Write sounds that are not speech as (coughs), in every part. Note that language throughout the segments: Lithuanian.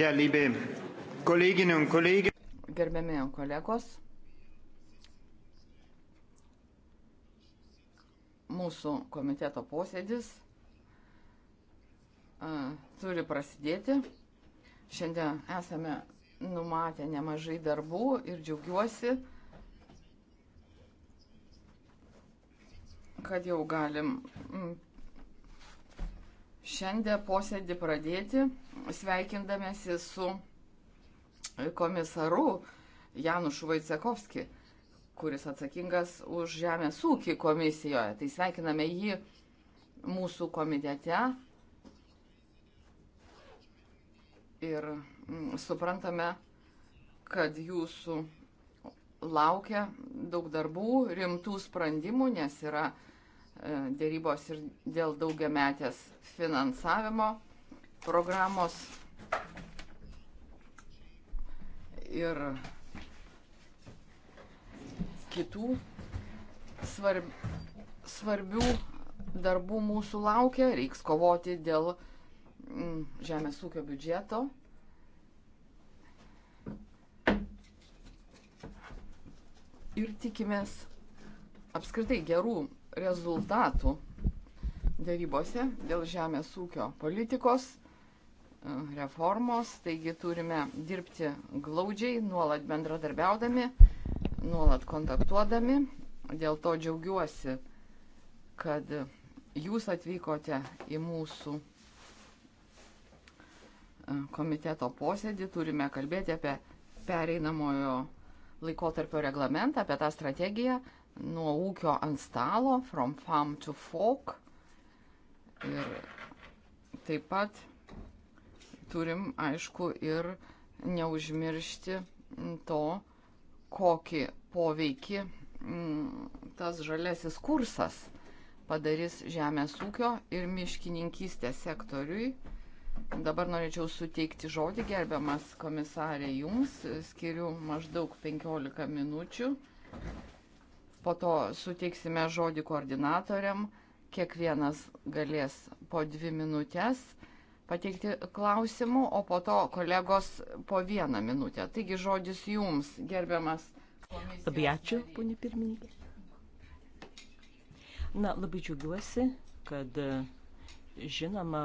Ja, liebe Kolleginnen und Kollegen. Gerbiami kolegos, mūsų komiteto posėdis uh, turi prasidėti. Šiandien esame numatę nemažai darbų ir džiaugiuosi, kad jau galim šiandien posėdį pradėti sveikindamėsi su komisaru Janušu Vaicekovski, kuris atsakingas už žemės ūkį komisijoje. Tai sveikiname jį mūsų komitete ir mm, suprantame, kad jūsų laukia daug darbų, rimtų sprendimų, nes yra E, dėrybos ir dėl daugiametės finansavimo programos. Ir kitų svarb, svarbių darbų mūsų laukia. Reiks kovoti dėl mm, žemės ūkio biudžeto. Ir tikimės apskritai gerų rezultatų dėrybose dėl žemės ūkio politikos e, reformos, taigi turime dirbti glaudžiai, nuolat bendradarbiaudami, nuolat kontaktuodami. Dėl to džiaugiuosi, kad jūs atvykote į mūsų e, komiteto posėdį. Turime kalbėti apie pereinamojo laikotarpio reglamentą, apie tą strategiją, nuo ūkio ant stalo, from farm to fork. Ir taip pat turim, aišku, ir neužmiršti to, kokį poveikį mm, tas žalesis kursas padarys žemės ūkio ir miškininkystės sektoriui. Dabar norėčiau suteikti žodį, gerbiamas komisarė, jums skiriu maždaug 15 minučių Po to suteiksime žodį koordinatoriam. Kiekvienas galės po dvi minutės pateikti klausimų, o po to kolegos po vieną minutę. Taigi žodis jums, gerbiamas. Labai ačiū, ponė pirmininkė. Na, labai džiaugiuosi, kad žinoma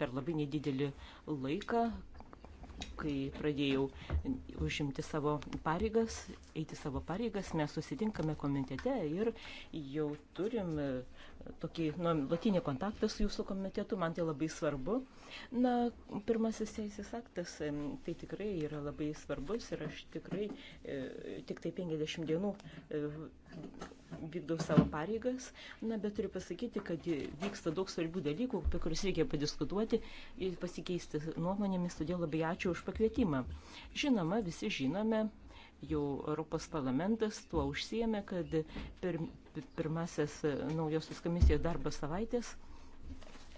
per labai nedidelį laiką, kai pradėjau užimti savo pareigas, eiti savo pareigas, mes susitinkame komitete ir jau turim tokį nuolatinį kontaktą su jūsų komitetu, man tai labai svarbu. Na, pirmasis teisės aktas tai tikrai yra labai svarbus ir aš tikrai e, tik tai 50 dienų e, vykdau savo pareigas, na, bet turiu pasakyti, kad vyksta daug svarbių dalykų, apie kuriuos reikia padiskutuoti ir pasikeisti nuomonėmis, todėl labai ačiū už pakvietimą. Žinoma, visi žinome, jau Europos parlamentas tuo užsiemė, kad per pirmasis e, naujosios komisijos darbo savaitės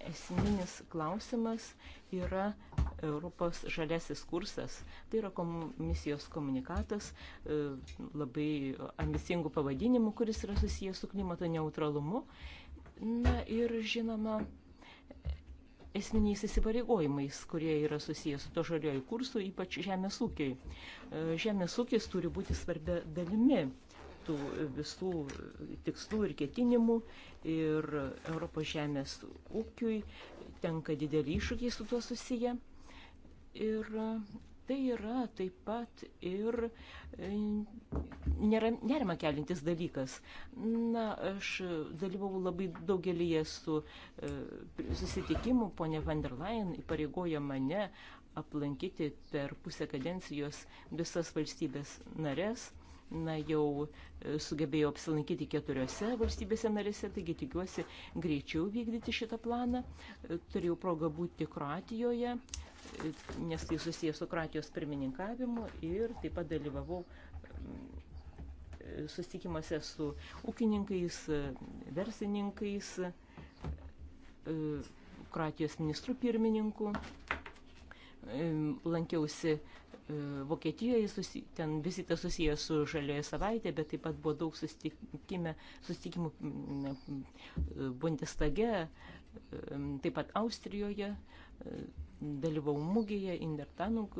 esminis klausimas yra Europos žalesis kursas. Tai yra komisijos komunikatas e, labai ambicingų pavadinimų, kuris yra susijęs su klimato neutralumu. Na ir žinoma, esminiais įsipareigojimais, kurie yra susijęs su to žalioju kursu, ypač žemės ūkiai. E, žemės ūkis turi būti svarbia dalimi tų visų tikslų ir ketinimų ir Europos žemės ūkiui tenka didelį iššūkį su tuo susiję. Ir tai yra taip pat ir e, nerima kelintis dalykas. Na, aš dalyvau labai daugelį su e, susitikimu, ponė van der Leyen įpareigojo mane aplankyti per pusę kadencijos visas valstybės narės na, jau e, sugebėjo apsilankyti keturiose valstybėse narėse, taigi tikiuosi greičiau vykdyti šitą planą. E, turėjau progą būti Kroatijoje, e, nes tai susijęs su Kroatijos pirmininkavimu ir taip pat dalyvavau susitikimuose su ūkininkais, versininkais, Kroatijos ministrų pirmininku lankiausi E, Vokietijoje susi, ten vizitas susijęs su žalioje savaitė, bet taip pat buvo daug susitikimų e, Bundestage, e, taip pat Austrijoje, dalyvau mugėje, Indertanuk,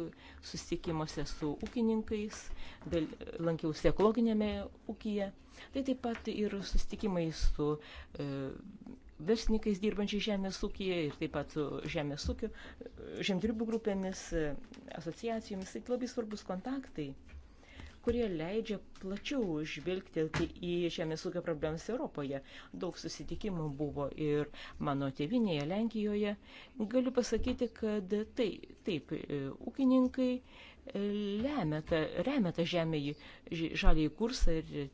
susitikimuose su ūkininkais, dal, lankiausi ekologinėme ūkyje. Tai taip pat ir susitikimai su e, verslininkais dirbančiai žemės ūkija ir taip pat su žemės ūkio, žemdirbų grupėmis, asociacijomis. Tai labai svarbus kontaktai, kurie leidžia plačiau žvilgti į žemės ūkio problemas Europoje. Daug susitikimų buvo ir mano tėvinėje Lenkijoje. Galiu pasakyti, kad tai, taip, ūkininkai lemia tą, remia tą žemę į žalį kursą ir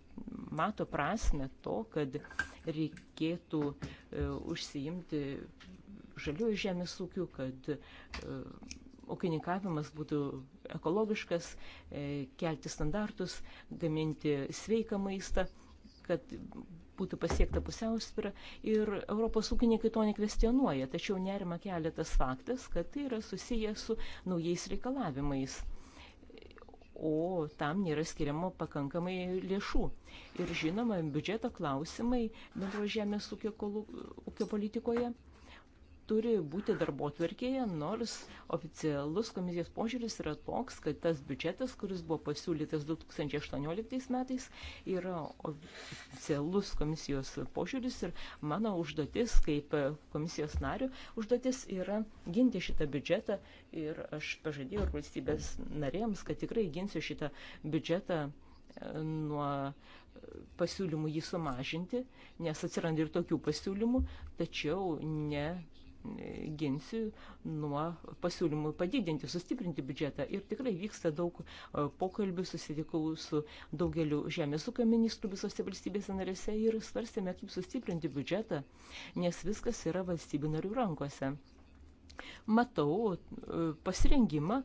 mato prasme to, kad reikėtų e, užsiimti žaliųjų žemės ūkių, kad e, ūkininkavimas būtų ekologiškas, e, kelti standartus, gaminti sveiką maistą kad būtų pasiekta pusiausvyrą ir Europos ūkininkai to nekvestionuoja, tačiau nerima kelia tas faktas, kad tai yra susiję su naujais reikalavimais o tam nėra skiriama pakankamai lėšų. Ir žinoma, biudžeto klausimai bendro žemės ūkio, ūkio politikoje turi būti darbo tvarkėje, nors oficialus komisijos požiūris yra toks, kad tas biudžetas, kuris buvo pasiūlytas 2018 metais, yra oficialus komisijos požiūris ir mano užduotis kaip komisijos nario užduotis yra ginti šitą biudžetą ir aš pažadėjau ir valstybės narėms, kad tikrai ginsiu šitą biudžetą e, nuo pasiūlymų jį sumažinti, nes atsiranda ir tokių pasiūlymų, tačiau ne ginsiu nuo pasiūlymų padidinti, sustiprinti biudžetą. Ir tikrai vyksta daug e, pokalbių, susitikau su daugeliu žemės ūkio ministrų visose valstybėse narėse ir svarstėme, kaip sustiprinti biudžetą, nes viskas yra valstybių narių rankose matau e, pasirengimą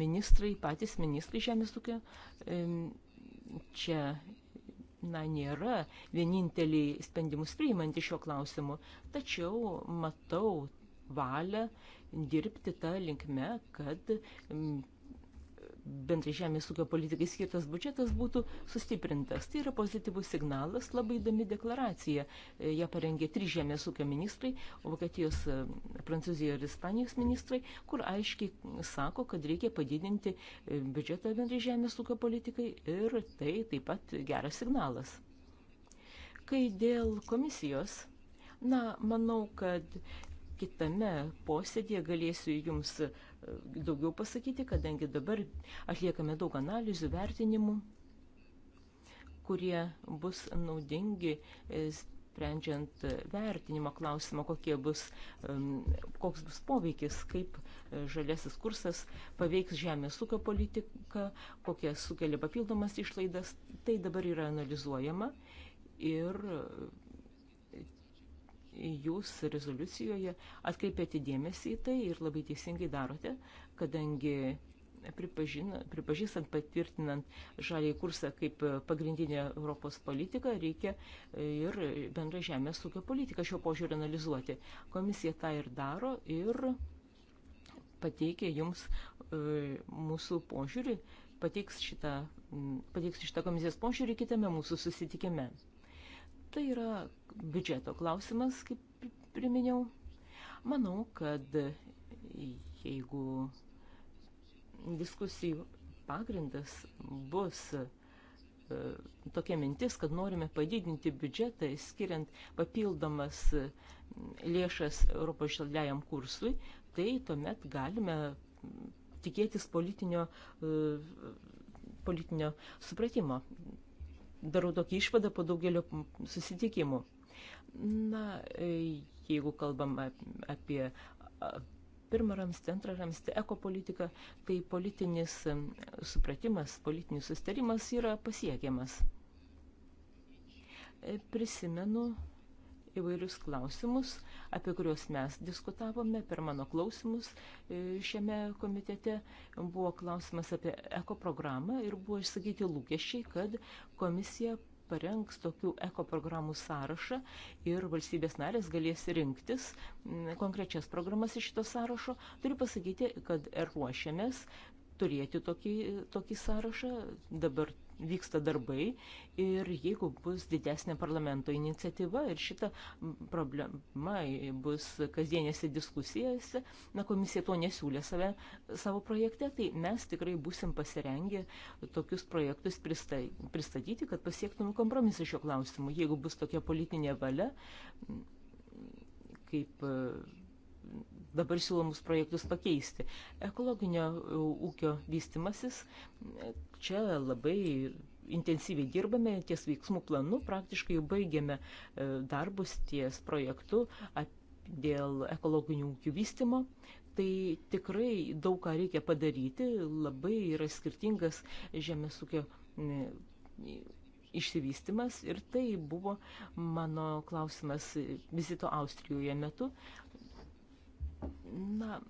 ministrai, patys ministrai žemės ūkio. Čia na, nėra vieninteliai sprendimus priimanti šio klausimu, tačiau matau valią dirbti tą linkme, kad bendrai žemės ūkio politikai skirtas biudžetas būtų sustiprintas. Tai yra pozityvus signalas, labai įdomi deklaracija. Ja parengė trys žemės ūkio ministrai, Vokietijos, e, Prancūzijos ir Ispanijos ministrai, kur aiškiai sako, kad reikia padidinti e, biudžetą bendrai žemės ūkio politikai ir tai taip pat geras signalas. Kai dėl komisijos, na, manau, kad kitame posėdėje galėsiu jums e, daugiau pasakyti, kadangi dabar atliekame daug analizių, vertinimų, kurie bus naudingi e, sprendžiant vertinimo klausimą, kokie bus, koks bus poveikis, kaip e, žaliasis kursas paveiks žemės ūkio politiką, kokie sukelia papildomas išlaidas. Tai dabar yra analizuojama ir jūs rezoliucijoje atkreipėte dėmesį į tai ir labai teisingai darote, kadangi pripažįstant patvirtinant žaliai kursą kaip pagrindinę Europos politiką, reikia e, ir bendrą žemės ūkio politiką šio požiūrį analizuoti. Komisija tą ir daro ir pateikė jums e, mūsų požiūrį, pateiks šitą, pateiks šitą komisijos požiūrį kitame mūsų susitikime. Tai yra biudžeto klausimas, kaip priminiau. Manau, kad jeigu diskusijų pagrindas bus e, tokia mintis, kad norime padidinti biudžetą, skiriant papildomas lėšas Europos žaliajam kursui, tai tuomet galime tikėtis politinio, e, politinio supratimo darau tokį išvadą po daugelio susitikimų. Na, e, jeigu kalbam apie pirmą ramstį, antrą ramstį, ekopolitiką, tai politinis supratimas, politinis sustarimas yra pasiekiamas. E, prisimenu įvairius klausimus, apie kuriuos mes diskutavome per mano klausimus e, šiame komitete. Buvo klausimas apie ekoprogramą ir buvo išsakyti lūkesčiai, kad komisija parengs tokių ekoprogramų sąrašą ir valstybės narės galės rinktis konkrečias programas iš šito sąrašo. Turiu pasakyti, kad ruošiamės turėti tokį, tokį sąrašą, dabar vyksta darbai ir jeigu bus didesnė parlamento iniciatyva ir šita problema bus kasdienėse diskusijose, na komisija to nesiūlė save, savo projekte, tai mes tikrai busim pasirengę tokius projektus pristatyti, kad pasiektume kompromisą šio klausimu. Jeigu bus tokia politinė valia, kaip dabar siūlomus projektus pakeisti. Ekologinio e, ūkio vystimasis, e, čia labai intensyviai dirbame ties veiksmų planu, praktiškai baigėme e, darbus ties projektu dėl ekologinių ūkių vystimo. Tai tikrai daug ką reikia padaryti, labai yra skirtingas žemės ūkio išsivystimas ir tai buvo mano klausimas vizito Austrijoje metu na,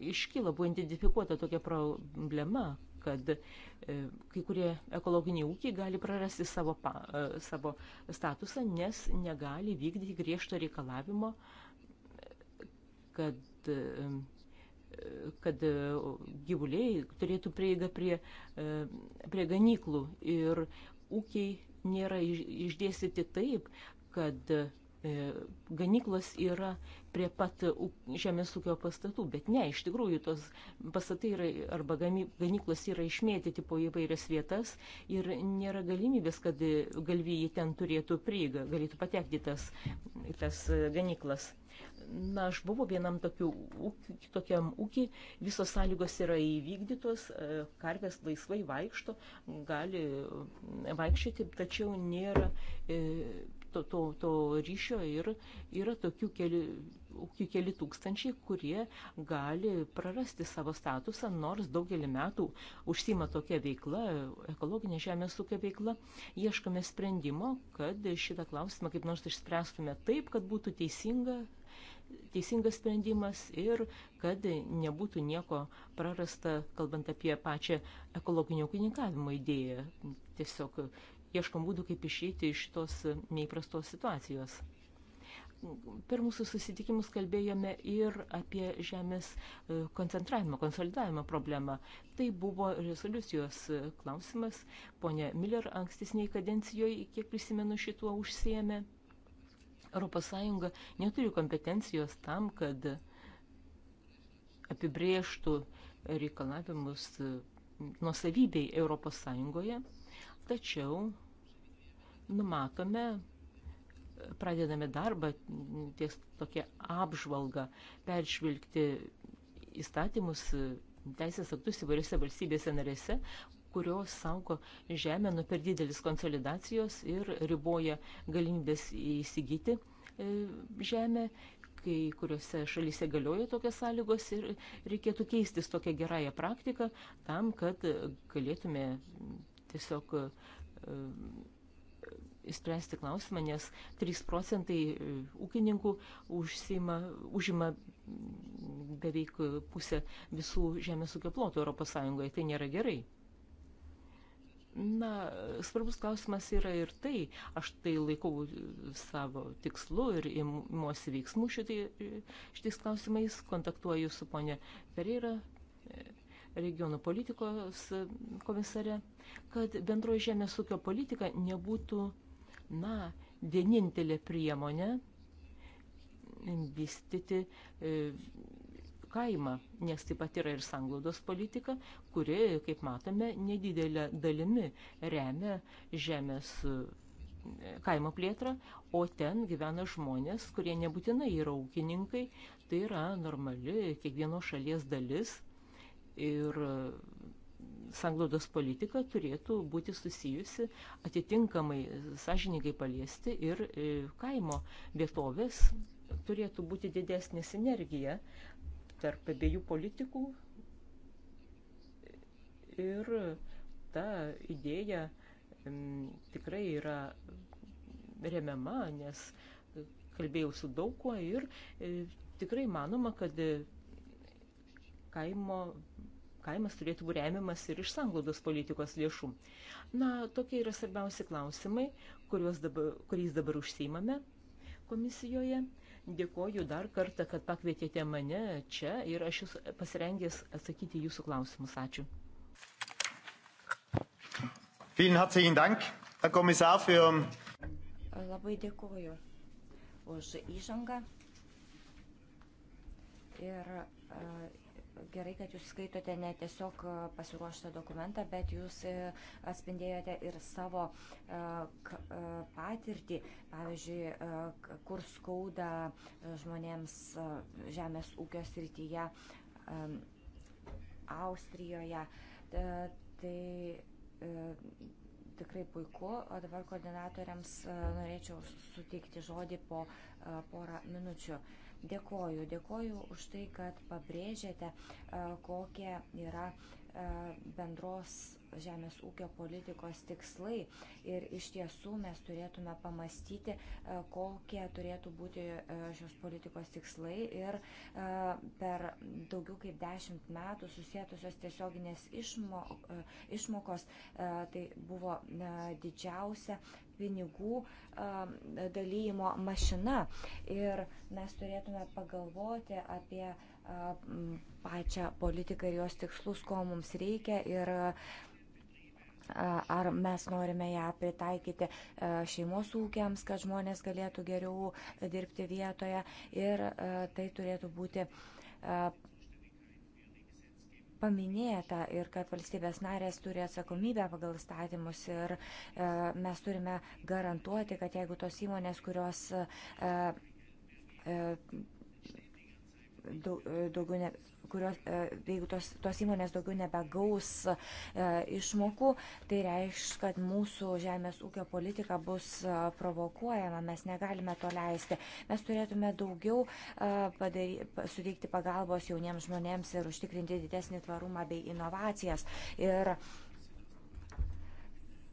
iškyla, buvo identifikuota tokia problema, kad e, kai kurie ekologiniai ūkiai gali prarasti savo, pa, e, savo statusą, nes negali vykdyti griežto reikalavimo, kad, e, kad gyvuliai turėtų prieigą prie, prie ganyklų ir ūkiai nėra išdėstyti taip, kad E, ganyklos yra prie pat žemės ūkio pastatų, bet ne, iš tikrųjų tos pastatai yra, arba ganyklos yra išmėtyti po įvairias vietas ir nėra galimybės, kad e, galvijai ten turėtų prieigą, galėtų patekti tas, tas e, ganyklas. Na, aš buvau vienam tokiu, tokiam ūkį, visos sąlygos yra įvykdytos, karvės laisvai vaikšto, gali vaikščioti, tačiau nėra. E, to, to, to ryšio ir yra tokių keli, keli tūkstančiai, kurie gali prarasti savo statusą, nors daugelį metų užsima tokia veikla, ekologinė žemės ūkio veikla. Ieškame sprendimo, kad šitą klausimą kaip nors išspręstume taip, kad būtų teisinga teisingas sprendimas ir kad nebūtų nieko prarasta, kalbant apie pačią ekologinio ūkininkavimo idėją. Tiesiog ieškom būdų, kaip išeiti iš šitos neįprastos situacijos. Per mūsų susitikimus kalbėjome ir apie žemės e, koncentravimo, konsolidavimo problemą. Tai buvo rezoliucijos e, klausimas. Pone Miller ankstesniai kadencijoje, kiek prisimenu, šituo užsiemė. ES neturi kompetencijos tam, kad apibrėžtų reikalavimus e, nusavybei Europos Sąjungoje tačiau numatome, pradedame darbą ties tokią apžvalgą, peržvilgti įstatymus, teisės aktus įvairiose valstybėse narėse, kurios saugo žemę nuo per didelis konsolidacijos ir riboja galimybės įsigyti e, žemę, kai kuriuose šalyse galioja tokios sąlygos ir reikėtų keistis tokią gerąją praktiką tam, kad galėtume tiesiog įspręsti e, e, klausimą, nes 3 procentai e, ūkininkų užsima, užima beveik pusę visų žemės ūkio plotų ES. Tai nėra gerai. Na, svarbus klausimas yra ir tai, aš tai laikau savo tikslu ir imuosi veiksmų šitai, šitais klausimais, kontaktuoju su ponė Pereira, regionų politikos komisare, kad bendroji žemės ūkio politika nebūtų, na, vienintelė priemonė vystyti e, kaimą, nes taip pat yra ir sanglaudos politika, kuri, kaip matome, nedidelė dalimi remia žemės e, kaimo plėtrą, o ten gyvena žmonės, kurie nebūtinai yra ūkininkai, tai yra normali kiekvieno šalies dalis ir e, sanglaudos politika turėtų būti susijusi atitinkamai sąžininkai paliesti ir e, kaimo vietovės turėtų būti didesnė sinergija tarp abiejų politikų ir ta idėja m, tikrai yra remiama, nes kalbėjau su daug kuo ir e, tikrai manoma, kad e, kaimo kaimas turėtų būti remiamas ir iš sanglaudos politikos lėšų. Na, tokie yra svarbiausi klausimai, dabar, kuriais dabar užsiimame komisijoje. Dėkoju dar kartą, kad pakvietėte mane čia ir aš jūs pasirengęs atsakyti jūsų klausimus. Ačiū. Labai dėkoju už įžangą ir uh, gerai, kad jūs skaitote ne tiesiog e, pasiruoštą dokumentą, bet jūs e, atspindėjote ir savo e, patirtį, pavyzdžiui, kur skauda žmonėms žemės ūkio srityje Austrijoje. Tai tikrai puiku, o dabar koordinatoriams norėčiau suteikti žodį po porą minučių. Dėkoju, dėkoju už tai, kad pabrėžėte, kokia yra bendros žemės ūkio politikos tikslai. Ir iš tiesų mes turėtume pamastyti, e, kokie turėtų būti e, šios politikos tikslai ir e, per daugiau kaip dešimt metų susijėtusios tiesioginės išmo, išmokos tai buvo didžiausia pinigų dalyjimo mašina. Ir mes turėtume pagalvoti apie pačią politiką ir jos tikslus, ko mums reikia ir ar mes norime ją pritaikyti šeimos ūkiams, kad žmonės galėtų geriau dirbti vietoje ir tai turėtų būti paminėta ir kad valstybės narės turi atsakomybę pagal statymus ir mes turime garantuoti, kad jeigu tos įmonės, kurios E, daugiau ne, kurios, e, jeigu tos, tos įmonės daugiau nebegaus e, išmokų, tai reiškia, kad mūsų žemės ūkio politika bus e, provokuojama, mes negalime to leisti. Mes turėtume daugiau e, padary, suteikti pagalbos jauniems žmonėms ir užtikrinti didesnį tvarumą bei inovacijas. Ir, e,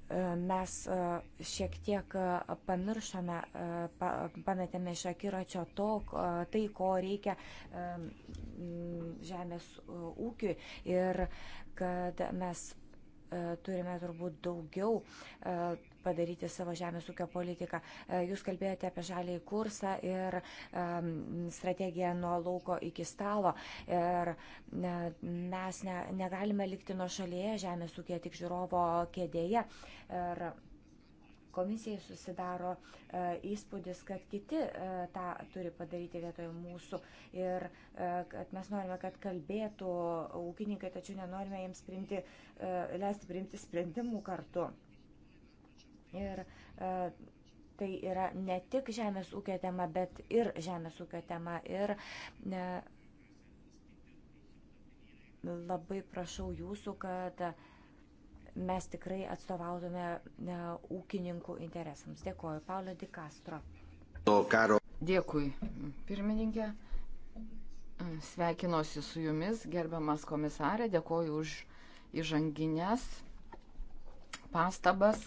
E, mes e, šiek tiek e, pamiršome, pametėme iš akiračio to, tai, ko reikia žemės ūkiui ir kad mes turime turbūt daugiau padaryti savo žemės ūkio politiką. E, jūs kalbėjote apie žalį kursą ir strategiją nuo lauko iki stalo. Ir e, mes ne, negalime likti nuo šalyje žemės ūkio tik žiūrovo kėdėje. Ir komisijai susidaro e, įspūdis, kad kiti tą turi padaryti vietoje mūsų ir kad mes norime, kad kalbėtų ūkininkai, tačiau nenorime jiems primti, leisti priimti sprendimų kartu. Ir e, tai yra ne tik žemės ūkio tema, bet ir žemės ūkio tema. Ir e, labai prašau jūsų, kad mes tikrai atstovautume e, ūkininkų interesams. Dėkuoju. Paulio Di Castro. Dėkui, pirmininkė. Sveikinuosi su jumis, gerbiamas komisarė. Dėkuoju už įžanginės pastabas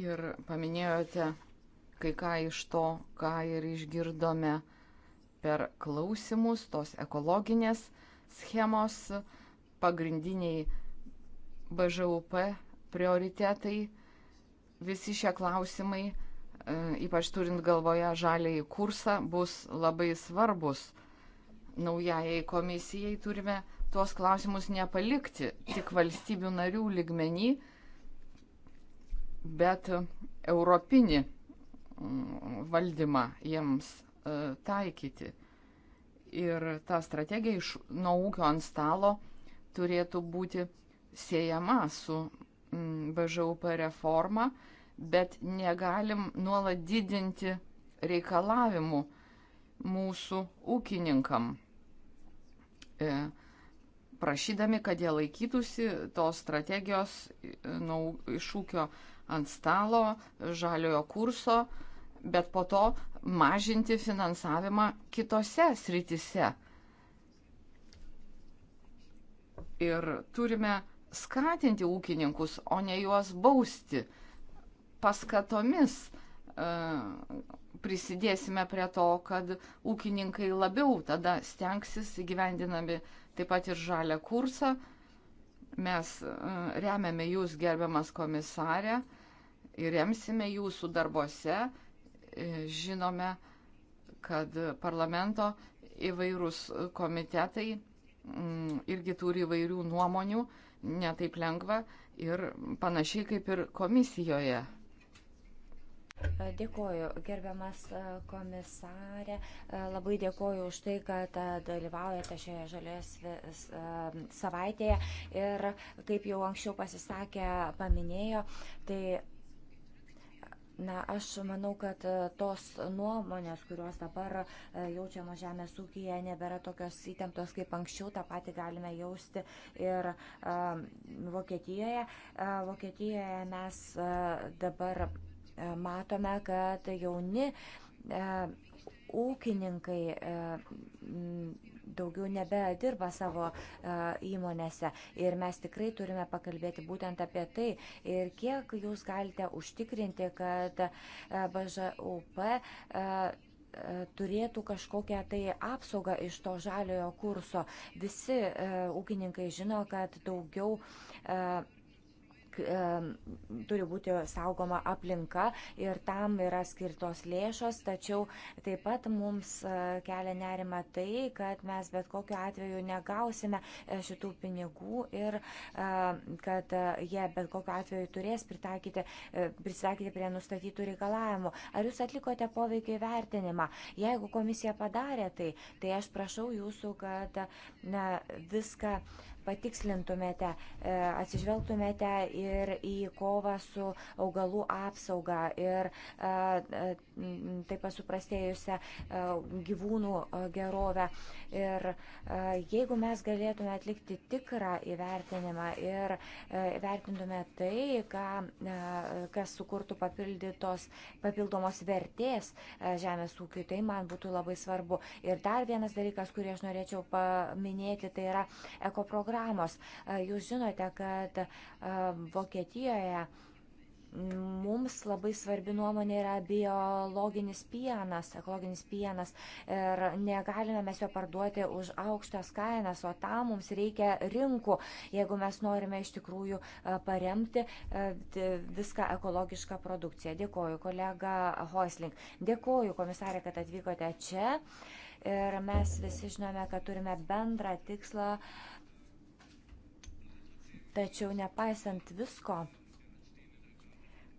ir paminėjote kai ką iš to, ką ir išgirdome per klausimus, tos ekologinės schemos, pagrindiniai BŽUP prioritetai, visi šie klausimai, e, ypač turint galvoje žaliai kursą, bus labai svarbus. Naujajai komisijai turime tuos klausimus nepalikti tik valstybių narių ligmenį, bet europinį mm, valdymą jiems e, taikyti. Ir ta strategija iš nuo ūkio ant stalo turėtų būti siejama su mm, BŽUP reforma, bet negalim nuolat didinti reikalavimų mūsų ūkininkam, e, prašydami, kad jie laikytųsi tos strategijos e, nuo iš ūkio ant stalo žaliojo kurso, bet po to mažinti finansavimą kitose sritise. Ir turime skatinti ūkininkus, o ne juos bausti. Paskatomis e, prisidėsime prie to, kad ūkininkai labiau tada stengsis įgyvendinami taip pat ir žalę kursą. Mes e, remiame jūs, gerbiamas komisarė, ir remsime jūsų darbose. E, žinome, kad parlamento įvairūs komitetai mm, irgi turi įvairių nuomonių, netaip lengva ir panašiai kaip ir komisijoje. E, dėkoju, gerbiamas e, komisarė. Labai dėkoju už tai, kad dalyvaujate šioje žalės savaitėje. Ir kaip jau anksčiau pasisakė, paminėjo, tai Na, aš manau, kad e, tos nuomonės, kurios dabar e, jaučiamo žemės ūkija, nebėra tokios įtemptos kaip anksčiau, tą patį galime jausti ir um, Vokietijoje. Uh, Vokietijoje mes uh, dabar uh, matome, kad jauni uh, ūkininkai. Uh, m, daugiau nebedirba savo e, įmonėse. Ir mes tikrai turime pakalbėti būtent apie tai. Ir kiek jūs galite užtikrinti, kad e, BŽUP e, turėtų kažkokią tai apsaugą iš to žaliojo kurso. Visi ūkininkai žino, kad daugiau E, turi būti saugoma aplinka ir tam yra skirtos lėšos, tačiau taip pat mums e, kelia nerima tai, kad mes bet kokiu atveju negausime e, šitų pinigų ir kad jie bet kokiu atveju turės pritaikyti, pritaikyti prie nustatytų reikalavimų. Ar jūs atlikote poveikį vertinimą? Jeigu komisija padarė tai, tai aš prašau jūsų, kad na, viską uh, patikslintumėte, e, atsižvelgtumėte ir į kovą su augalų apsauga ir e, e, taip pasuprastėjusią gyvūnų gerovę. Ir jeigu mes galėtume atlikti tikrą įvertinimą ir vertintume tai, ką, kas sukurtų papildomos vertės žemės ūkiui, tai man būtų labai svarbu. Ir dar vienas dalykas, kurį aš norėčiau paminėti, tai yra ekoprogramą programos. Jūs žinote, kad Vokietijoje mums labai svarbi nuomonė yra biologinis pienas, ekologinis pienas ir negalime mes jo parduoti už aukštas kainas, o tam mums reikia rinkų, jeigu mes norime iš tikrųjų paremti viską ekologišką produkciją. Dėkoju kolega Hoisling, dėkoju komisarė, kad atvykote čia ir mes visi žinome, kad turime bendrą tikslą. Uh, Tačiau nepaisant visko,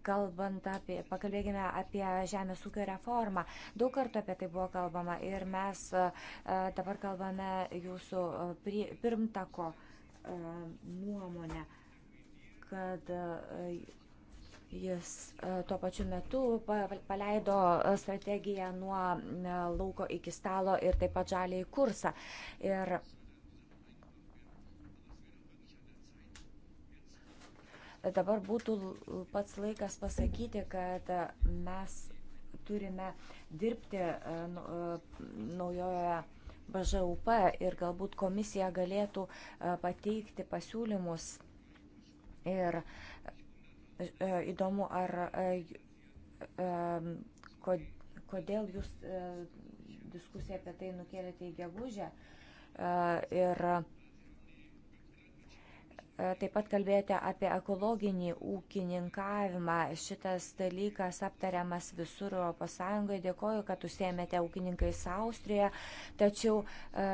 kalbant apie, pakalbėkime apie žemės ūkio reformą. Daug kartų apie tai buvo kalbama ir mes e, dabar kalbame jūsų e, pirmtako e, nuomonę, kad jis tuo pačiu metu paleido strategiją nuo lauko iki stalo ir taip pat žaliai kursą. Ir dabar būtų pats laikas pasakyti, kad e, mes turime dirbti e, nu, e, naujoje BŽUP ir galbūt komisija galėtų pateikti pasiūlymus. Ir įdomu, ar kodėl jūs diskusiją apie tai nukėlėte į gegužę. Ir E, taip pat kalbėjote apie ekologinį ūkininkavimą. Šitas dalykas aptariamas visur ES. Dėkoju, kad užsėmėte ūkininkais Austrijoje, tačiau e,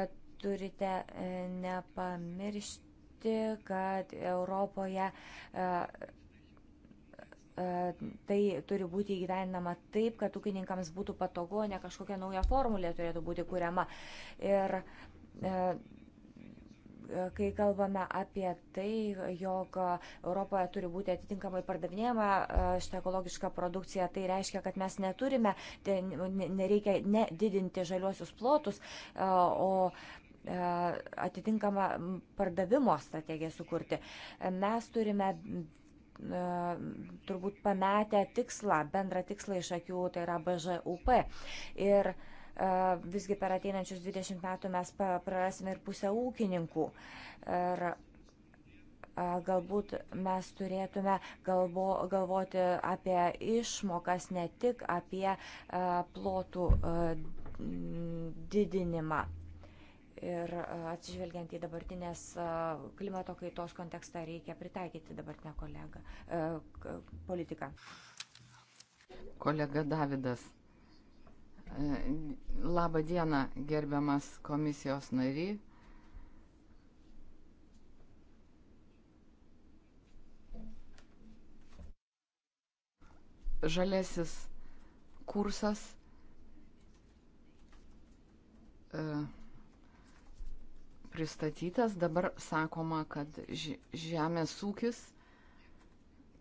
turite e, nepamiršti, kad Europoje tai turi būti įgyvendinama taip, kad ūkininkams būtų patogu, ne kažkokia nauja formulė turėtų būti kuriama. Ir kai kalbame apie tai, jog Europoje turi būti atitinkamai pardavinėjama e, šitą ekologišką produkciją, tai reiškia, kad mes neturime, tai nereikia nedidinti žaliuosius plotus, e, o e, atitinkamą pardavimo strategiją sukurti. Mes turime turbūt pametę tikslą, bendrą tikslą iš akių, tai yra BŽUP. Ir uh, visgi per ateinančius 20 metų mes prarasime ir pusę ūkininkų. Ir galbūt mes turėtume galvo, galvoti apie išmokas, ne tik apie plotų didinimą. Ir atsižvelgiant į dabartinės klimato kaitos kontekstą, reikia pritaikyti dabartinę kolegą, politiką. Kolega Davidas. Labą dieną, gerbiamas komisijos nary. Žalesis kursas e, pristatytas, dabar sakoma, kad žemės ūkis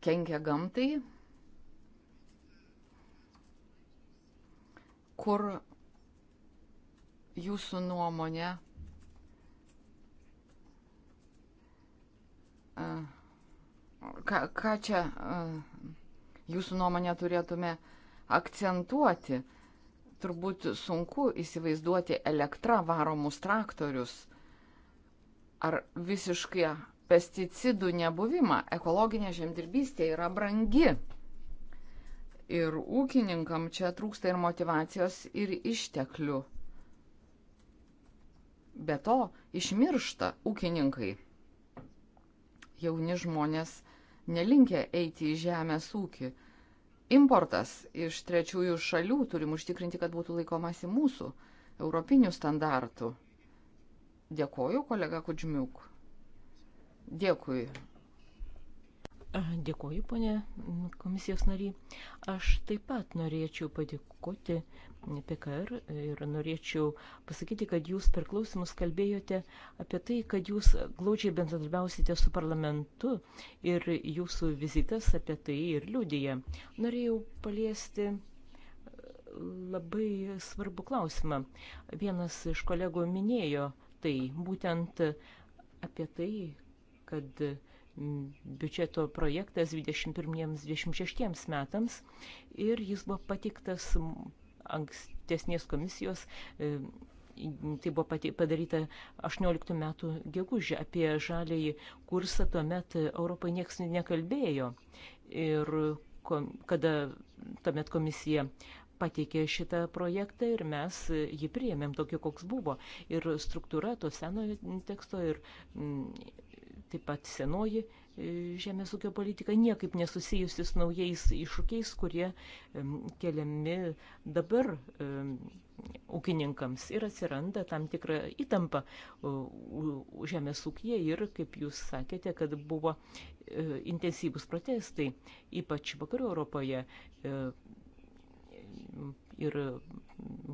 kenkia gamtai, kur jūsų nuomonė ką, ką čia jūsų nuomonė turėtume akcentuoti. Turbūt sunku įsivaizduoti elektrą varomus traktorius ar visiškai pesticidų nebuvimą. Ekologinė žemdirbystė yra brangi ir ūkininkam čia trūksta ir motivacijos, ir išteklių. Be to, išmiršta ūkininkai. Jauni žmonės nelinkia eiti į žemės ūkį. Importas iš trečiųjų šalių turim užtikrinti, kad būtų laikomasi mūsų europinių standartų. Dėkoju, kolega Kudžmiuk. Dėkui, Dėkoju, ponė komisijos nariai. Aš taip pat norėčiau padėkoti PKR ir norėčiau pasakyti, kad jūs per klausimus kalbėjote apie tai, kad jūs glaudžiai bendradarbiausite su parlamentu ir jūsų vizitas apie tai ir liūdėja. Norėjau paliesti e, labai svarbų klausimą. Vienas iš kolegų minėjo tai, būtent apie tai, kad biudžeto projektas 21-26 metams ir jis buvo patiktas ankstesnės komisijos e, tai buvo padaryta 18 metų gegužė. Apie žalėjį kursą tuomet Europoje niekas nekalbėjo. Ir kom, kada tuomet komisija pateikė šitą projektą ir mes jį priėmėm tokį, koks buvo. Ir struktūra to senojo teksto ir Taip pat senoji e, žemės ūkio politika niekaip nesusijusi su naujais iššūkiais, kurie keliami dabar ūkininkams ir atsiranda tam tikra įtampa e, žemės ūkija ir, kaip jūs sakėte, kad buvo e, intensyvus protestai, ypač vakarų Europoje ir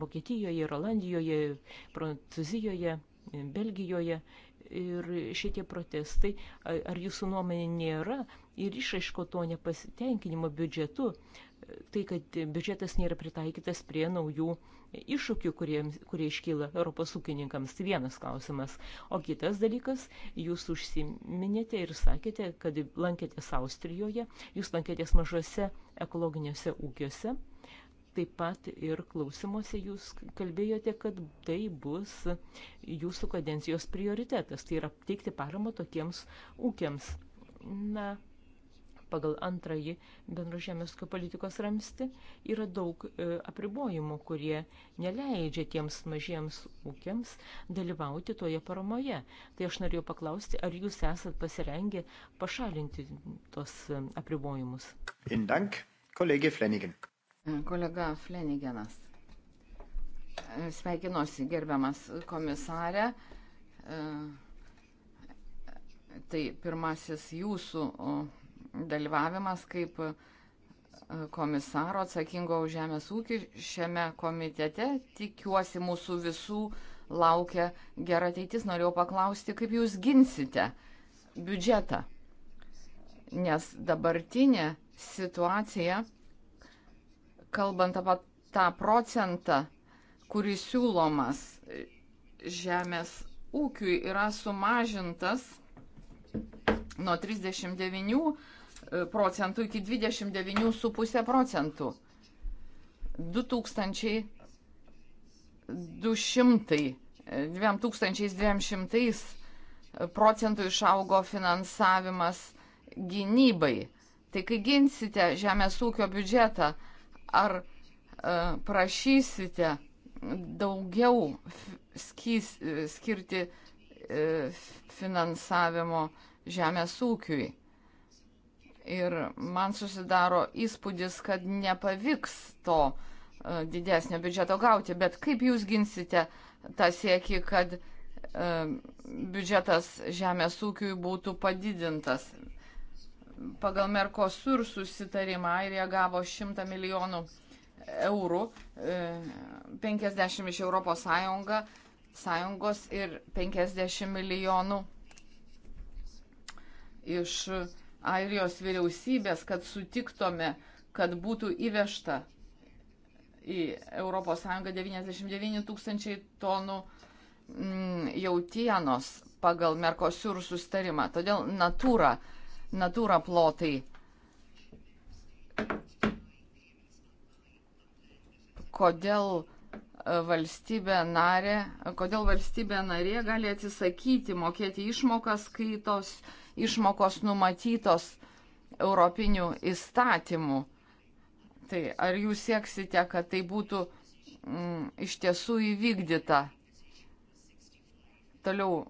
Vokietijoje, ir Olandijoje, Prancūzijoje, Belgijoje ir šitie protestai, ar jūsų nuomonė nėra ir išaiško to nepasitenkinimo biudžetu, tai kad biudžetas nėra pritaikytas prie naujų iššūkių, kurie, kurie iškyla Europos ūkininkams. Tai vienas klausimas. O kitas dalykas, jūs užsiminėte ir sakėte, kad lankėtės Austrijoje, jūs lankėtės mažose ekologiniuose ūkiuose. Taip pat ir klausimuose jūs kalbėjote, kad tai bus jūsų kadencijos prioritetas, tai yra teikti paramą tokiems ūkiams. Na, pagal antrąjį bendro žemėskio politikos ramsti yra daug e, apribojimų, kurie neleidžia tiems mažiems ūkiams dalyvauti toje paramoje. Tai aš norėjau paklausti, ar jūs esat pasirengę pašalinti tos e, apribojimus. Dank, kolegė Flanagan. Mm, kolega Flenigenas. E, sveikinuosi, gerbiamas komisarė. E, tai pirmasis jūsų dalyvavimas kaip e, komisaro atsakingo už žemės ūkį šiame komitete. Tikiuosi, mūsų visų laukia gera ateitis. Norėjau paklausti, kaip jūs ginsite biudžetą, nes dabartinė situacija kalbant apie tą procentą, kuris siūlomas žemės ūkiui, yra sumažintas nuo 39 e, procentų iki 29,5 procentų. 2200, 2200 e, procentų išaugo finansavimas gynybai. Tai kai ginsite žemės ūkio biudžetą, Ar e, prašysite daugiau skys, e, skirti e, finansavimo žemės ūkiui? Ir man susidaro įspūdis, kad nepavyks to didesnio biudžeto gauti, bet kaip jūs ginsite tą siekį, kad biudžetas žemės ūkiui būtų padidintas pagal Merkosur susitarimą Airija gavo 100 milijonų eurų, 50 e, iš Europos Sąjunga, Sąjungos ir 50 milijonų iš Airijos vyriausybės, kad sutiktume, kad būtų įvežta į ES 99 tūkstančiai tonų mm, jautienos pagal Merkosiūrų sustarimą. Todėl natūra uh, natūra plotai. Kodėl e, valstybė narė, kodėl valstybė narė gali atsisakyti mokėti išmokas, kai tos išmokos numatytos europinių įstatymų. Tai ar jūs sieksite, kad tai būtų m, mm, iš tiesų įvykdyta? Toliau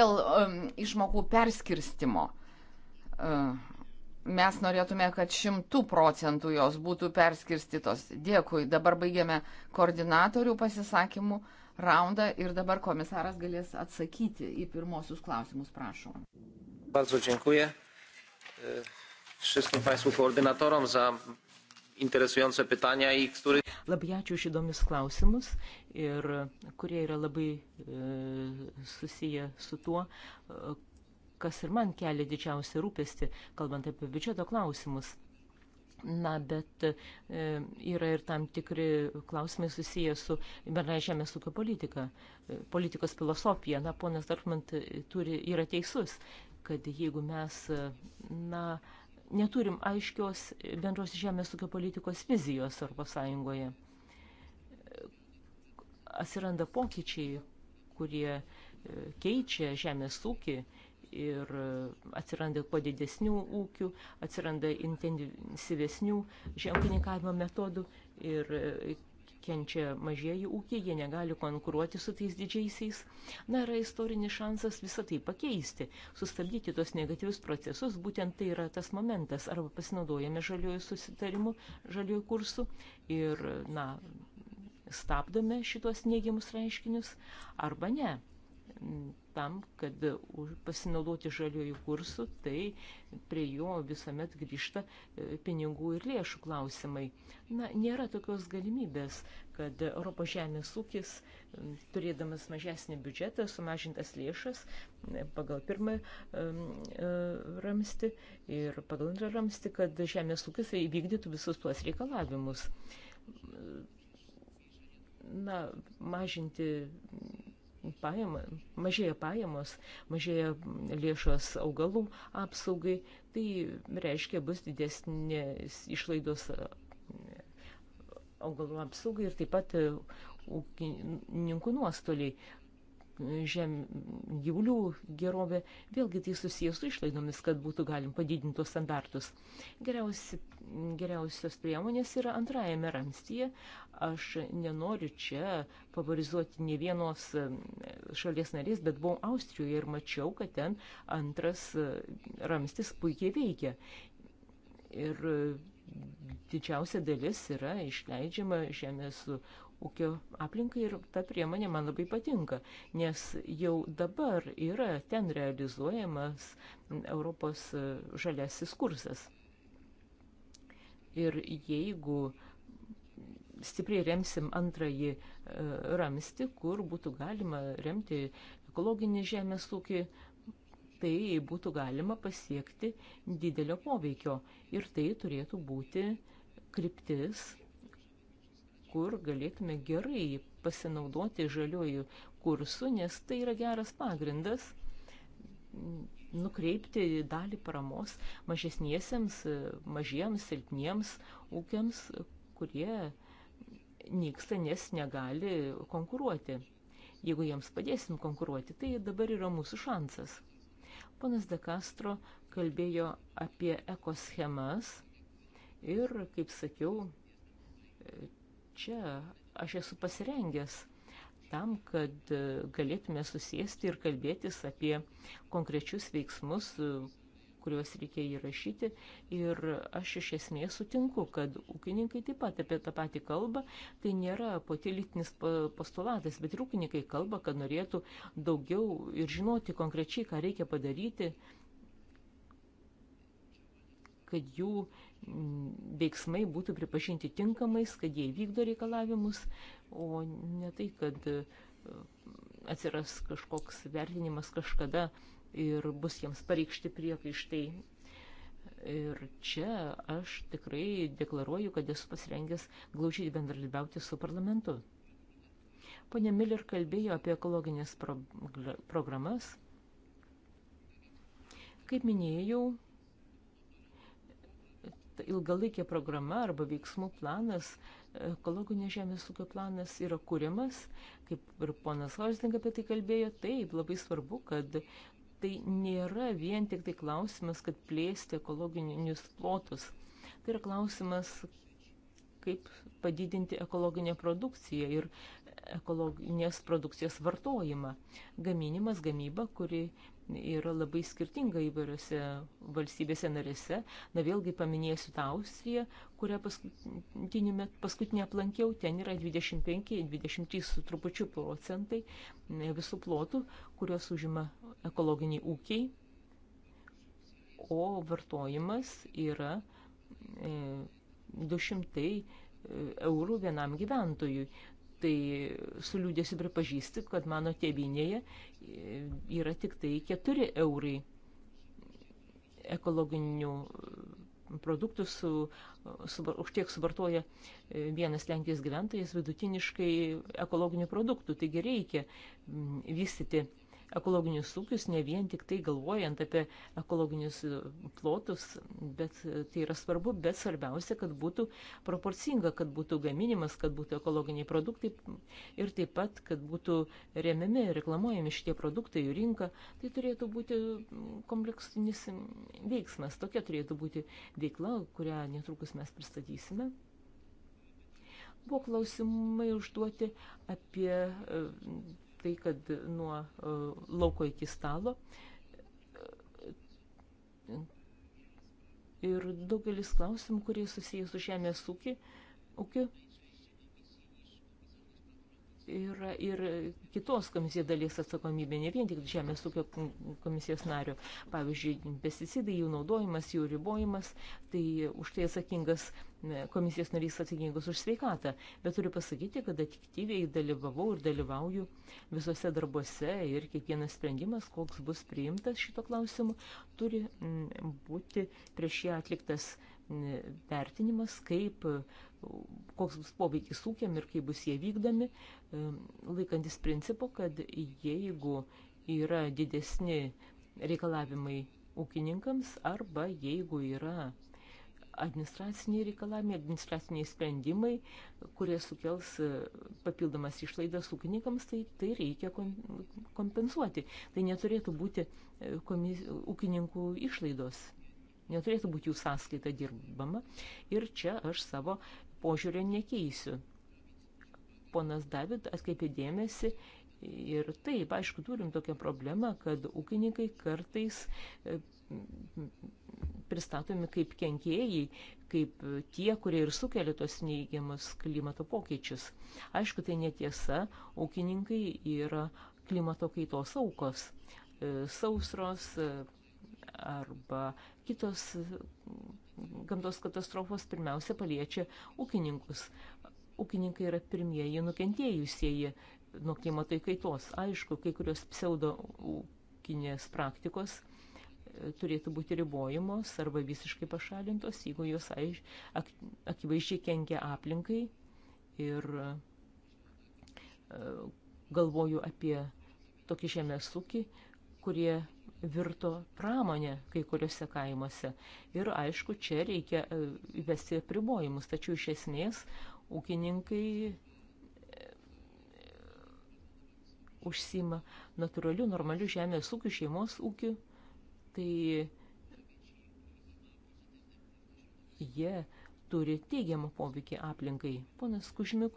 Dėl um, išmokų perskirstimo uh, mes norėtume, kad šimtų procentų jos būtų perskirstytos. Dėkui, dabar baigiame koordinatorių pasisakymų raundą ir dabar komisaras galės atsakyti į pirmosius klausimus, prašom. Bardzo dziękuję e, wszystkim Państwu koordynatorom za interesujące pytania i który... Labai ačiū už įdomius klausimus ir kurie yra labai e, susiję su tuo, e, kas ir man kelia didžiausią rūpestį, kalbant apie biudžeto klausimus. Na, bet e, yra ir tam tikri klausimai susiję su bendrai žemės ūkio politika, e, politikos filosofija. Na, ponas Darkmant turi, yra teisus, kad jeigu mes, na, e, neturim aiškios bendros žemės ūkio politikos vizijos Europos Sąjungoje. Atsiranda pokyčiai, kurie e, keičia žemės ūkį ir e, atsiranda kuo didesnių ūkių, atsiranda intensyvesnių žemkininkavimo metodų ir e, kenčia mažieji ūkiai, jie negali konkuruoti su tais didžiaisiais. Na, yra istorinis šansas visą tai pakeisti, sustabdyti tos negatyvius procesus, būtent tai yra tas momentas, arba pasinaudojame žaliojų susitarimų, žaliojų kursų ir, na, stabdome šitos neigiamus reiškinius, arba ne tam, kad pasinaudoti žaliojų kursų, tai prie jo visuomet grįžta e, pinigų ir lėšų klausimai. Na, nėra tokios galimybės, kad Europos žemės ūkis, turėdamas mažesnį biudžetą, sumažintas lėšas e, pagal pirmą e, ramsti ir pagal antrą ramsti, kad žemės ūkis įvykdytų visus tuos reikalavimus. Na, mažinti pajama, mažėja pajamos, mažėja lėšos augalų apsaugai, tai reiškia bus didesnės išlaidos e, augalų apsaugai ir taip pat e, ūkininkų nuostoliai žem, gyvulių gerovė, vėlgi tai susijęs su išlaidomis, kad būtų galim padidinti tuos standartus. Geriausi, geriausios priemonės yra antrajame ramstyje. Aš nenoriu čia favorizuoti ne vienos šalies narės, bet buvau Austrijoje ir mačiau, kad ten antras e, ramstis puikiai veikia. Ir e, didžiausia dalis yra išleidžiama žemės ūkio aplinkai ir ta priemonė man labai patinka, nes jau dabar yra ten realizuojamas Europos e, žaliasis kursas. Ir jeigu stipriai remsim antrąjį e, ramsti, kur būtų galima remti ekologinį žemės ūkį, tai būtų galima pasiekti didelio poveikio. Ir tai turėtų būti kryptis, kur galėtume gerai pasinaudoti žaliuoju kursu, nes tai yra geras pagrindas nukreipti dalį paramos mažesniesiems, mažiems, silpniems ūkiams, kurie nyksta, nes negali konkuruoti. Jeigu jiems padėsim konkuruoti, tai dabar yra mūsų šansas. Ponas De Castro kalbėjo apie ekoschemas ir, kaip sakiau, čia aš esu pasirengęs tam, kad e, galėtume susėsti ir kalbėtis apie konkrečius veiksmus, e, kuriuos reikia įrašyti. Ir aš iš esmės sutinku, kad ūkininkai taip pat apie tą patį kalbą, tai nėra potilitinis postulatas, bet ir ūkininkai kalba, kad norėtų daugiau ir žinoti konkrečiai, ką reikia padaryti, kad jų Mm, veiksmai būtų pripažinti tinkamais, kad jie vykdo reikalavimus, o ne tai, kad e, atsiras kažkoks vertinimas kažkada ir bus jiems pareikšti priekaištai. Ir čia aš tikrai deklaruoju, kad esu pasirengęs glaužiai bendradarbiauti su parlamentu. Pone Miller kalbėjo apie ekologinės pro programas. Kaip minėjau, ta ilgalaikė programa arba veiksmų planas, ekologinio žemės ūkio planas yra kūrimas, kaip ir ponas Horsting apie tai kalbėjo, taip labai svarbu, kad tai nėra vien tik tai klausimas, kad plėsti ekologinius plotus. Tai yra klausimas, kaip padidinti ekologinę produkciją ir ekologinės produkcijos vartojimą. Gaminimas, gamyba, kuri yra labai skirtinga įvairiose valstybėse narėse. Na vėlgi paminėsiu tą Austriją, kurią paskutinį met, paskutinį aplankiau, ten yra 25-23 su trupučiu procentai visų plotų, kuriuos užima ekologiniai ūkiai, o vartojimas yra e, 200 e, eurų vienam gyventojui tai su liūdėsiu pripažįsti, kad mano tėvinėje e, yra tik tai 4 eurai ekologinių e, produktų su, su, už tiek suvartoja e, vienas Lenkijos gyventojas vidutiniškai ekologinių produktų. Taigi reikia vystyti ekologinius ūkius, ne vien tik tai galvojant apie ekologinius e, plotus, bet e, tai yra svarbu, bet svarbiausia, kad būtų proporcinga, kad būtų gaminimas, kad būtų ekologiniai produktai ir taip pat, kad būtų remiami, reklamuojami šitie produktai į rinką. Tai turėtų būti kompleksinis veiksmas, tokia turėtų būti veikla, kurią netrukus mes pristatysime buvo klausimai užduoti apie e, tai, kad nuo e, lauko iki stalo. E, ir daugelis klausimų, kurie susijęs su žemės ūkiu, yra ir kitos komisijos dalies atsakomybė, ne vien tik Žemės ūkio komisijos nario. Pavyzdžiui, pesticidai, jų naudojimas, jų ribojimas, tai už tai atsakingas komisijos narys atsakingas už sveikatą. Bet turiu pasakyti, kad aktyviai dalyvavau ir dalyvauju visose darbuose ir kiekvienas sprendimas, koks bus priimtas šito klausimu, turi būti prieš ją atliktas vertinimas, kaip koks bus poveikis ūkiam ir kaip bus jie vykdomi, e, laikantis principo, kad jeigu yra didesni reikalavimai ūkininkams arba jeigu yra administraciniai reikalavimai, administraciniai sprendimai, kurie sukels e, papildomas išlaidas ūkininkams, tai tai reikia kompensuoti. Tai neturėtų būti e, komis, ūkininkų išlaidos, neturėtų būti jų sąskaita dirbama. Ir čia aš savo požiūrio nekeisiu. Ponas David atkaipė dėmesį ir taip, aišku, turim tokią problemą, kad ūkininkai kartais e, pristatomi kaip kenkėjai, kaip tie, kurie ir sukelia tos neįgiamas klimato pokyčius. Aišku, tai netiesa, ūkininkai yra klimato kaitos aukos, e, sausros e, arba kitos gamtos katastrofos pirmiausia paliečia ūkininkus. Ūkininkai yra pirmieji nukentėjusieji nuo klimato kaitos. Aišku, kai kurios pseudo ūkinės praktikos e, turėtų būti ribojamos arba visiškai pašalintos, jeigu jos ak, akivaizdžiai kenkia aplinkai. Ir e, galvoju apie tokį žemės ūkį, kurie virto pramonė kai kuriuose kaimuose. Ir aišku, čia reikia e, įvesti pribojimus, tačiau iš esmės ūkininkai e, užsima natūralių, normalių žemės ūkių, šeimos ūkių. Tai jie turi teigiamą poveikį aplinkai. Ponas Kužmiuk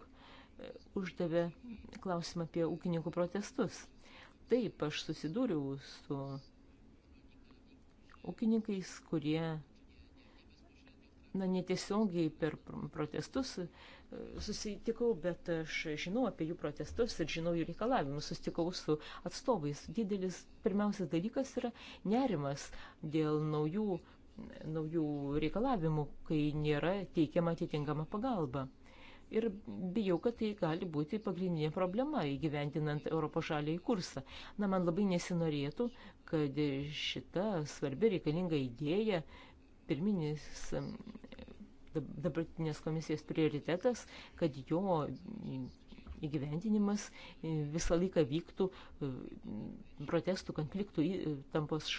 e, uždavė klausimą apie ūkininkų protestus. Taip, aš susidūriau su ūkininkais, kurie na, netiesiogiai per protestus e, susitikau, bet aš žinau apie jų protestus ir žinau jų reikalavimus, susitikau su atstovais. Didelis pirmiausias dalykas yra nerimas dėl naujų, naujų reikalavimų, kai nėra teikiama atitinkama pagalba ir bijau, kad tai gali būti pagrindinė problema įgyvendinant Europos žaliai kursą. Na, man labai nesinorėtų, kad šita svarbi reikalinga idėja, pirminis mm, dabartinės komisijos prioritetas, kad jo įgyvendinimas e, visą laiką vyktų e, protestų, konfliktų e, tampos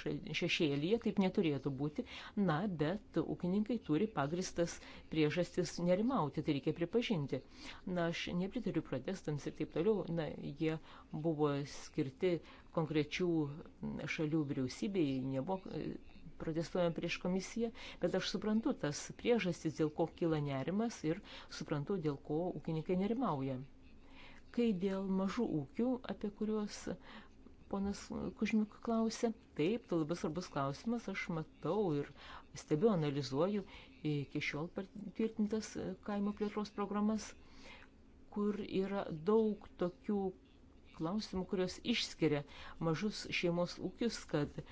šešėlyje, taip neturėtų būti. Na, bet ūkininkai turi pagristas priežastis nerimauti, tai reikia pripažinti. Na, aš nepritariu protestams ir taip toliau, na, jie buvo skirti konkrečių šalių vyriausybei, nebuvo protestuojam prieš komisiją, bet aš suprantu tas priežastis, dėl ko kyla nerimas ir suprantu, dėl ko ūkininkai nerimauja. Kai dėl mažų ūkių, apie kuriuos ponas Kužmiuk klausė, taip, tai labai svarbus klausimas, aš matau ir stebiu, analizuoju iki šiol patvirtintas kaimo plėtros programas, kur yra daug tokių klausimų, kurios išskiria mažus šeimos ūkius, kad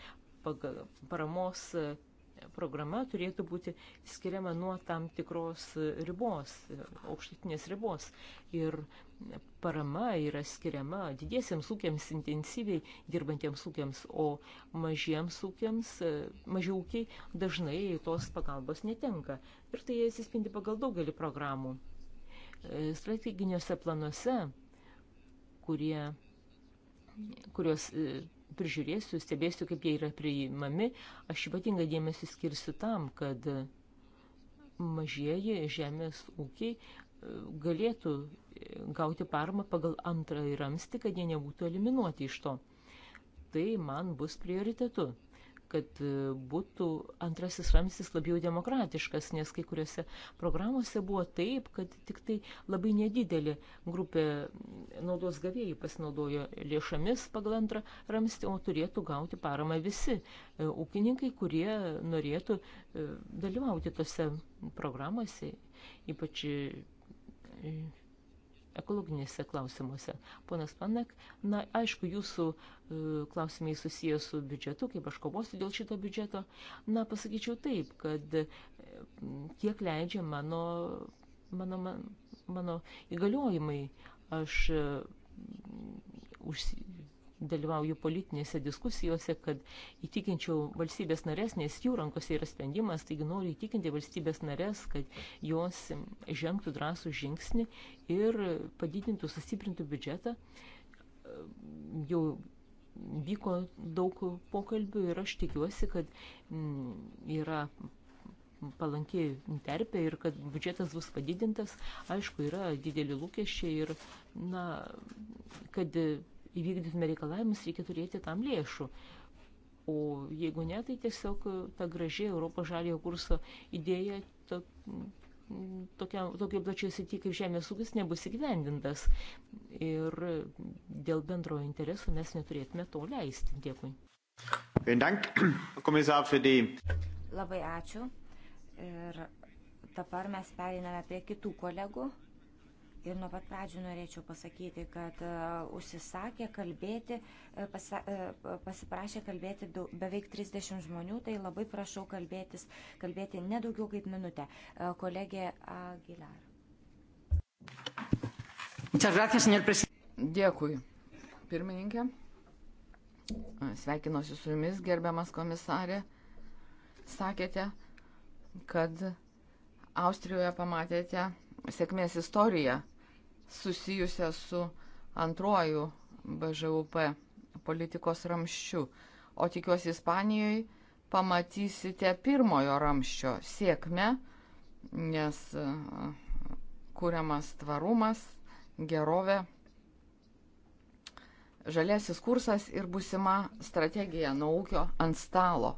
paramos programa turėtų būti skiriama nuo tam tikros ribos, aukštutinės ribos. Ir parama yra skiriama didiesiems ūkiams, intensyviai dirbantiems ūkiams, o mažiems ūkiams, mažiau ūkiai dažnai tos pagalbos netenka. Ir tai atsispindi pagal daugelį programų. Strateginiuose planuose, kurie, kurios prižiūrėsiu, stebėsiu, kaip jie yra priimami. Aš ypatingą dėmesį skirsiu tam, kad mažieji žemės ūkiai e, galėtų e, gauti parmą pagal antrą ir ramstį, kad jie nebūtų eliminuoti iš to. Tai man bus prioritetu kad e, būtų antrasis ramsis labiau demokratiškas, nes kai kuriuose programuose buvo taip, kad tik tai labai nedidelė grupė naudos gavėjų pasinaudojo lėšomis pagal antrą ramstį, o turėtų gauti paramą visi e, ūkininkai, kurie norėtų e, dalyvauti tose programuose, ypač ekologinėse klausimuose. Ponas Panek, na, aišku, jūsų e, klausimai susiję su biudžetu, kaip aš kovosiu dėl šito biudžeto. Na, pasakyčiau taip, kad e, kiek leidžia mano, mano, mano įgaliojimai. Aš užsi, dalyvauju politinėse diskusijose, kad įtikinčiau valstybės narės, nes jų rankose yra sprendimas, taigi noriu įtikinti valstybės narės, kad jos žengtų drąsų žingsnį ir padidintų, sustiprintų biudžetą. Jau vyko daug pokalbių ir aš tikiuosi, kad mm, yra palankiai terpė ir kad biudžetas bus padidintas. Aišku, yra dideli lūkesčiai ir, na, kad įvykdytume reikalavimus, reikia turėti tam lėšų. O jeigu ne, tai tiesiog e, ta graži Europos žaliojo kurso idėja to, tokia, tokia plačiai sity kaip žemės ūkis nebus įgyvendintas. Ir dėl bendrojo interesų mes neturėtume to leisti. Dėkui. Labai ačiū. Ir dabar mes periname prie kitų kolegų. Ir nuo pat pradžių norėčiau pasakyti, kad e, užsisakė kalbėti, e, pasa, e, pasiprašė kalbėti daug, beveik 30 žmonių, tai labai prašau kalbėtis, kalbėti nedaugiau kaip minutę. Kolegė Aguilar. Dėkui. Pirmininkė, sveikinuosi su jumis, gerbiamas komisarė. Sakėte, kad Austrijoje pamatėte sėkmės istoriją susijusią su antrojų BŽUP politikos ramščiu, o tikiuosi Ispanijoje pamatysite pirmojo ramščio sėkmę, nes e, kuriamas tvarumas, gerovė, žaliasis kursas ir busima strategija nuo ūkio ant stalo.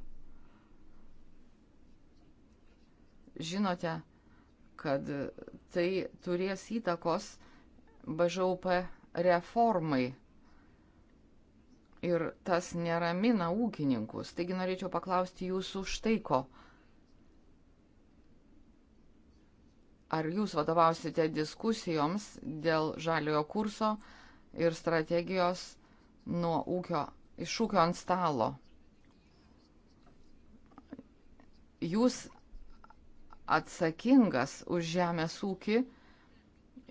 Žinote, kad tai turės įtakos BŽUP reformai. Ir tas neramina ūkininkus. Taigi norėčiau paklausti jūsų štai ko. Ar jūs vadovausite diskusijoms dėl žaliojo kurso ir strategijos nuo ūkio, iš ūkio ant stalo? Jūs atsakingas už žemės ūkį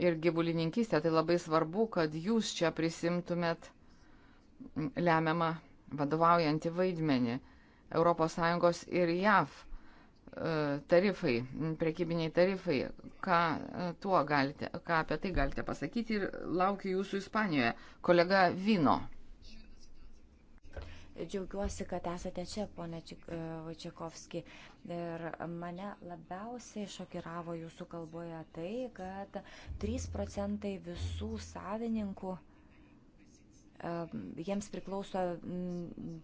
ir gyvulininkystę, tai labai svarbu, kad jūs čia prisimtumėt lemiamą vadovaujantį vaidmenį. ES ir JAV e, tarifai, prekybiniai tarifai, ką, e, tuo galite, ką apie tai galite pasakyti ir laukiu jūsų Ispanijoje. Kolega Vino. Džiaugiuosi, kad esate čia, ponė e, Vačiakovski. Ir mane labiausiai šokiravo jūsų kalboje tai, kad 3 procentai visų savininkų jiems priklauso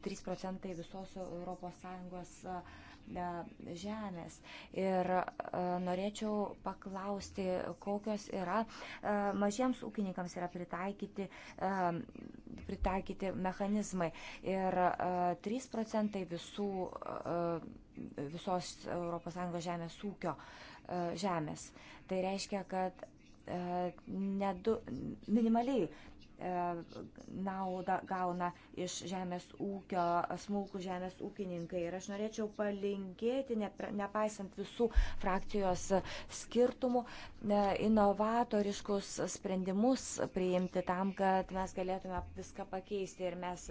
3 procentai visos ES E, žemės. Ir e, norėčiau paklausti, kokios yra e, mažiems ūkininkams yra pritaikyti, pritaikyti mechanizmai. Ir 3 procentai visų, visos ES žemės ūkio žemės. Tai reiškia, kad ne du, minimaliai E, naudą gauna iš žemės ūkio, smulkų žemės ūkininkai. Ir aš norėčiau palinkėti, nepaisant visų frakcijos skirtumų, e, inovatoriškus sprendimus priimti tam, kad mes galėtume viską pakeisti. Ir mes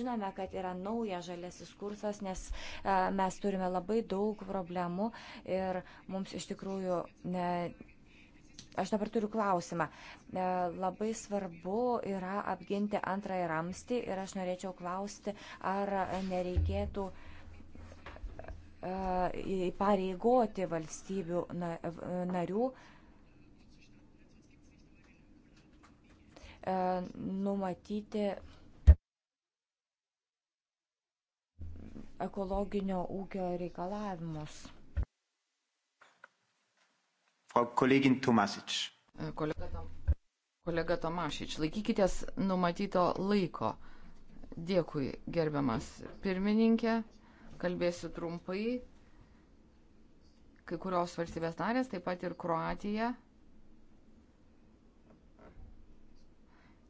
žinome, kad yra naujas žalėsis kursas, nes e, mes turime labai daug problemų ir mums iš tikrųjų ne, Aš dabar turiu klausimą. E, labai svarbu yra apginti antrąjį ramstį ir aš norėčiau klausti, ar nereikėtų e, pareigoti valstybių narių e, numatyti ekologinio ūkio reikalavimus. Kolegin Tomasič. E, kolega, Tom, kolega Tomašič, laikykitės numatyto laiko. Dėkui, gerbiamas pirmininkė. Kalbėsiu trumpai. Kai kurios valstybės narės, taip pat ir Kroatija,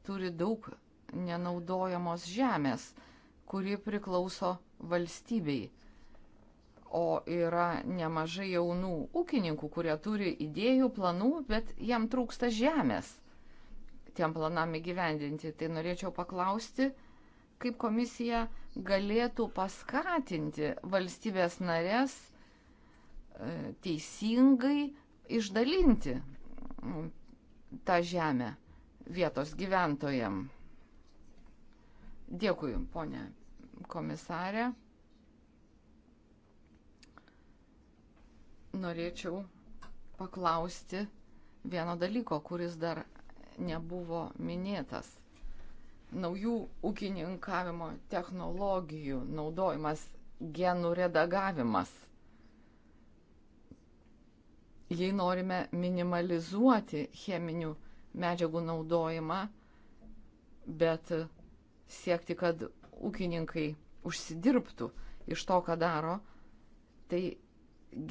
turi daug nenaudojamos žemės, kuri priklauso valstybei o yra nemažai jaunų ūkininkų, kurie turi idėjų, planų, bet jam trūksta žemės tiem planam įgyvendinti. Tai norėčiau paklausti, kaip komisija galėtų paskatinti valstybės narės e, teisingai išdalinti tą žemę vietos gyventojam. Dėkui, ponė komisarė. norėčiau paklausti vieno dalyko, kuris dar nebuvo minėtas. Naujų ūkininkavimo technologijų naudojimas, genų redagavimas. Jei norime minimalizuoti cheminių medžiagų naudojimą, bet siekti, kad ūkininkai užsidirbtų iš to, ką daro, tai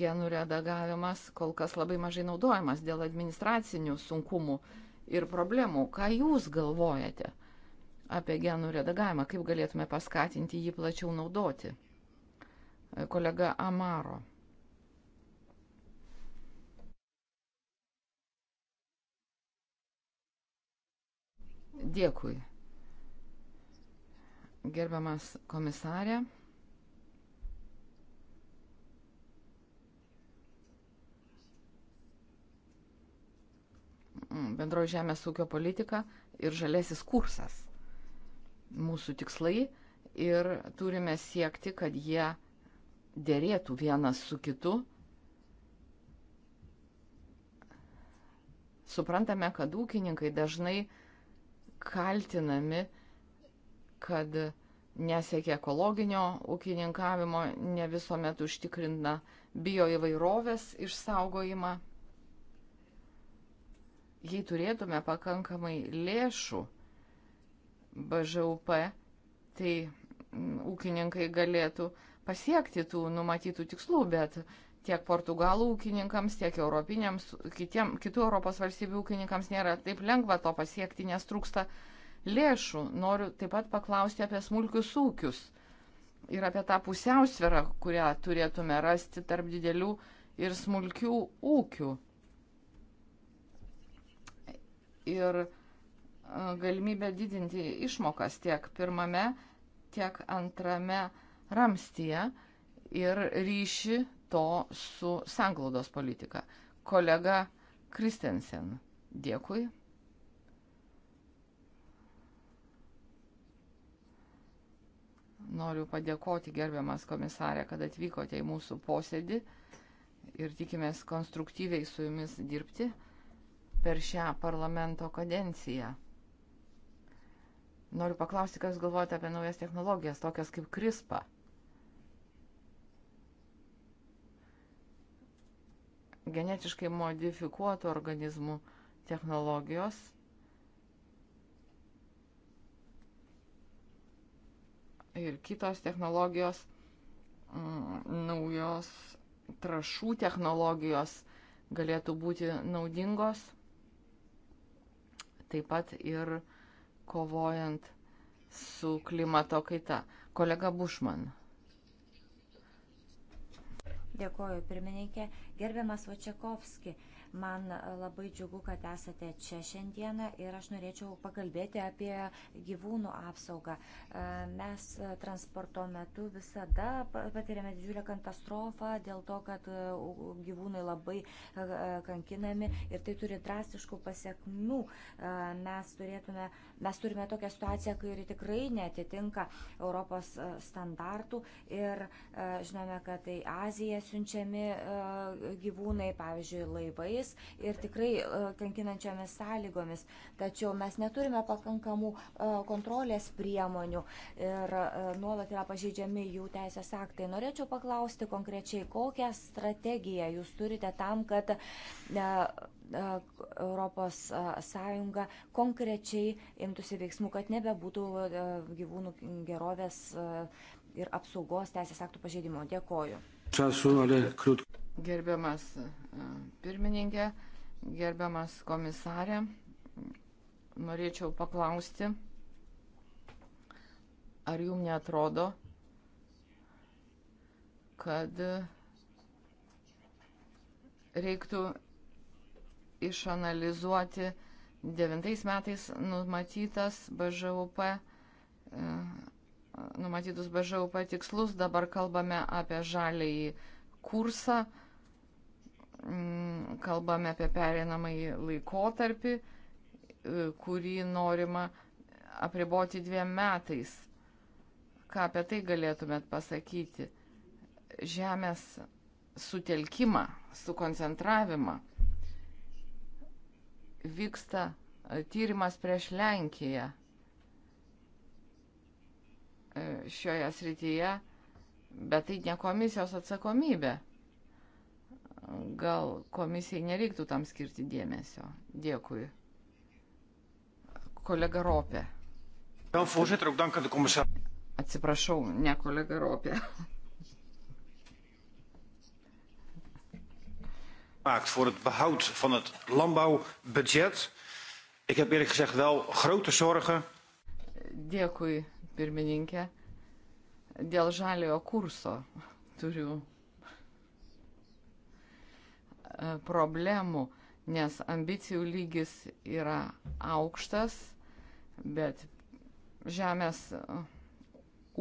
genų redagavimas kol kas labai mažai naudojamas dėl administracinių sunkumų ir problemų. Ką Jūs galvojate apie genų redagavimą, kaip galėtume paskatinti jį plačiau naudoti? Kolega Amaro. Dėkui. Gerbiamas komisarė. Mm, bendroji žemės ūkio politika ir žalėsis kursas. Mūsų tikslai ir turime siekti, kad jie dėrėtų vienas su kitu. Suprantame, kad ūkininkai dažnai kaltinami, kad nesiekia ekologinio ūkininkavimo, ne visuomet užtikrina bio įvairovės išsaugojimą jei turėtume pakankamai lėšų BŽUP, tai mm, ūkininkai galėtų pasiekti tų numatytų tikslų, bet tiek portugalų ūkininkams, tiek europiniams, kitiem, kitų Europos valstybių ūkininkams nėra taip lengva to pasiekti, nes trūksta lėšų. Noriu taip pat paklausti apie smulkius ūkius ir apie tą pusiausvyrą, kurią turėtume rasti tarp didelių ir smulkių ūkių ir galimybę didinti išmokas tiek pirmame, tiek antrame ramstyje ir ryšį to su sanglaudos politika. Kolega Kristensen, dėkui. Noriu padėkoti gerbiamas komisarė, kad atvykote į mūsų posėdį ir tikimės konstruktyviai su jumis dirbti per šią parlamento kadenciją. Noriu paklausti, ką Jūs galvojate apie naujas technologijas, tokias kaip CRISPA. Genetiškai modifikuotų organizmų technologijos. Ir kitos technologijos, m, mm, naujos trašų technologijos galėtų būti naudingos taip pat ir kovojant su klimato kaita. Kolega Bušman. Dėkoju, pirmininkė. Gerbiamas Vačiakovski, Man labai džiugu, kad esate čia šiandieną ir aš norėčiau pakalbėti apie gyvūnų apsaugą. E, mes transporto metu visada patiriame didžiulę katastrofą dėl to, kad e, gyvūnai labai e, kankinami ir tai turi drastiškų pasiekmių. Mes, turėtume, mes turime tokią situaciją, kai tikrai netitinka Europos standartų ir žinome, kad tai Azija siunčiami gyvūnai, pavyzdžiui, laivais sunkiais ir tikrai e, kankinančiomis sąlygomis. Tačiau mes neturime pakankamų e, kontrolės priemonių ir e, nuolat yra pažeidžiami jų teisės aktai. Norėčiau paklausti konkrečiai, kokią strategiją jūs turite tam, kad Europos Sąjunga konkrečiai imtųsi veiksmų, kad nebebūtų gyvūnų gerovės ir apsaugos teisės aktų pažeidimo. Dėkoju. Gerbiamas e, pirmininkė, gerbiamas komisarė, norėčiau paklausti, ar jums netrodo, kad reiktų išanalizuoti devintais metais numatytas BŽUP, e, numatytus BŽUP tikslus, dabar kalbame apie žalėjį kursą, Mm, kalbame apie perinamąjį laikotarpį, e, kurį norima apriboti dviem metais. Ką apie tai galėtumėt pasakyti? Žemės sutelkimą, sukoncentravimą. Vyksta e, tyrimas prieš Lenkiją e, šioje srityje, bet tai ne komisijos atsakomybė. Gal komisijai nereiktų tam skirti dėmesio. Dėkui. Kolega Ropė. Atsiprašau, ne kolega Ropė. gemaakt voor het behoud van het landbouwbudget. Ik heb eerlijk gezegd wel grote zorgen. Dėkui, pirmininkė. Dėl žaliojo kurso turiu E, problemų, nes ambicijų lygis yra aukštas, bet žemės e,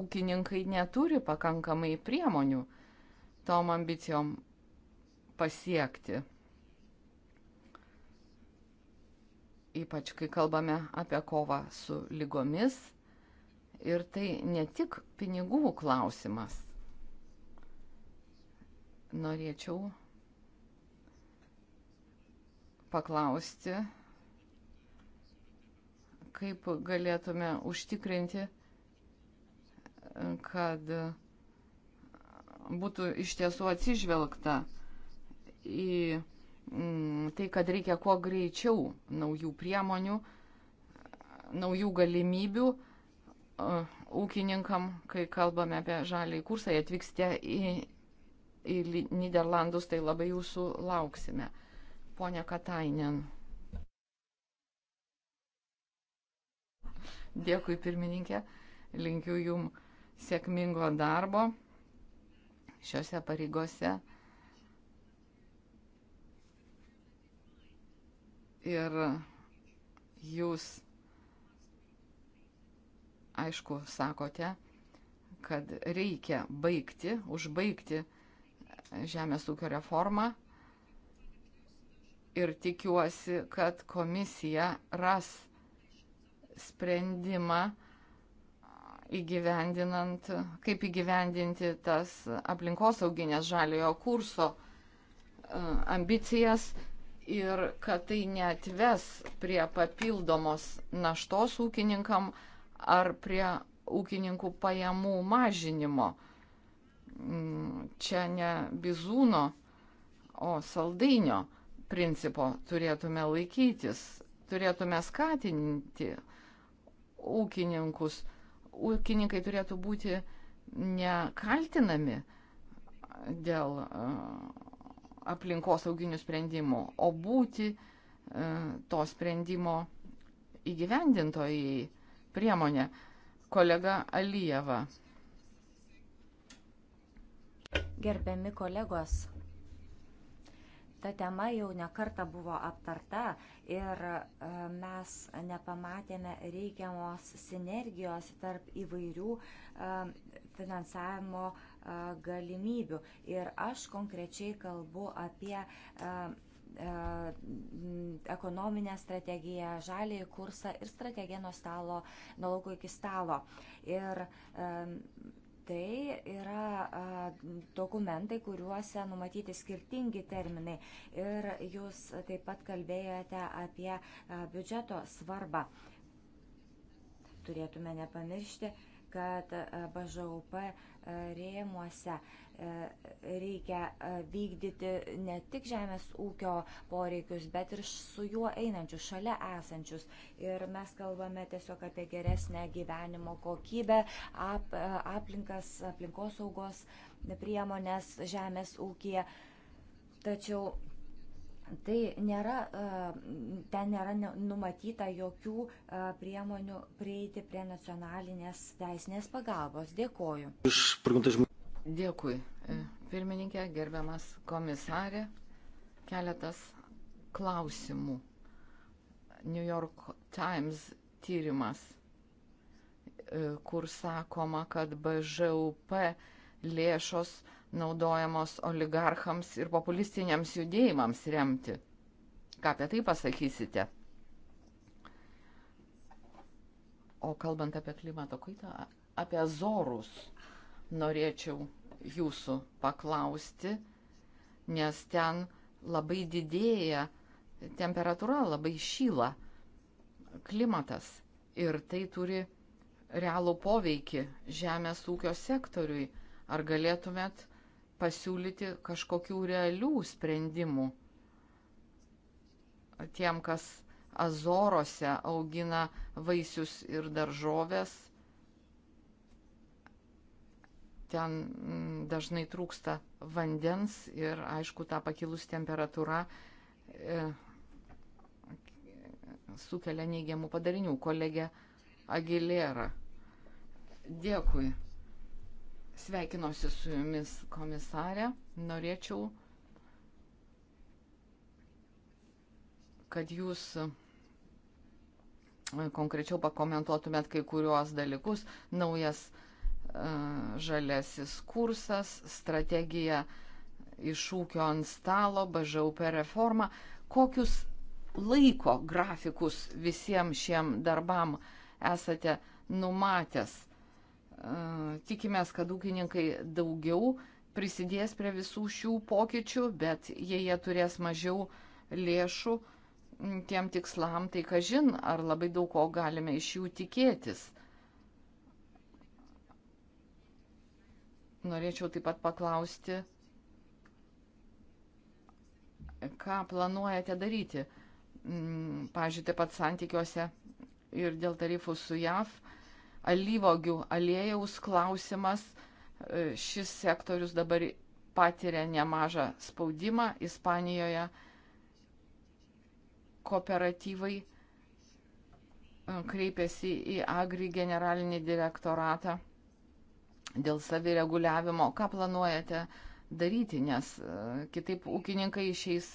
ūkininkai neturi pakankamai priemonių tom ambicijom pasiekti. Ypač kai kalbame apie kovą su lygomis. Ir tai ne tik pinigų klausimas. Norėčiau paklausti, kaip galėtume užtikrinti, kad būtų iš tiesų atsižvelgta į mm, tai, kad reikia kuo greičiau naujų priemonių, naujų galimybių ūkininkam, kai kalbame apie žalį kursą, jei atvyksite į, į Niderlandus, tai labai jūsų lauksime ponia Katainen. Dėkui pirmininkė, linkiu jum sėkmingo darbo šiuose pareigose. Ir jūs, aišku, sakote, kad reikia baigti, užbaigti žemės ūkio reformą ir tikiuosi, kad komisija ras sprendimą įgyvendinant, kaip įgyvendinti tas aplinkosauginės žaliojo kurso e, ambicijas ir kad tai neatves prie papildomos naštos ūkininkam ar prie ūkininkų pajamų mažinimo. Mm, čia ne bizūno, o saldainio principo turėtume laikytis, turėtume skatinti ūkininkus. Ūkininkai turėtų būti nekaltinami dėl e, aplinkosauginių sprendimų, o būti e, to sprendimo įgyvendintojai priemonė. Kolega Alijeva. Gerbiami kolegos, Ta tema jau nekarta buvo aptarta ir e, mes nepamatėme reikiamos sinergijos tarp įvairių e, finansavimo e, galimybių. Ir aš konkrečiai kalbu apie ekonominę strategiją, žalį kursą ir strategiją nuo stalo, nuo lauko iki stalo. Ir tai yra dokumentai, kuriuose numatyti skirtingi terminai. Ir jūs taip pat kalbėjote apie biudžeto svarbą. Turėtume nepamiršti, kad BŽUP rėmuose e, reikia e, vykdyti ne tik žemės ūkio poreikius, bet ir su juo einančius, šalia esančius. Ir mes kalbame tiesiog apie geresnę gyvenimo kokybę, ap, e, aplinkas, aplinkosaugos priemonės žemės ūkija. Tačiau Tai nėra, ten nėra numatyta jokių priemonių prieiti prie nacionalinės teisinės pagalbos. Dėkoju. Dėkui. E, pirmininkė, gerbiamas komisarė, keletas klausimų. New York Times tyrimas, e, kur sakoma, kad BŽUP lėšos naudojamos oligarchams ir populistiniams judėjimams remti. Ką apie tai pasakysite? O kalbant apie klimato kaitą, apie zorus norėčiau jūsų paklausti, nes ten labai didėja temperatūra, labai šyla klimatas ir tai turi realų poveikį žemės ūkio sektoriui. Ar galėtumėt pasiūlyti kažkokių realių sprendimų tiem, kas Azorose augina vaisius ir daržovės. Ten mm, dažnai trūksta vandens ir, aišku, ta pakilus temperatūra e, sukelia neigiamų padarinių. Kolegė Agilėra. Dėkui. Sveikinuosi su jumis, komisarė. Norėčiau, kad jūs e, konkrečiau pakomentuotumėt kai kuriuos dalykus. Naujas e, žalesis kursas, strategija iššūkio ant stalo, BŽUP reforma. Kokius laiko grafikus visiems šiem darbam esate numatęs? Tikimės, kad ūkininkai daugiau prisidės prie visų šių pokyčių, bet jei jie turės mažiau lėšų tiem tikslam, tai kažin, ar labai daug ko galime iš jų tikėtis. Norėčiau taip pat paklausti, ką planuojate daryti. Pavyzdžiui, taip pat santykiuose ir dėl tarifų su JAV alyvogių aliejaus klausimas. E, šis sektorius dabar patiria nemažą spaudimą Ispanijoje. Kooperatyvai e, kreipėsi į Agri generalinį direktoratą dėl savireguliavimo. Ką planuojate daryti, nes e, kitaip ūkininkai išeis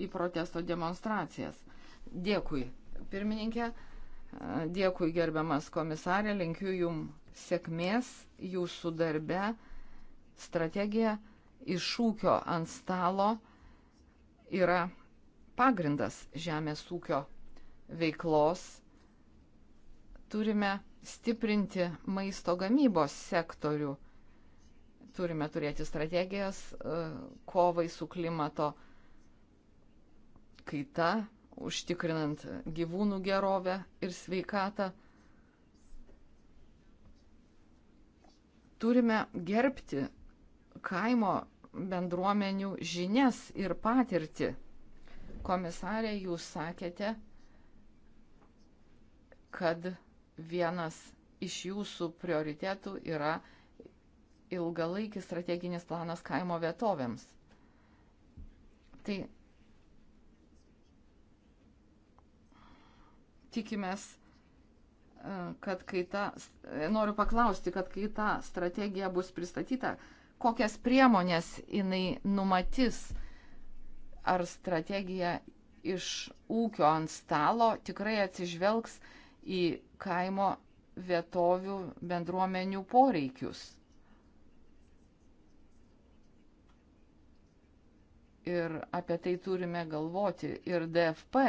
į protesto demonstracijas? Dėkui, pirmininkė. Dėkui, gerbiamas komisarė, linkiu jum sėkmės jūsų darbe, strategija iššūkio ant stalo yra pagrindas žemės ūkio veiklos. Turime stiprinti maisto gamybos sektorių, turime turėti strategijas e, kovai su klimato kaita, užtikrinant gyvūnų gerovę ir sveikatą. Turime gerbti kaimo bendruomenių žinias ir patirtį. Komisarė, jūs sakėte, kad vienas iš jūsų prioritetų yra ilgalaikis strateginis planas kaimo vietovėms. Tai tikimės, e, kad kai ta, e, noriu paklausti, kad kai ta strategija bus pristatyta, kokias priemonės jinai numatys, ar strategija iš ūkio ant stalo tikrai atsižvelgs į kaimo vietovių bendruomenių poreikius. Ir apie tai turime galvoti ir DFP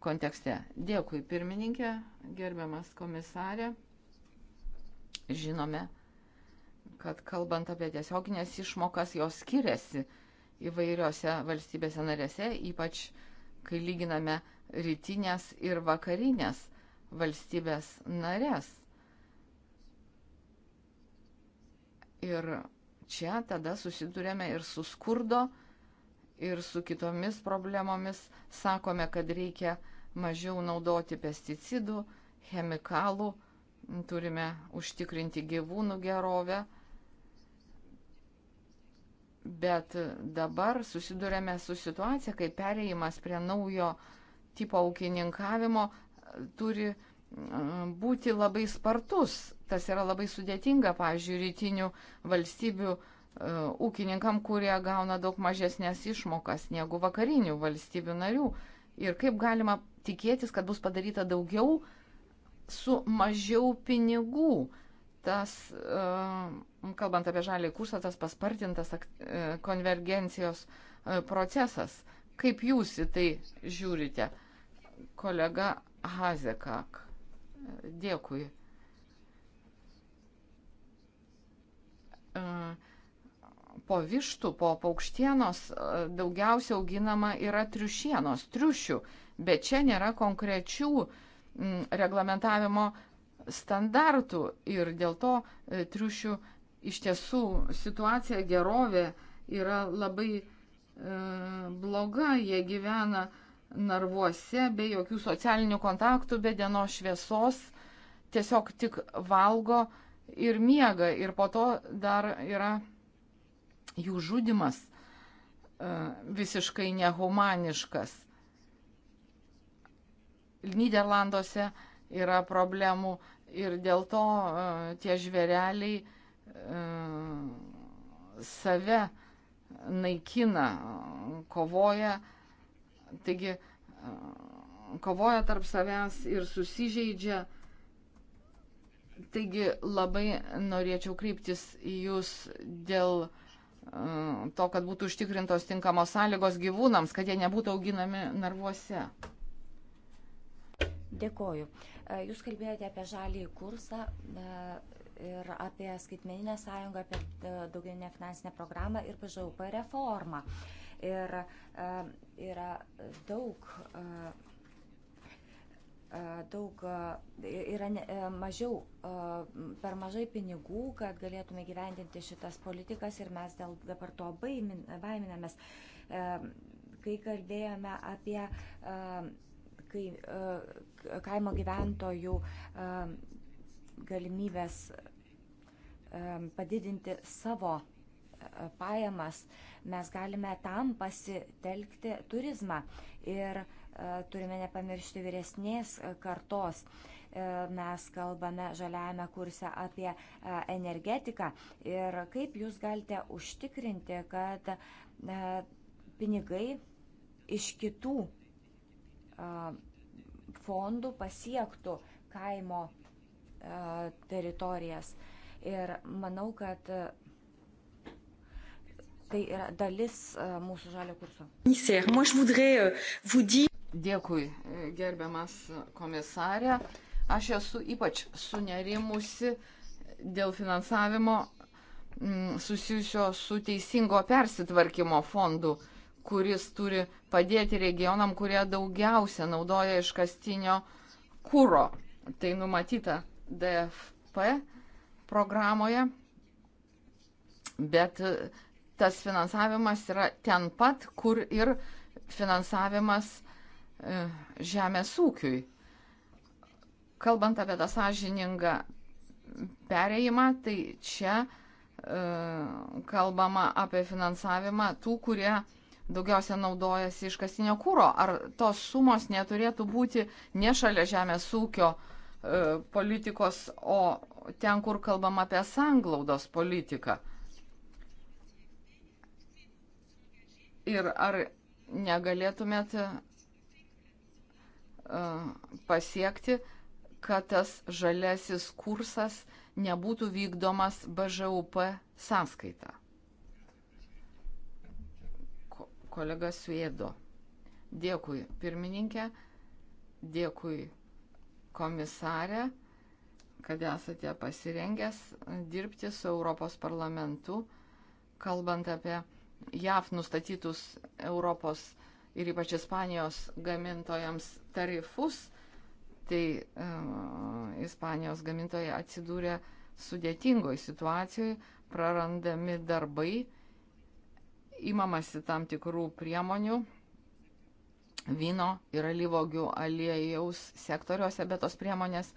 kontekste. Dėkui, pirmininkė, gerbiamas komisarė. Žinome, kad kalbant apie tiesioginės išmokas, jos skiriasi įvairiose valstybėse narėse, ypač kai lyginame rytinės ir vakarinės valstybės narės. Ir čia tada susidurėme ir su skurdo, ir su kitomis problemomis sakome, kad reikia mažiau naudoti pesticidų, chemikalų, turime užtikrinti gyvūnų gerovę. Bet dabar susidurėme su situacija, kai pereimas prie naujo tipo ūkininkavimo e, turi e, būti labai spartus. Tas yra labai sudėtinga, pavyzdžiui, rytinių valstybių E, ūkininkam, kurie gauna daug mažesnės išmokas negu vakarinių valstybių narių. Ir kaip galima tikėtis, kad bus padaryta daugiau su mažiau pinigų. Tas, e, kalbant apie žalį kursą, tas paspartintas e, konvergencijos procesas. Kaip jūs į tai žiūrite, kolega Hazekak? Dėkui. Uh, po vištų, po paukštienos e, daugiausia auginama yra triušienos, triušių, bet čia nėra konkrečių m, mm, reglamentavimo standartų ir dėl to e, triušių iš tiesų situacija gerovė yra labai e, bloga, jie gyvena narvuose be jokių socialinių kontaktų, be dienos šviesos, tiesiog tik valgo ir miega ir po to dar yra jų žudimas e, visiškai nehumaniškas. Niderlanduose yra problemų ir dėl to e, tie žvėreliai e, save naikina, kovoja, taigi kovoja tarp savęs ir susižeidžia. Taigi labai norėčiau kryptis į jūs dėl uh, E, to, kad būtų užtikrintos tinkamos sąlygos gyvūnams, kad jie nebūtų auginami narvuose. Dėkoju. E, jūs kalbėjote apie žalį kursą e, ir apie skaitmeninę sąjungą, apie daugiau finansinę programą ir pažaupą reformą. Ir yra daug daug yra ne, e, mažiau, per mažai pinigų, kad galėtume gyvendinti šitas politikas ir mes dėl dabar to baimin, baiminamės. E, kai kalbėjome apie kai, kaimo gyventojų galimybės padidinti savo pajamas, mes galime tam pasitelkti turizmą. Ir uh, E, turime nepamiršti vyresnės e, kartos. E, mes kalbame žaliajame kurse apie energetiką ir kaip jūs galite užtikrinti, kad pinigai iš kitų fondų pasiektų kaimo teritorijas. Ir manau, kad tai yra dalis mūsų žalio kurso. Dėkui, e, gerbiamas komisarė. Aš esu ypač sunerimusi dėl finansavimo mm, susijusio su teisingo persitvarkymo fondu, kuris turi padėti regionam, kurie daugiausia naudoja iškastinio kūro. Tai numatyta DFP programoje, bet e, tas finansavimas yra ten pat, kur ir finansavimas E, žemės ūkiui. Kalbant apie tą sąžiningą perėjimą, tai čia e, kalbama apie finansavimą tų, kurie daugiausia naudojasi iškastinio kūro. Ar tos sumos neturėtų būti ne šalia žemės ūkio e, politikos, o ten, kur kalbam apie sanglaudos politiką. Ir ar negalėtumėt E, pasiekti, kad tas žalesis kursas nebūtų vykdomas BŽUP sąskaita. Ko, kolega Suėdo. Dėkui pirmininkė, dėkui komisarė, kad esate pasirengęs dirbti su Europos parlamentu, kalbant apie JAF nustatytus Europos parlamentu ir ypač Ispanijos gamintojams tarifus, tai um, Ispanijos gamintojai atsidūrė sudėtingoje situacijoje, prarandami darbai, įmamasi tam tikrų priemonių vyno ir alyvogių aliejaus sektoriuose, bet tos priemonės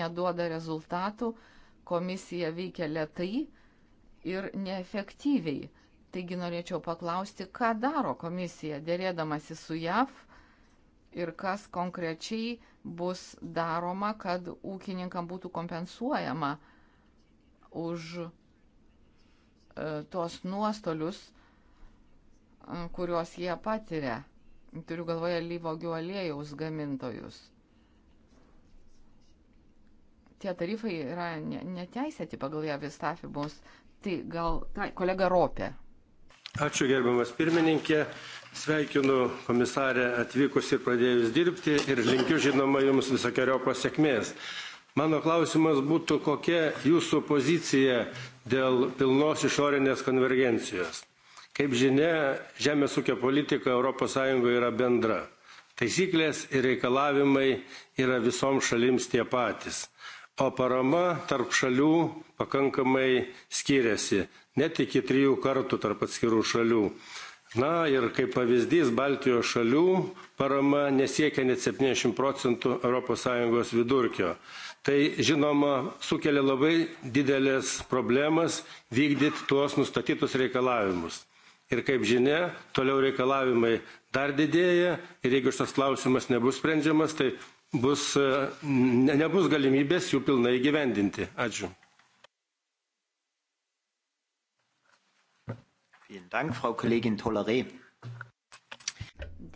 neduoda rezultatų, komisija veikia lietai ir neefektyviai. Taigi norėčiau paklausti, ką daro komisija dėrėdamasi su JAV ir kas konkrečiai bus daroma, kad ūkininkam būtų kompensuojama už e, tuos nuostolius, e, kuriuos jie patiria. Turiu galvoje lyvogių aliejaus gamintojus. Tie tarifai yra neteisėti pagal ją vis tafibos. Tai gal tai, kolega Ropė Ačiū gerbiamas pirmininkė. Sveikinu komisarę atvykus ir pradėjus dirbti ir linkiu žinoma Jums visokiojo pasiekmės. Mano klausimas būtų, kokia Jūsų pozicija dėl pilnos išorinės konvergencijos. Kaip žinia, žemės ūkio politika ES yra bendra. Taisyklės ir reikalavimai yra visoms šalims tie patys o parama tarp šalių pakankamai skiriasi, net iki trijų kartų tarp atskirų šalių. Na ir kaip pavyzdys, Baltijos šalių parama nesiekia net 70 procentų ES vidurkio. Tai žinoma sukelia labai didelės problemas vykdyti tuos nustatytus reikalavimus. Ir kaip žinia, toliau reikalavimai dar didėja ir jeigu šitas klausimas nebus sprendžiamas, tai bus, e, ne, nebus galimybės jų pilnai gyvendinti. Ačiū. Vielen Dank, Frau Kollegin Tolleré.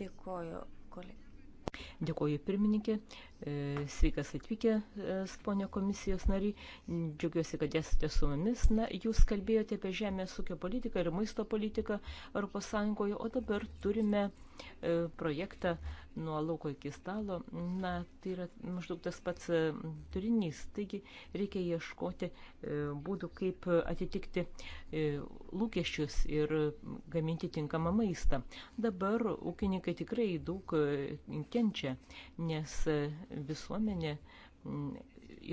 Dėkoju, kolegė. Dėkoju pirmininkė. E, sveikas atvykę, e, ponė komisijos nariai. Džiaugiuosi, kad esate su mumis. Na, jūs kalbėjote apie žemės ūkio politiką ir maisto politiką ES, o dabar turime projektą nuo lauko iki stalo, na, tai yra maždaug tas pats e, turinys. Taigi reikia ieškoti e, būdų, kaip atitikti e, lūkesčius ir gaminti tinkamą maistą. Dabar ūkininkai tikrai daug kenčia, nes visuomenė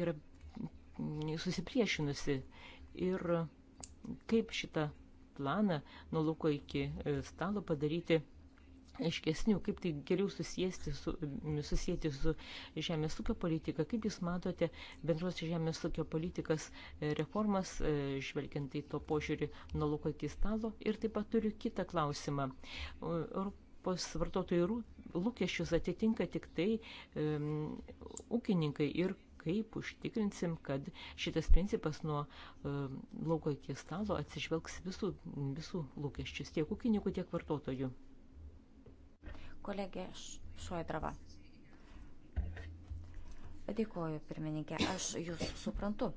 yra susipriešinusi ir kaip šitą planą nuo lauko iki stalo padaryti aiškesnių, kaip tai geriau susijęsti su, susijęti su žemės ūkio politika, kaip jūs matote bendros žemės ūkio politikas e, reformas, e, žvelgiant į to požiūrį nuo lauko iki stalo. Ir taip pat turiu kitą klausimą. Europos vartotojų lūkesčius atitinka tik tai um, ūkininkai ir kaip užtikrinsim, kad šitas principas nuo um, lauko iki stalo atsižvelgs visų, visų lūkesčius, tiek ūkininkų, tiek vartotojų. Kolegė Šoidrava. Dėkuoju, pirmininkė, aš jūs suprantu.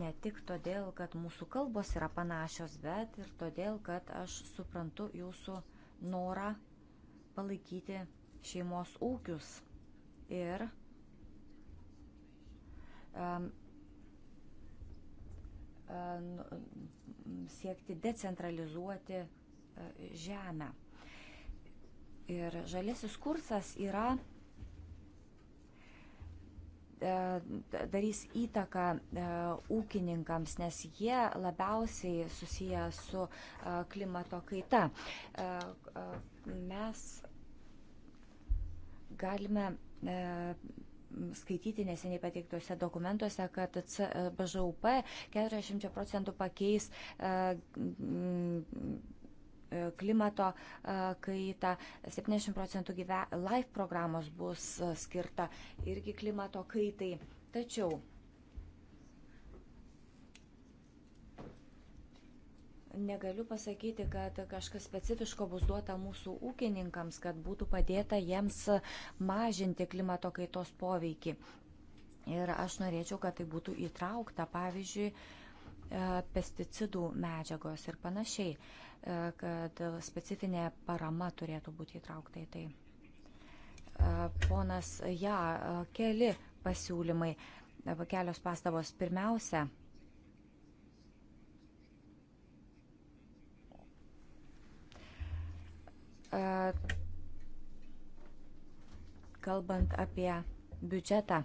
Ne tik todėl, kad mūsų kalbos yra panašios, bet ir todėl, kad aš suprantu jūsų norą palaikyti šeimos ūkius ir um, um, siekti decentralizuoti uh, žemę. Ir žalėsis kursas yra e, darys įtaką e, ūkininkams, nes jie labiausiai susiję su e, klimato kaita. Mes galime skaityti neseniai pateiktuose dokumentuose, kad BŽUP 40 procentų pakeis E, klimato e, kaitą. 70 procentų LIFE programos bus e, skirta irgi klimato kaitai. Tačiau negaliu pasakyti, kad kažkas specifiško bus duota mūsų ūkininkams, kad būtų padėta jiems mažinti klimato kaitos poveikį. Ir aš norėčiau, kad tai būtų įtraukta, pavyzdžiui, pesticidų medžiagos ir panašiai. E, kad specifinė parama turėtų būti įtraukta į tai. E, ponas, ja, e, keli pasiūlymai, kelios pastabos. Pirmiausia, kalbant apie biudžetą,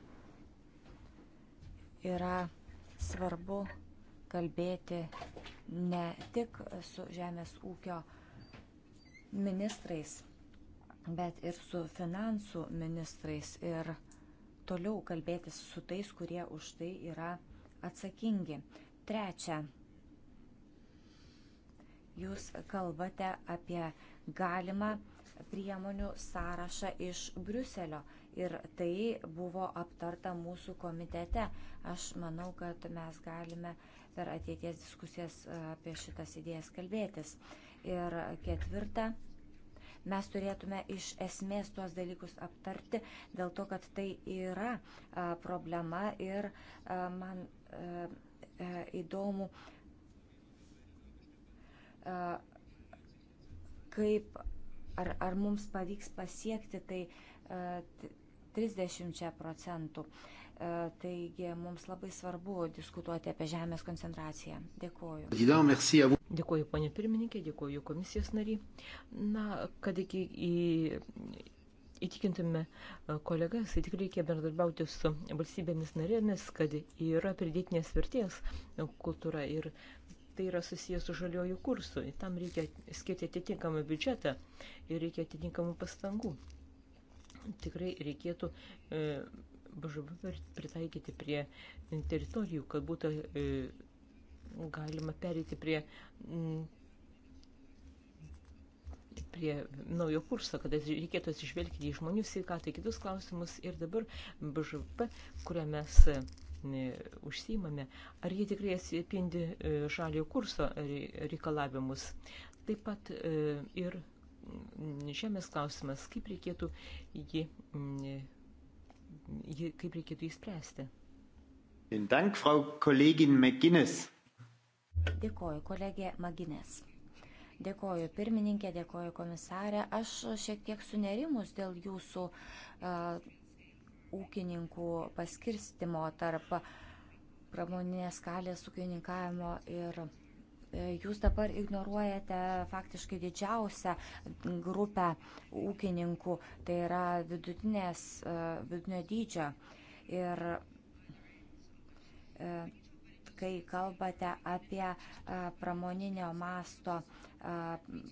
yra svarbu kalbėti ne tik su žemės ūkio ministrais, bet ir su finansų ministrais ir toliau kalbėtis su tais, kurie už tai yra atsakingi. Trečia, jūs kalbate apie galimą priemonių sąrašą iš Briuselio ir tai buvo aptarta mūsų komitete. Aš manau, kad mes galime uh, per ateities diskusijas e, apie šitas idėjas kalbėtis. Ir ketvirta, mes turėtume iš esmės tuos dalykus aptarti, dėl to, kad tai yra e, problema ir e, man įdomu, kaip, ar, ar mums pavyks pasiekti tai 30 procentų. Uh, E, taigi mums labai svarbu diskutuoti apie žemės koncentraciją. Dėkuoju. Dėkuoju, ponė pirmininkė, dėkuoju komisijos nariai. Na, kad iki į, įtikintume e, kolegas, tai tikrai reikia bendradarbiauti su valstybėmis narėmis, kad yra pridėtinės vertės kultūra ir tai yra susijęs su žaliuoju kursu. Ir tam reikia skirti atitinkamą biudžetą ir reikia atitinkamų pastangų. Tikrai reikėtų. E, BŽB pritaikyti prie teritorijų, kad būtų e, galima perėti prie, m, prie naujo kurso, kad reikėtų atsižvelgti į žmonių sveikatą, kitus klausimus ir dabar BŽP, kurią mes užsiimame, ar jie tikrai atsipindi e, žalio kurso reikalavimus. Taip pat e, ir žemės klausimas, kaip reikėtų jį kaip reikėtų įspręsti. Dank, Frau Kollegin McGuinness. Dėkoju, kolegė Maginės. Dėkoju pirmininkė, dėkoju komisarė. Aš šiek tiek sunerimus dėl jūsų uh, ūkininkų paskirstimo tarp pramoninės skalės ūkininkavimo ir uh, E, jūs dabar ignoruojate faktiškai didžiausią grupę ūkininkų, tai yra vidutinės, e, vidutinio dydžio. Ir e, kai kalbate apie pramoninio masto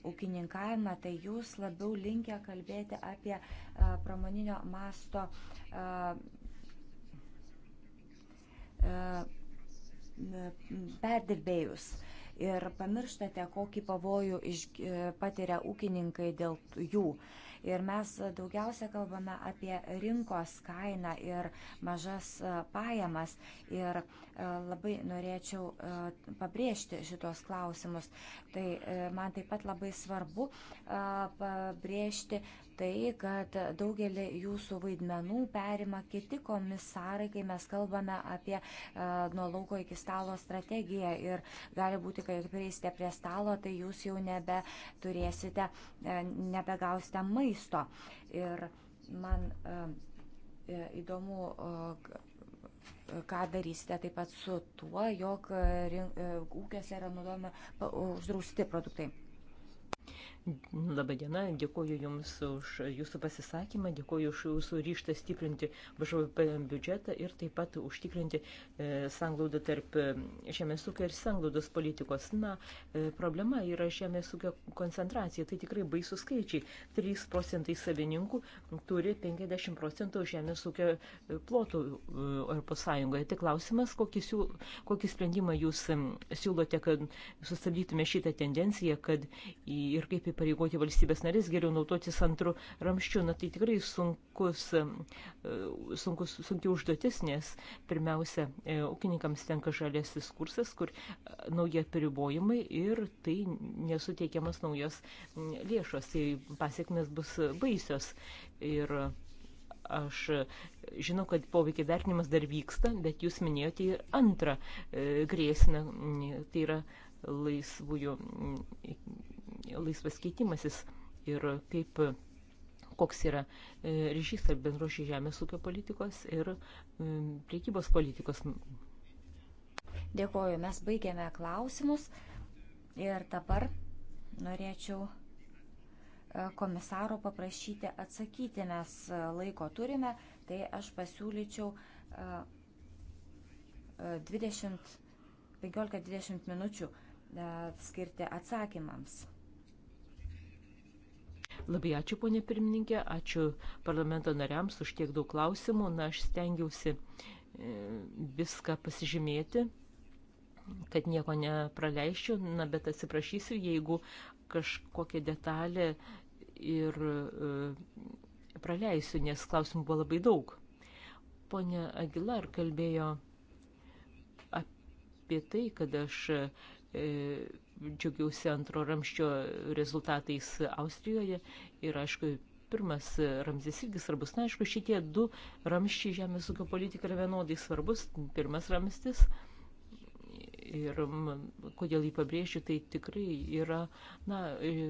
ūkininkavimą, tai jūs labiau linkę kalbėti apie pramoninio masto perdirbėjus. Uh, ir pamirštate, kokį pavojų e, patiria ūkininkai dėl jų. Ir mes daugiausia kalbame apie rinkos kainą ir mažas e, pajamas. Ir e, labai norėčiau e, pabrėžti šitos klausimus. Tai man taip pat labai svarbu pabrėžti tai, kad daugelį jūsų vaidmenų perima kiti komisarai, kai mes kalbame apie nuo lauko iki stalo strategiją ir gali būti, kai prieisite prie stalo, tai jūs jau nebeturėsite, nebegausite maisto maisto. Ir man e, e, įdomu, ką darysite taip pat su tuo, jog e, ūkiuose yra naudojami uždrausti produktai. Labai diena, dėkuoju Jums už Jūsų pasisakymą, dėkuoju už Jūsų ryštą stiprinti BŽP biudžetą ir taip pat užtikrinti e, sanglaudą tarp e, žemės ūkio ir sanglaudos politikos. Na, e, problema yra žemės ūkio koncentracija, tai tikrai baisų skaičiai. 3 procentai savininkų turi 50 procentų žemės ūkio e, plotų ES. Tai klausimas, kokį, siūl, kokį sprendimą Jūs siūlote, kad sustabdytume šitą tendenciją, kad ir kaip į įpareigoti valstybės narės geriau naudotis antrų ramščių. Na tai tikrai sunkus, e, sunkus, sunki užduotis, nes pirmiausia, e, ūkininkams tenka žalėsis kursas, kur e, nauji apribojimai ir tai nesuteikiamas naujos lėšos. Tai pasiekmes bus baisios. Ir aš žinau, kad poveikia vertinimas dar vyksta, bet jūs minėjote ir antrą grėsmę, tai yra laisvųjų laisvas keitimasis ir kaip koks yra e, ryšys tarp bendros žemės ūkio politikos ir e, priekybos politikos. Dėkoju, mes baigėme klausimus ir dabar norėčiau e, komisaro paprašyti atsakyti, mes laiko turime, tai aš pasiūlyčiau 20, 15-20 minučių skirti atsakymams. Labai ačiū, ponė pirmininkė, ačiū parlamento nariams už tiek daug klausimų. Na, aš stengiausi e, viską pasižymėti, kad nieko nepraleisčiau, na, bet atsiprašysiu, jeigu kažkokia detalė ir e, praleisiu, nes klausimų buvo labai daug. Pone Agilar kalbėjo apie tai, kad aš e, džiaugiausi antro ramščio rezultatais Austrijoje ir, aišku, pirmas ramzis irgi svarbus. Na, aišku, šitie du ramščiai žemės ūkio politika yra vienodai svarbus. Pirmas ramstis ir kodėl jį pabrėžiu, tai tikrai yra, na, e,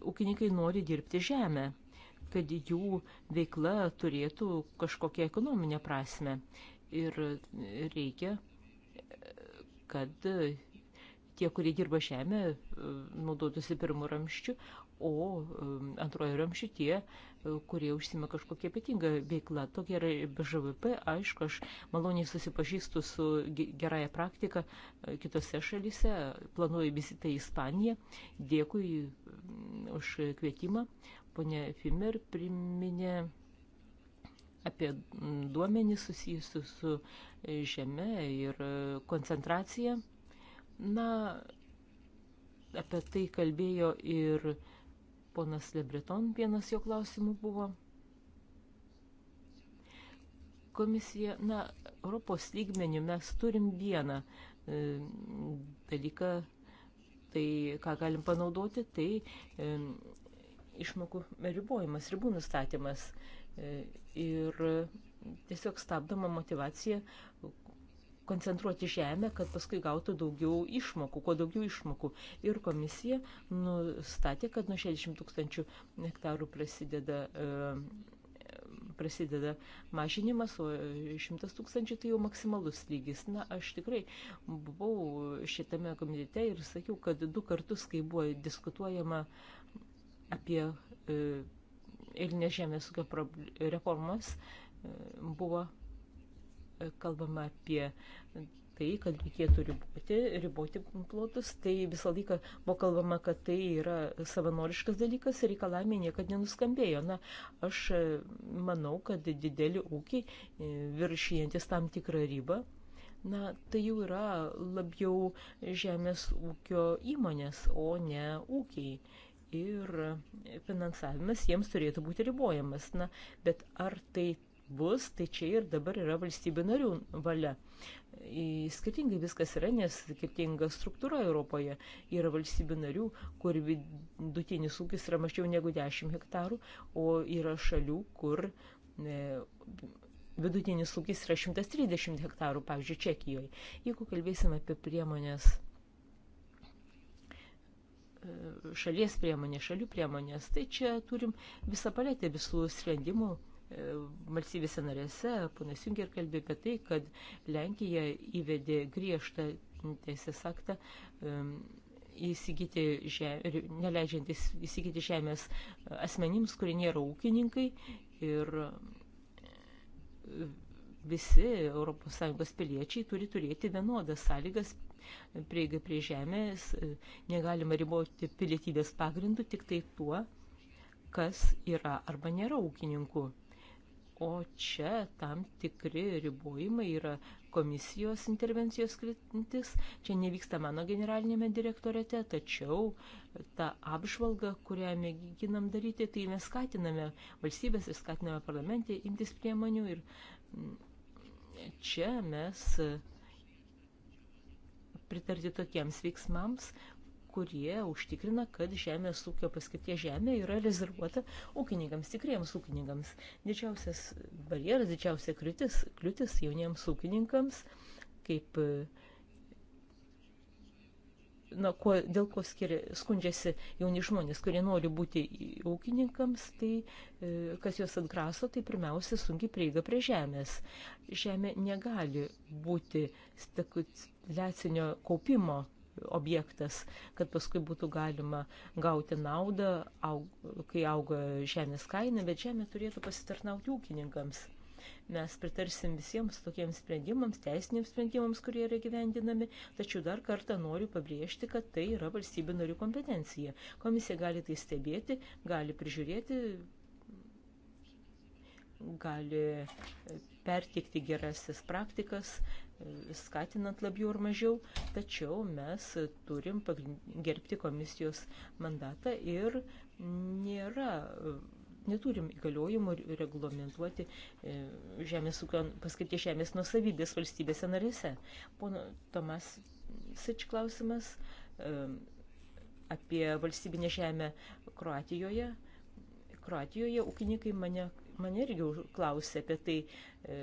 ūkininkai nori dirbti žemę, kad jų veikla turėtų kažkokią ekonominę prasme. Ir reikia, kad tie, kurie dirba žemę, e, naudotųsi pirmų ramščių, o e, antrojo ramščių tie, e, kurie užsima kažkokia ypatinga veikla. Tokia yra BŽVP, aišku, aš maloniai susipažįstu su gerąją praktiką kitose šalyse, planuoju vizitą į Ispaniją. Dėkui už kvietimą. Pone Fimer priminė apie duomenį susijusiu su žeme ir koncentracija Na, apie tai kalbėjo ir ponas Lebreton, vienas jo klausimų buvo. Komisija, na, Europos lygmenių mes turim vieną e, dalyką, tai ką galim panaudoti, tai e, išmokų ribojimas, ribų nustatymas e, ir tiesiog stabdoma motivacija koncentruoti žemę, kad paskui gautų daugiau išmokų, kuo daugiau išmokų. Ir komisija nustatė, kad nuo 60 tūkstančių hektarų prasideda, e, prasideda mažinimas, o 100 tūkstančių tai jau maksimalus lygis. Na, aš tikrai buvau šitame komitete ir sakiau, kad du kartus, kai buvo diskutuojama apie e, eilinės žemės ūkio reformas, e, buvo kalbama apie tai, kad reikėtų riboti, riboti plotus, tai visą laiką buvo kalbama, kad tai yra savanoriškas dalykas ir reikalavimai niekada nenuskambėjo. Na, aš e, manau, kad dideli ūkiai e, viršijantis tam tikrą ribą, na, tai jau yra labiau žemės ūkio įmonės, o ne ūkiai. Ir finansavimas jiems turėtų būti ribojamas. Na, bet ar tai bus, tai čia ir dabar yra valstybių narių valia. Skirtingai viskas yra, nes skirtinga struktūra Europoje yra valstybių narių, kur vidutinis ūkis yra mažiau negu 10 hektarų, o yra šalių, kur e, vidutinis ūkis yra 130 hektarų, pavyzdžiui, Čekijoje. Jeigu kalbėsim apie priemonės e, šalies priemonės, šalių priemonės. Tai čia turim visą paletę visų sprendimų, E, valstybėse narėse, ponas Junker kalbė apie tai, kad Lenkija įvedė griežtą teisės aktą e, įsigyti žemė, neleidžiant įsigyti žemės asmenims, kurie nėra ūkininkai ir e, visi ES piliečiai turi turėti vienodas sąlygas prieiga prie žemės, negalima riboti pilietybės pagrindų tik tai tuo, kas yra arba nėra ūkininkų. O čia tam tikri ribojimai yra komisijos intervencijos kritis. Čia nevyksta mano generalinėme direktorete, tačiau ta apžvalga, kurią mėginam daryti, tai mes skatiname valstybės ir skatiname parlamentį imtis priemonių. Ir mm, čia mes pritarti tokiems veiksmams, kurie užtikrina, kad žemės ūkio paskirtie žemė yra rezervuota ūkininkams, tikriems ūkininkams. Didžiausias barjeras, didžiausia kritis, kliūtis jauniems ūkininkams, kaip, na, kuo, dėl ko skiria, skundžiasi jauni žmonės, kurie nori būti ūkininkams, tai e, kas juos atgraso, tai pirmiausia sunkiai prieiga prie žemės. Žemė negali būti spekuliacinio kaupimo objektas, kad paskui būtų galima gauti naudą, aug, kai auga žemės kaina, bet žemė turėtų pasitarnauti ūkininkams. Mes pritarsim visiems tokiems sprendimams, teisiniams sprendimams, kurie yra gyvendinami, tačiau dar kartą noriu pabrėžti, kad tai yra valstybė narių kompetencija. Komisija gali tai stebėti, gali prižiūrėti, gali pertikti gerasias praktikas, skatinant labiau ar mažiau, tačiau mes turim gerbti komisijos mandatą ir nėra, neturim įgaliojimų reglamentuoti e, žemės ūkio, paskirti žemės nusavybės valstybėse narėse. Pono Tomas Sič klausimas e, apie valstybinę žemę Kroatijoje. Kroatijoje ūkininkai mane, mane irgi klausė apie tai, e,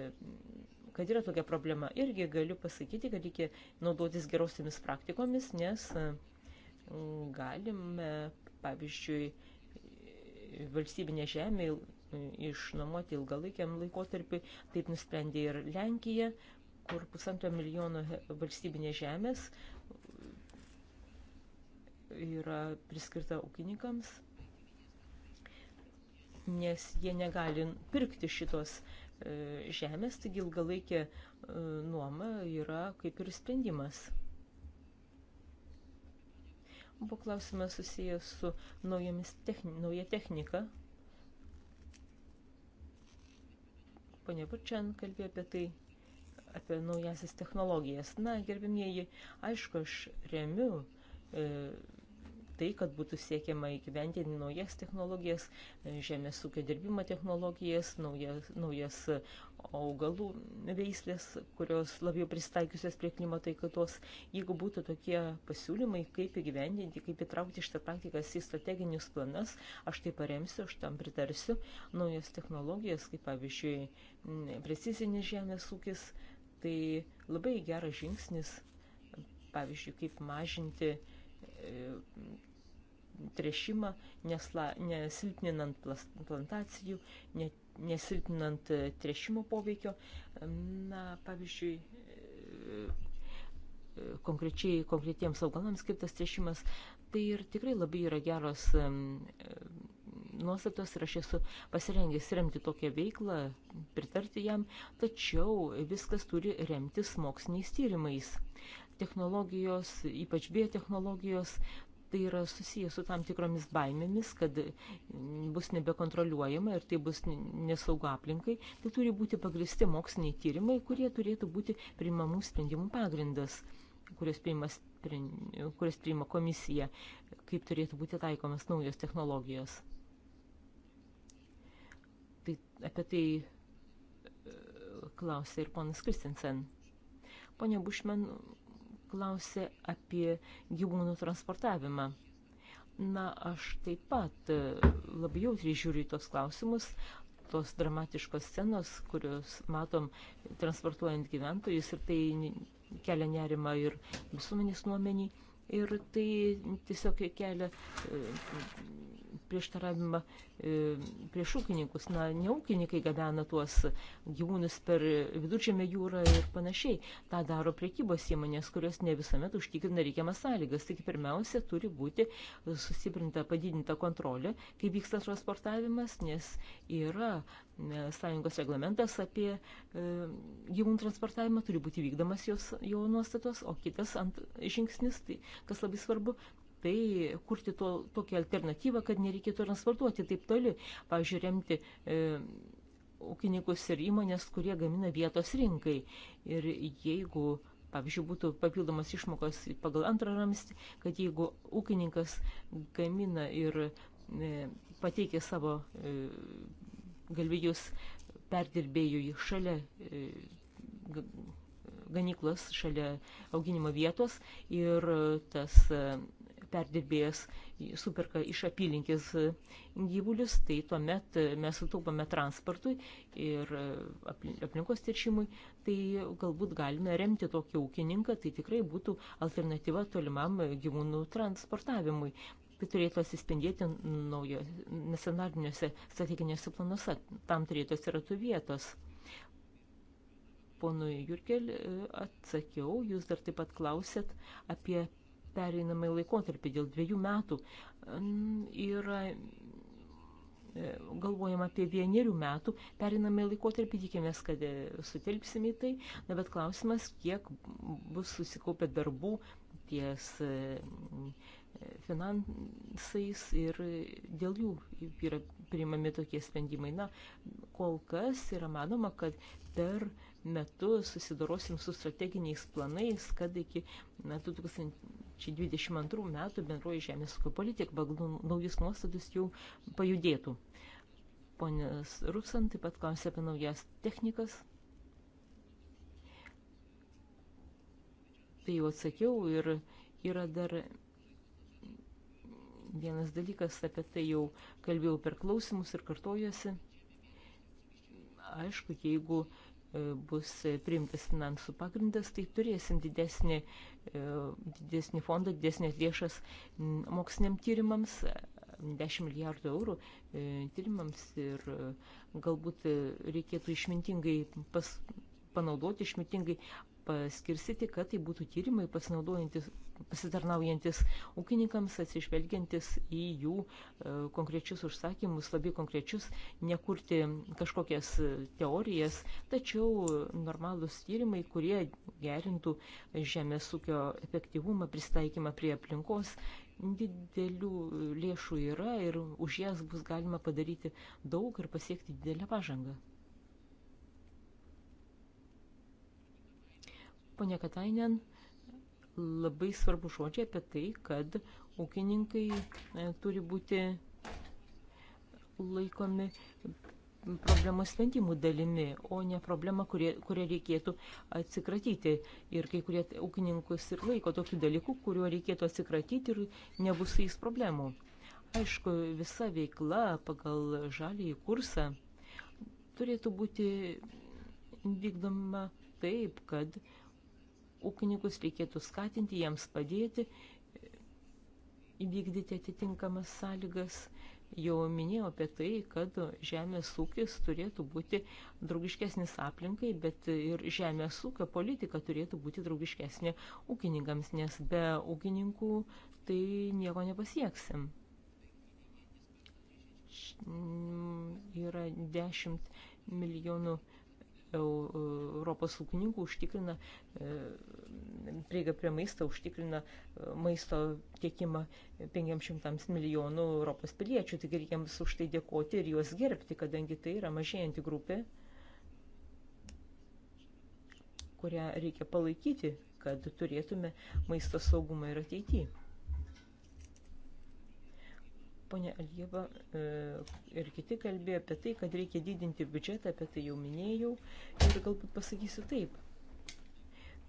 kad yra tokia problema. Irgi galiu pasakyti, kad reikia naudotis gerosiamis praktikomis, nes e, galime, pavyzdžiui, valstybinė žemė e, išnuomoti ilgalaikiam laikotarpiu, taip nusprendė ir Lenkija, kur pusantro milijono valstybinės žemės yra priskirta ūkininkams, nes jie negali pirkti šitos uh, E, žemės, taigi ilgalaikė e, nuoma yra kaip ir sprendimas. Buvo klausimas susijęs su techni nauja technika. Pone Burčian kalbėjo apie tai, apie naujasis technologijas. Na, gerbimieji, aišku, aš remiu e, tai, kad būtų siekiama įgyvendinti naujas technologijas, žemės ūkio dirbimo technologijas, naujas, naujas augalų veislės, kurios labiau pristaikiusios prie klimato įkaitos. Jeigu būtų tokie pasiūlymai, kaip įgyvendinti, kaip įtraukti šitą praktiką į strateginius planas, aš tai paremsiu, aš tam pritarsiu. Naujas technologijas, kaip pavyzdžiui, precizinis žemės ūkis, tai labai geras žingsnis, pavyzdžiui, kaip mažinti uh, trešimą, nesla, nesilpninant plantacijų, nesilpninant e, trešimo poveikio. Na, pavyzdžiui, e, e, konkrečiai konkretiems augalams skirtas tręšimas, tai ir tikrai labai yra geros nuostatos ir aš esu pasirengęs remti tokią veiklą, pritarti jam, tačiau viskas turi remtis moksliniais tyrimais technologijos, ypač biotechnologijos, tai yra susijęs su tam tikromis baimėmis, kad bus nebekontroliuojama ir tai bus nesaugu aplinkai, tai turi būti pagristi moksliniai tyrimai, kurie turėtų būti primamų sprendimų pagrindas, kurios priima, kurios priima komisija, kaip turėtų būti taikomas naujos technologijos. Tai apie tai e, klausė ir ponas Kristinsen. Pone Bušmen, klausė apie gyvūnų transportavimą. Na, aš taip pat e, labai jautriai žiūriu į tos klausimus, tos dramatiškos scenos, kurios matom transportuojant gyventojus ir tai kelia nerima ir visuomenės nuomenį ir tai tiesiog kelia e, prieštaravimą e, prieš ūkininkus. Na, ne ūkininkai gabena tuos gyvūnus per viduržėmę jūrą ir panašiai. Ta daro priekybos įmonės, kurios ne visuomet užtikrina reikiamas sąlygas. Tik pirmiausia, turi būti susiprinta padidinta kontrolė, kai vyksta transportavimas, nes yra e, sąjungos reglamentas apie e, gyvūnų transportavimą, turi būti vykdamas jos, jo nuostatos, o kitas ant žingsnis, tai kas labai svarbu, bei tai kurti to, tokią alternatyvą, kad nereikėtų transportuoti taip toli, pavyzdžiui, remti e, ūkininkus ir įmonės, kurie gamina vietos rinkai. Ir jeigu pavyzdžiui, būtų papildomas išmokos pagal antrą ramstį, kad jeigu ūkininkas gamina ir e, pateikia savo e, galvijus perdirbėjui šalia e, ganyklos, šalia auginimo vietos ir tas perdirbėjas superka iš apylinkės gyvulius, tai tuomet mes sutaupame transportui ir aplinkos teršimui, tai galbūt galime remti tokį ūkininką, tai tikrai būtų alternatyva tolimam gyvūnų transportavimui. Tai turėtų atsispindėti naujo nacionaliniuose strateginiuose planuose, tam turėtų atsirastų vietos ponui Jurgel e, atsakiau, jūs dar taip pat klausėt apie pereinamai laikotarpį dėl dviejų metų yra e, galvojam apie vienerių metų perinamąjį laikotarpį, tikimės, kad e, sutelpsime į tai, na, bet klausimas, kiek bus susikaupę darbų ties e, finansais ir dėl jų yra priimami tokie sprendimai. Na, kol kas yra manoma, kad per metus susidorosim su strateginiais planais, kad iki na, 2000 2022 metų bendroji žemės ūkio politika pagal naujus nuostatus jau pajudėtų. Ponas Rupsan taip pat klausė apie naujas technikas. Tai jau atsakiau ir yra dar vienas dalykas, apie tai jau kalbėjau per klausimus ir kartojuosi. Aišku, jeigu E, bus priimtas finansų pagrindas, tai turėsim didesnį, e, didesnį fondą, didesnės lėšas moksliniam tyrimams, 10 milijardų eurų e, tyrimams ir galbūt reikėtų išmintingai pas, panaudoti, išmintingai paskirstyti, kad tai būtų tyrimai pasitarnaujantis ūkininkams, atsižvelgiantis į jų e, konkrečius užsakymus, labai konkrečius, nekurti kažkokias e, teorijas, tačiau normalūs tyrimai, kurie gerintų žemės ūkio efektyvumą, pristaikymą prie aplinkos. Didelių lėšų yra ir už jas bus galima padaryti daug ir pasiekti didelę pažangą. ponia Katainen, labai svarbu žodžiai apie tai, kad ūkininkai e, turi būti laikomi problemos sprendimų dalimi, o ne problema, kurią reikėtų atsikratyti. Ir kai kurie ūkininkus ir laiko tokių dalykų, kuriuo reikėtų atsikratyti ir nebus su jais problemų. Aišku, visa veikla pagal žalį kursą turėtų būti vykdoma taip, kad uh, ūkininkus reikėtų skatinti, jiems padėti, įvykdyti atitinkamas sąlygas. Jau minėjau apie tai, kad žemės ūkis turėtų būti draugiškesnis aplinkai, bet ir žemės ūkio politika turėtų būti draugiškesnė ūkininkams, nes be ūkininkų tai nieko nepasieksim. Yra 10 milijonų Europos ūkininkų užtikrina e, prieigą prie maisto, užtikrina e, maisto tiekimą 500 milijonų Europos piliečių. Tik reikia jiems už tai dėkoti ir juos gerbti, kadangi tai yra mažėjanti grupė, kurią reikia palaikyti, kad turėtume maisto saugumą ir ateityje. Pone Alieva e, ir kiti kalbėjo apie tai, kad reikia didinti biudžetą, apie tai jau minėjau. Ir galbūt pasakysiu taip,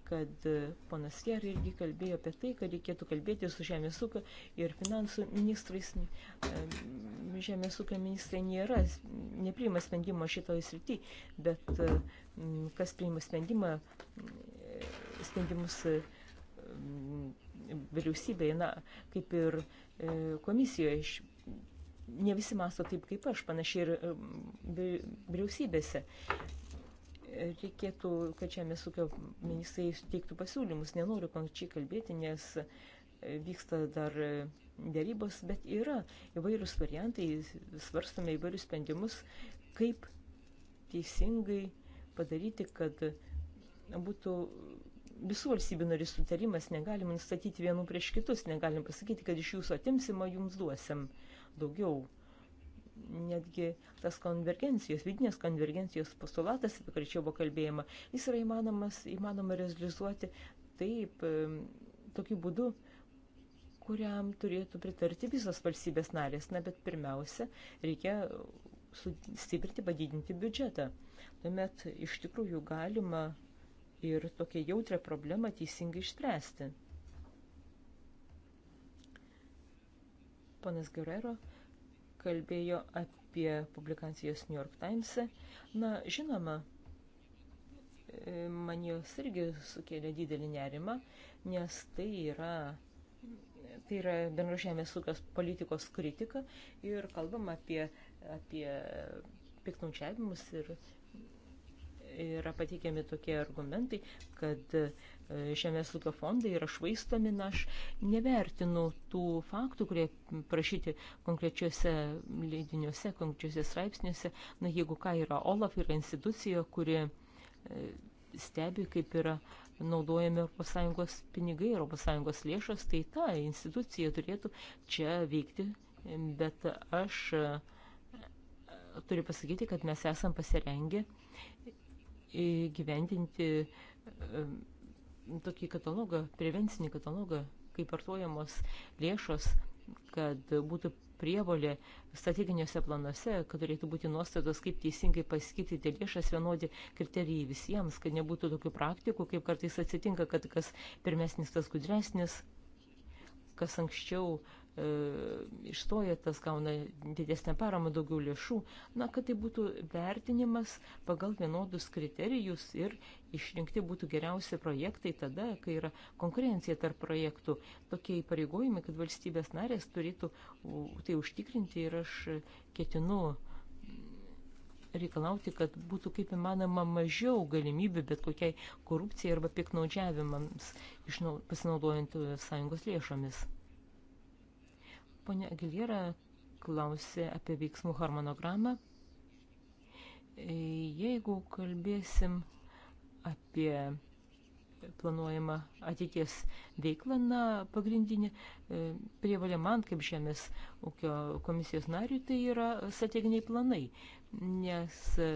kad e, ponas Jar irgi kalbėjo apie tai, kad reikėtų kalbėti su žemės ūkio ir finansų ministrais. E, žemės ūkio ministrai nėra, nepriima sprendimo šitoje srity, bet kas priima sprendimą, sprendimus vyriausybėje, na, kaip ir komisijoje ne visi masto taip kaip aš, panašiai ir vyriausybėse. Reikėtų, kad Žemės ūkio ministrai teiktų pasiūlymus. Nenoriu konkrečiai kalbėti, nes e, vyksta dar e, dėrybos, bet yra įvairūs variantai, svarstame įvairius sprendimus, kaip teisingai padaryti, kad būtų visų valstybių narių sutarimas, negalim nustatyti vienų prieš kitus, negalim pasakyti, kad iš jūsų atimsimo jums duosim daugiau. Netgi tas konvergencijos, vidinės konvergencijos postulatas, apie kurį čia buvo kalbėjama, jis yra įmanomas, įmanoma realizuoti taip, tokiu būdu, kuriam turėtų pritarti visos valstybės narės. Na, bet pirmiausia, reikia stiprinti, padidinti biudžetą. Tuomet iš tikrųjų galima ir tokią jautrią problemą teisingai išspręsti. Panas Guerrero kalbėjo apie publikacijas New York Times. E. Na, žinoma, e, man jos irgi sukėlė didelį nerimą, nes tai yra, tai yra bendražėmės ūkios politikos kritika ir kalbam apie, apie piknaučiavimus ir yra pateikiami tokie argumentai, kad žemės ūkio fondai yra švaistomi, na aš nevertinu tų faktų, kurie prašyti konkrečiuose leidiniuose, konkrečiuose straipsniuose. Na jeigu ką yra OLAF, yra institucija, kuri e, stebi, kaip yra naudojami ES pinigai, ES lėšas, tai ta institucija turėtų čia veikti, bet aš e, turiu pasakyti, kad mes esam pasirengę įgyvendinti e, tokį katalogą, prevencinį katalogą, kaip vartojamos lėšos, kad būtų prievolė strateginiuose planuose, kad turėtų būti nuostatos, kaip teisingai paskirtyti lėšas vienodi kriterijai visiems, kad nebūtų tokių praktikų, kaip kartais atsitinka, kad kas pirmesnis, tas gudresnis, kas anksčiau uh, E, išstoja, tas gauna didesnę paramą, daugiau lėšų, na, kad tai būtų vertinimas pagal vienodus kriterijus ir išrinkti būtų geriausi projektai tada, kai yra konkurencija tarp projektų. Tokie įpareigojimai, kad valstybės narės turėtų tai užtikrinti ir aš ketinu reikalauti, kad būtų kaip įmanoma mažiau galimybių bet kokiai korupcijai arba piknaudžiavimams pasinaudojant e, sąjungos lėšomis. Pone Agilėra klausė apie veiksmų harmonogramą. Jeigu kalbėsim apie planuojama ateities veikla, na, pagrindinė e, prievalė man kaip Žemės ūkio komisijos nariui, tai yra strateginiai planai, nes e,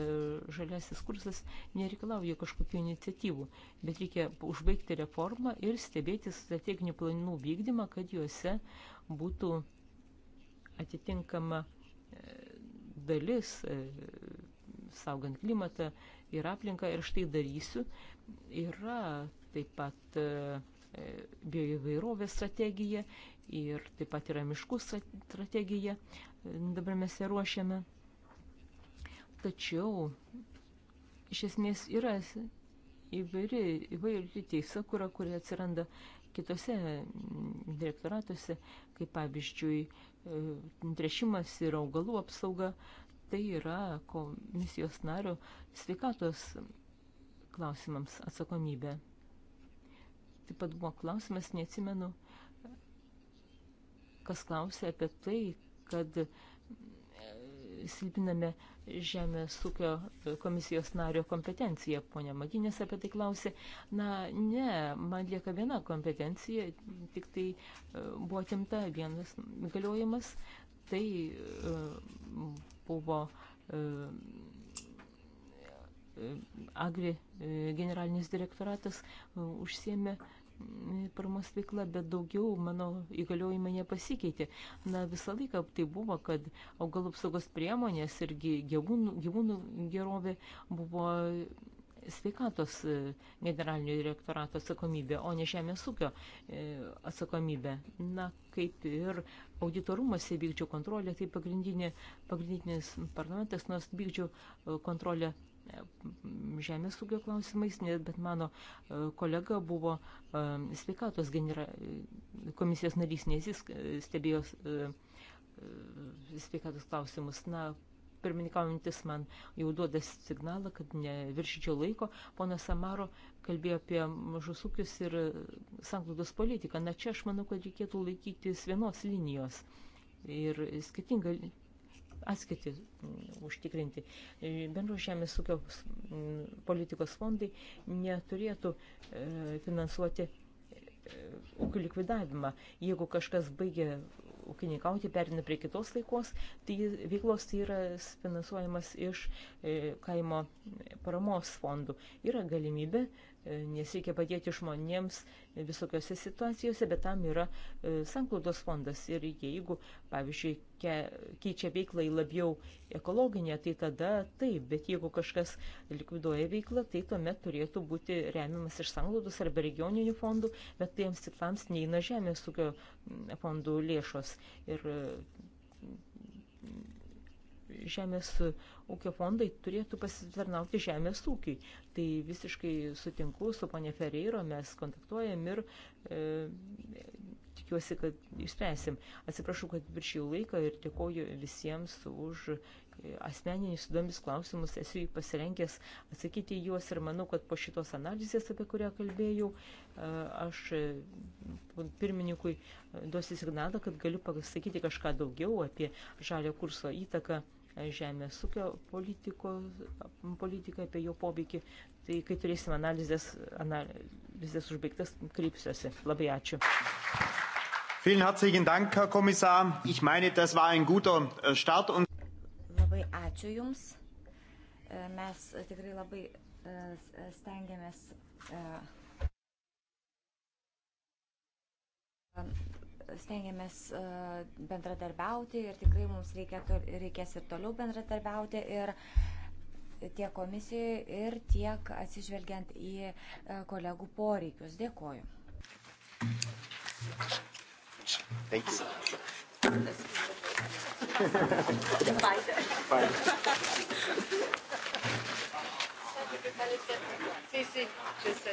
žaliasis kursas nereikalauja kažkokių iniciatyvų, bet reikia užbaigti reformą ir stebėti strateginių planų vykdymą, kad juose būtų atitinkama e, dalis, e, saugant klimatą ir aplinką, ir štai darysiu. Yra taip pat e, bioįvairovės strategija ir taip pat yra miškų strategija. Dabar mes ją ruošiame. Tačiau iš esmės yra įvairi, įvairi teisa, kuria, kuria atsiranda kitose direktoratuose, kaip pavyzdžiui, E, trešimas ir augalų apsauga, tai yra komisijos nario sveikatos klausimams atsakomybė. Taip pat buvo klausimas, neatsimenu, kas klausė apie tai, kad silpiname Žemės ūkio komisijos nario kompetenciją. Pone Maginės apie tai klausė. Na, ne, man lieka viena kompetencija, tik tai e, buvo atimta vienas galiojimas. Tai e, buvo e, Agri generalinis direktoratas užsiemė uh, paramos veikla, bet daugiau mano įgaliojimai nepasikeitė. Na, visą laiką tai buvo, kad augalų apsaugos priemonės ir gyvūnų, gyvūnų gerovė buvo sveikatos e, generalinio direktorato atsakomybė, o ne žemės ūkio e, atsakomybė. Na, kaip ir auditorumuose vykdžiau kontrolę, tai pagrindinė, pagrindinis parlamentas, nors vykdžiau e, kontrolę žemės ūkio klausimais, bet mano e, kolega buvo e, sveikatos genera... komisijos narys, nes jis e, stebėjo sveikatos klausimus. Na, pirmininkaujantis man jau duoda signalą, kad neviršyčiau laiko. Ponas Samaro kalbėjo apie mažus ūkius ir sanklaidos politiką. Na, čia aš manau, kad reikėtų laikytis vienos linijos ir skirtingai atskirti mm, užtikrinti. E, bendro žemės ūkio mm, politikos fondai neturėtų e, finansuoti e, ūkių likvidavimą. Jeigu kažkas baigė ūkininkauti, perina prie kitos veiklos, tai veiklos tai yra finansuojamas iš kaimo paramos fondų. Yra galimybė E, nes reikia padėti žmonėms visokiose situacijose, bet tam yra e, sanklaudos fondas. Ir jeigu, pavyzdžiui, keičia veiklą į labiau ekologinę, tai tada taip, bet jeigu kažkas likviduoja veiklą, tai tuomet turėtų būti remiamas iš sanglaudos arba regioninių fondų, bet tiems tiklams neina žemės ūkio fondų lėšos. Ir žemės ūkio fondai turėtų pasitarnauti žemės ūkiui. Tai visiškai sutinku su ponė Ferreiro, mes kontaktuojam ir e, tikiuosi, kad išspręsim. Atsiprašau, kad viršėjau laiką ir dėkoju visiems už e, asmeninius įdomius klausimus. Esu jį pasirengęs atsakyti juos ir manau, kad po šitos analizės, apie kurią kalbėjau, e, aš e, pirmininkui duosiu signalą, kad galiu pasakyti kažką daugiau apie žalio kurso įtaką žemės ūkio politiko, politiką, apie jo poveikį. Tai kai turėsim analizės, analizės užbaigtas, kreipsiuosi. Labai ačiū. Vielen herzlichen Dank, Herr Kommissar. Ich meine, das war ein guter äh, Start. Und labai ačiū Jums. Äh, mes tikrai labai äh, stengiamės stengiamės e, bendradarbiauti ir tikrai mums reikia, reikės ir toliau bendradarbiauti. Ir tiek komisijoje, ir tiek atsižvelgiant į e, kolegų poreikius. Dėkoju. Thanks. (laughs) Sí, sí, yo sé.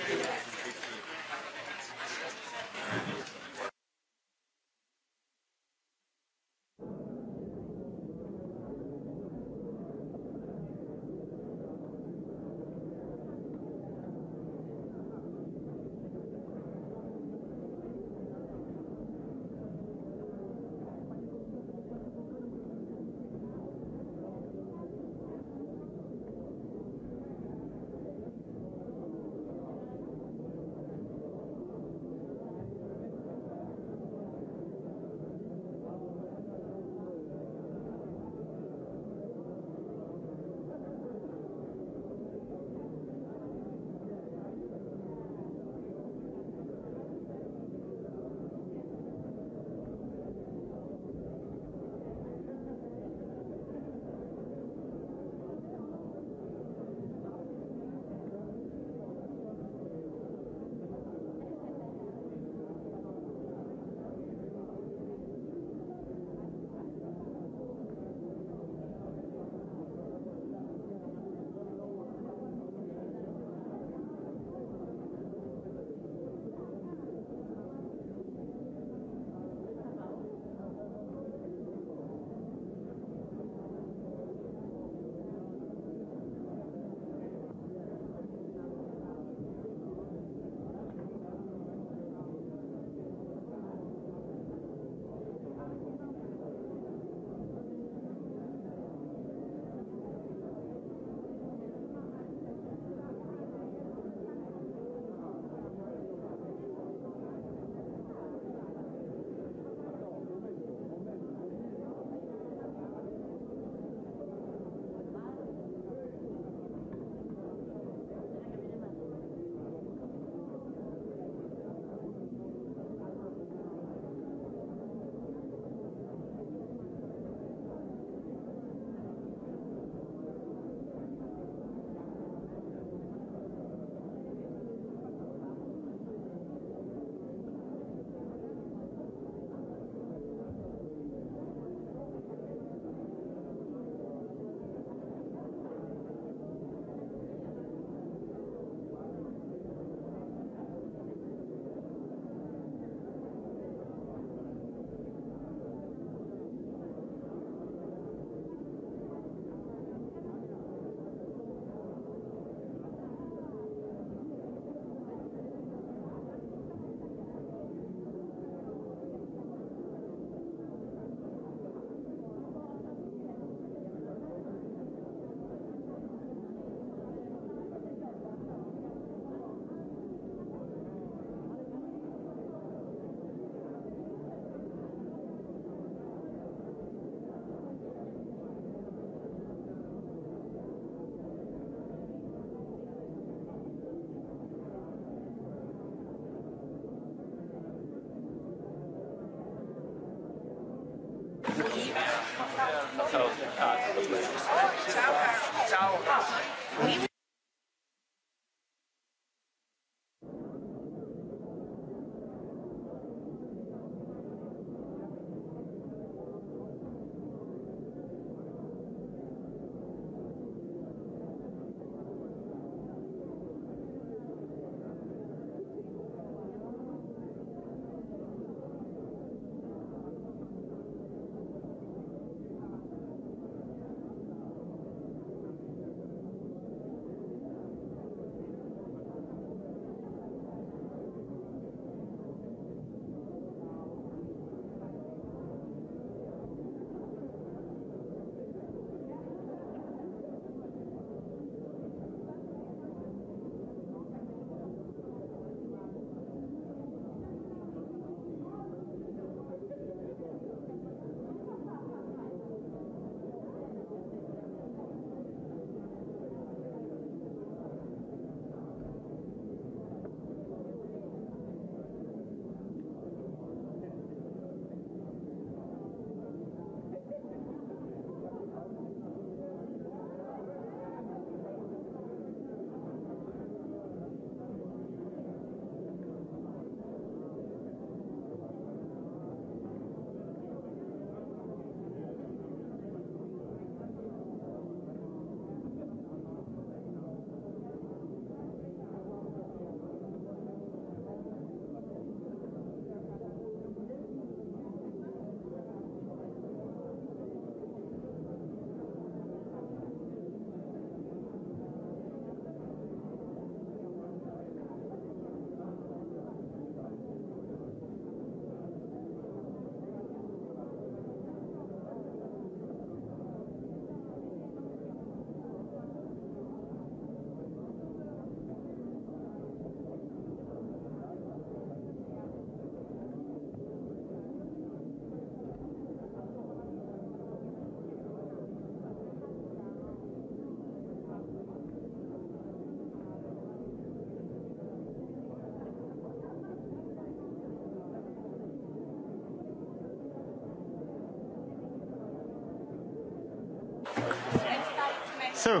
So,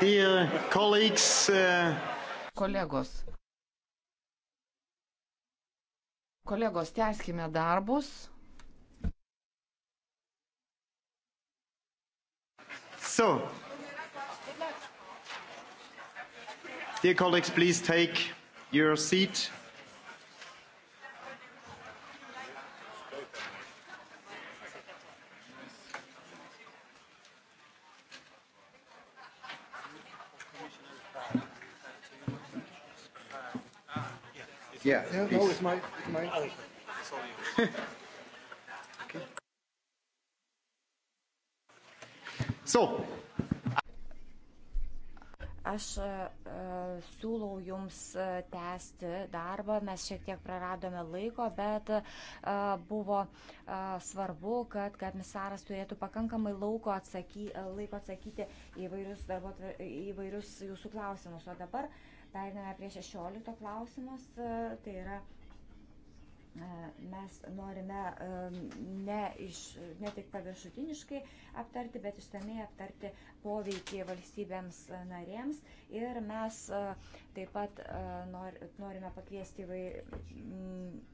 dear colleagues, uh... Kolegos. Kolegos, tęskime darbus. So, dear colleagues, please take your seat. No, Peace. no, it's my, it's my other thing. okay. So. Aš uh, siūlau jums e, tęsti darbą, mes šiek tiek praradome laiko, bet uh, buvo uh, svarbu, kad komisaras turėtų pakankamai laiko, atsaky, laiko atsakyti į vairius, darbo, į vairius jūsų klausimus. O dabar uh, Periname prie 16 klausimus. E, tai yra, e, mes norime e, ne, iš, ne tik paviršutiniškai aptarti, bet išsamei aptarti poveikį valstybėms narėms. Ir mes taip pat norime pakviesti įvairių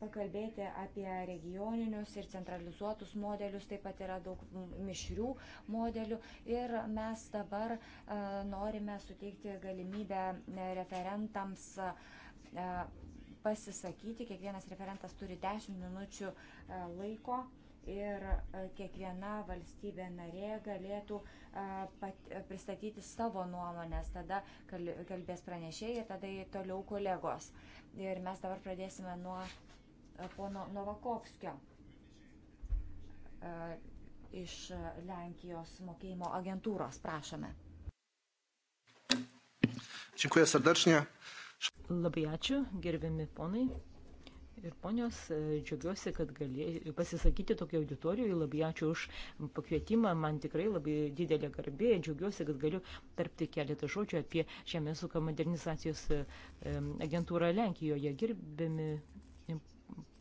pakalbėti apie regioninius ir centralizuotus modelius, taip pat yra daug mišrių modelių ir mes dabar e, norime suteikti galimybę referentams e, pasisakyti. Kiekvienas referentas turi 10 minučių e, laiko ir e, kiekviena valstybė narė galėtų e, pat, pristatyti savo nuomonės, tada kalbės pranešėjai ir tada toliau kolegos. Ir mes dabar pradėsime nuo e, pono Novakovskio iš Lenkijos mokėjimo agentūros. Prašome. Dziękuję serdecznie. Labai ačiū, gerbiami ponai ir ponios, e, džiaugiuosi, kad galėjau pasisakyti tokio auditorijoje. Labai ačiū už pakvietimą. Man tikrai labai didelė garbė. Džiaugiuosi, kad galiu tarpti keletą žodžių apie Žemės ūkio modernizacijos e, agentūrą Lenkijoje. Gerbiami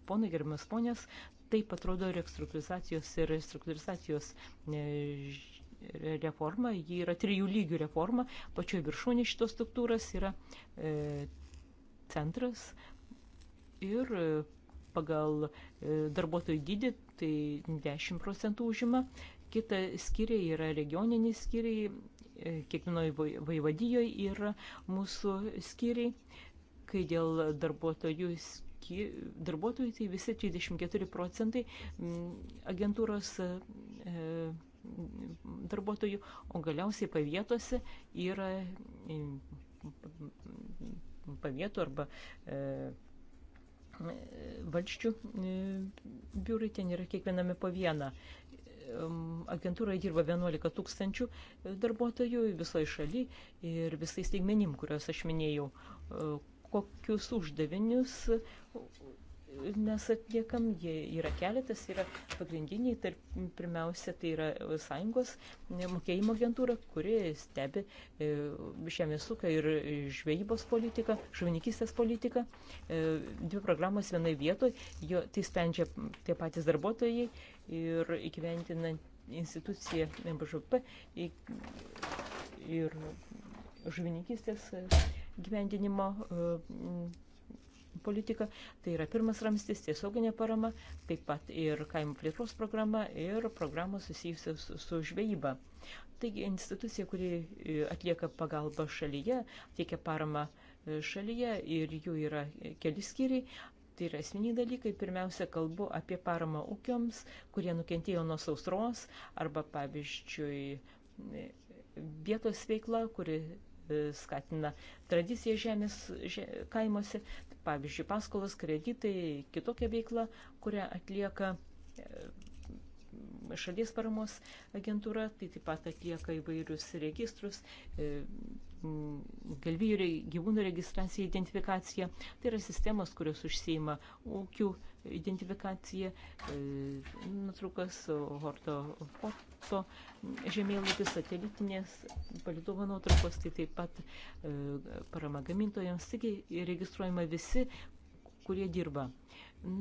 ponai, gerbiamas ponės, taip atrodo restruktūrizacijos ir restruktūrizacijos e, reforma. Ji yra trijų lygių reforma. Pačioje viršūnėje šitos struktūros yra centras, ir e, pagal e, darbuotojų dydį tai 10 procentų užima. Kita skiriai yra regioniniai skiriai, e, kiekvienoje vaivadijoje yra mūsų skiriai. Kai dėl darbuotojų darbuotojų, tai visi 34 procentai agentūros darbuotojų, o galiausiai pavietose yra pavietų arba valščių e, biurai, ten yra kiekviename po vieną. Agentūroje dirba 11 tūkstančių e, darbuotojų visoje šalyje ir visais teigmenim, kuriuos aš minėjau. E, kokius uždavinius mes atliekam, jie yra keletas, yra pagrindiniai, tarp, pirmiausia, tai yra sąjungos mokėjimo agentūra, kuri stebi e, žemės ūkio ir žvejybos politiką, žuvininkystės politiką, e, dvi programos vienoje vietoje, jo, tai sprendžia tie patys darbuotojai ir įgyventinant institucija MBŽP ir žuvininkystės gyvendinimo e, politika, tai yra pirmas ramstis, tiesioginė parama, taip pat ir kaimo plėtros programa ir programos susijusios su, su žvejyba. Taigi institucija, kuri e, atlieka pagalbą šalyje, tiekia paramą e, šalyje ir jų yra e, keli skyriai. Tai yra esminiai dalykai. Pirmiausia, kalbu apie paramą ūkiams, kurie nukentėjo nuo sausros arba, pavyzdžiui, vietos veikla, kuri E, skatina tradiciją žemės žem, kaimuose, pavyzdžiui, paskolas, kreditai, kitokia veikla, kurią atlieka e, šalies paramos agentūra, tai taip pat atlieka įvairius registrus, e, galvijų gyvūnų registraciją, identifikaciją. Tai yra sistemos, kurios užsieima ūkių identifikacija, e, nuotraukas, ortofoto žemėlapis, satelitinės palidovo nuotraukos, tai taip pat e, parama gamintojams, taigi registruojama visi, kurie dirba.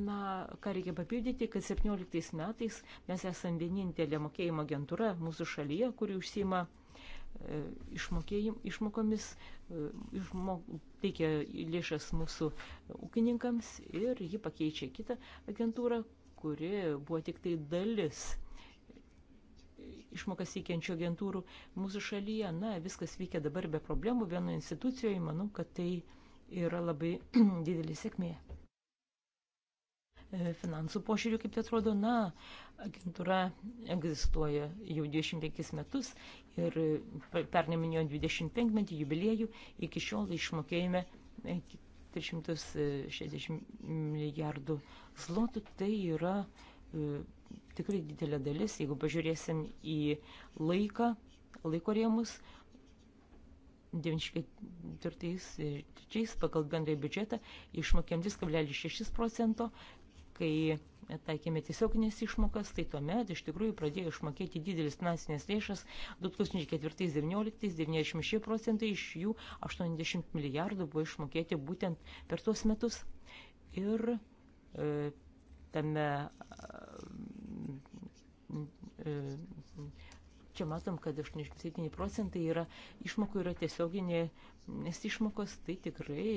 Na, ką reikia papildyti, kad 17 metais mes esame vienintelė mokėjimo agentūra mūsų šalyje, kuri užsima uh, E, išmokomis, e, išmok, teikia lėšas mūsų ūkininkams ir ji pakeičia kitą agentūrą, kuri buvo tik tai dalis išmokas įkiančių agentūrų mūsų šalyje. Na, viskas veikia dabar be problemų vienoje institucijoje, manau, kad tai yra labai (clears throat) didelė sėkmė. E, finansų požiūrių, kaip tai atrodo, na, agentūra egzistuoja jau 25 metus ir perneminėjo 25 metį jubiliejų, iki šiol išmokėjome 360 e, milijardų zlotų, tai yra e, tikrai didelė dalis, jeigu pažiūrėsim į laiką, laiko rėmus, 94-ais pagal bendrąjį biudžetą išmokėm 2,6 procento, kai taikėme tiesioginės išmokas, tai tuomet iš tikrųjų pradėjo išmokėti didelis finansinės lėšas 2004-2019-96 procentai, iš jų 80 milijardų buvo išmokėti būtent per tuos metus. Ir e, tame e, e čia matom, kad 87 procentai yra išmokų yra tiesioginės išmokos, tai tikrai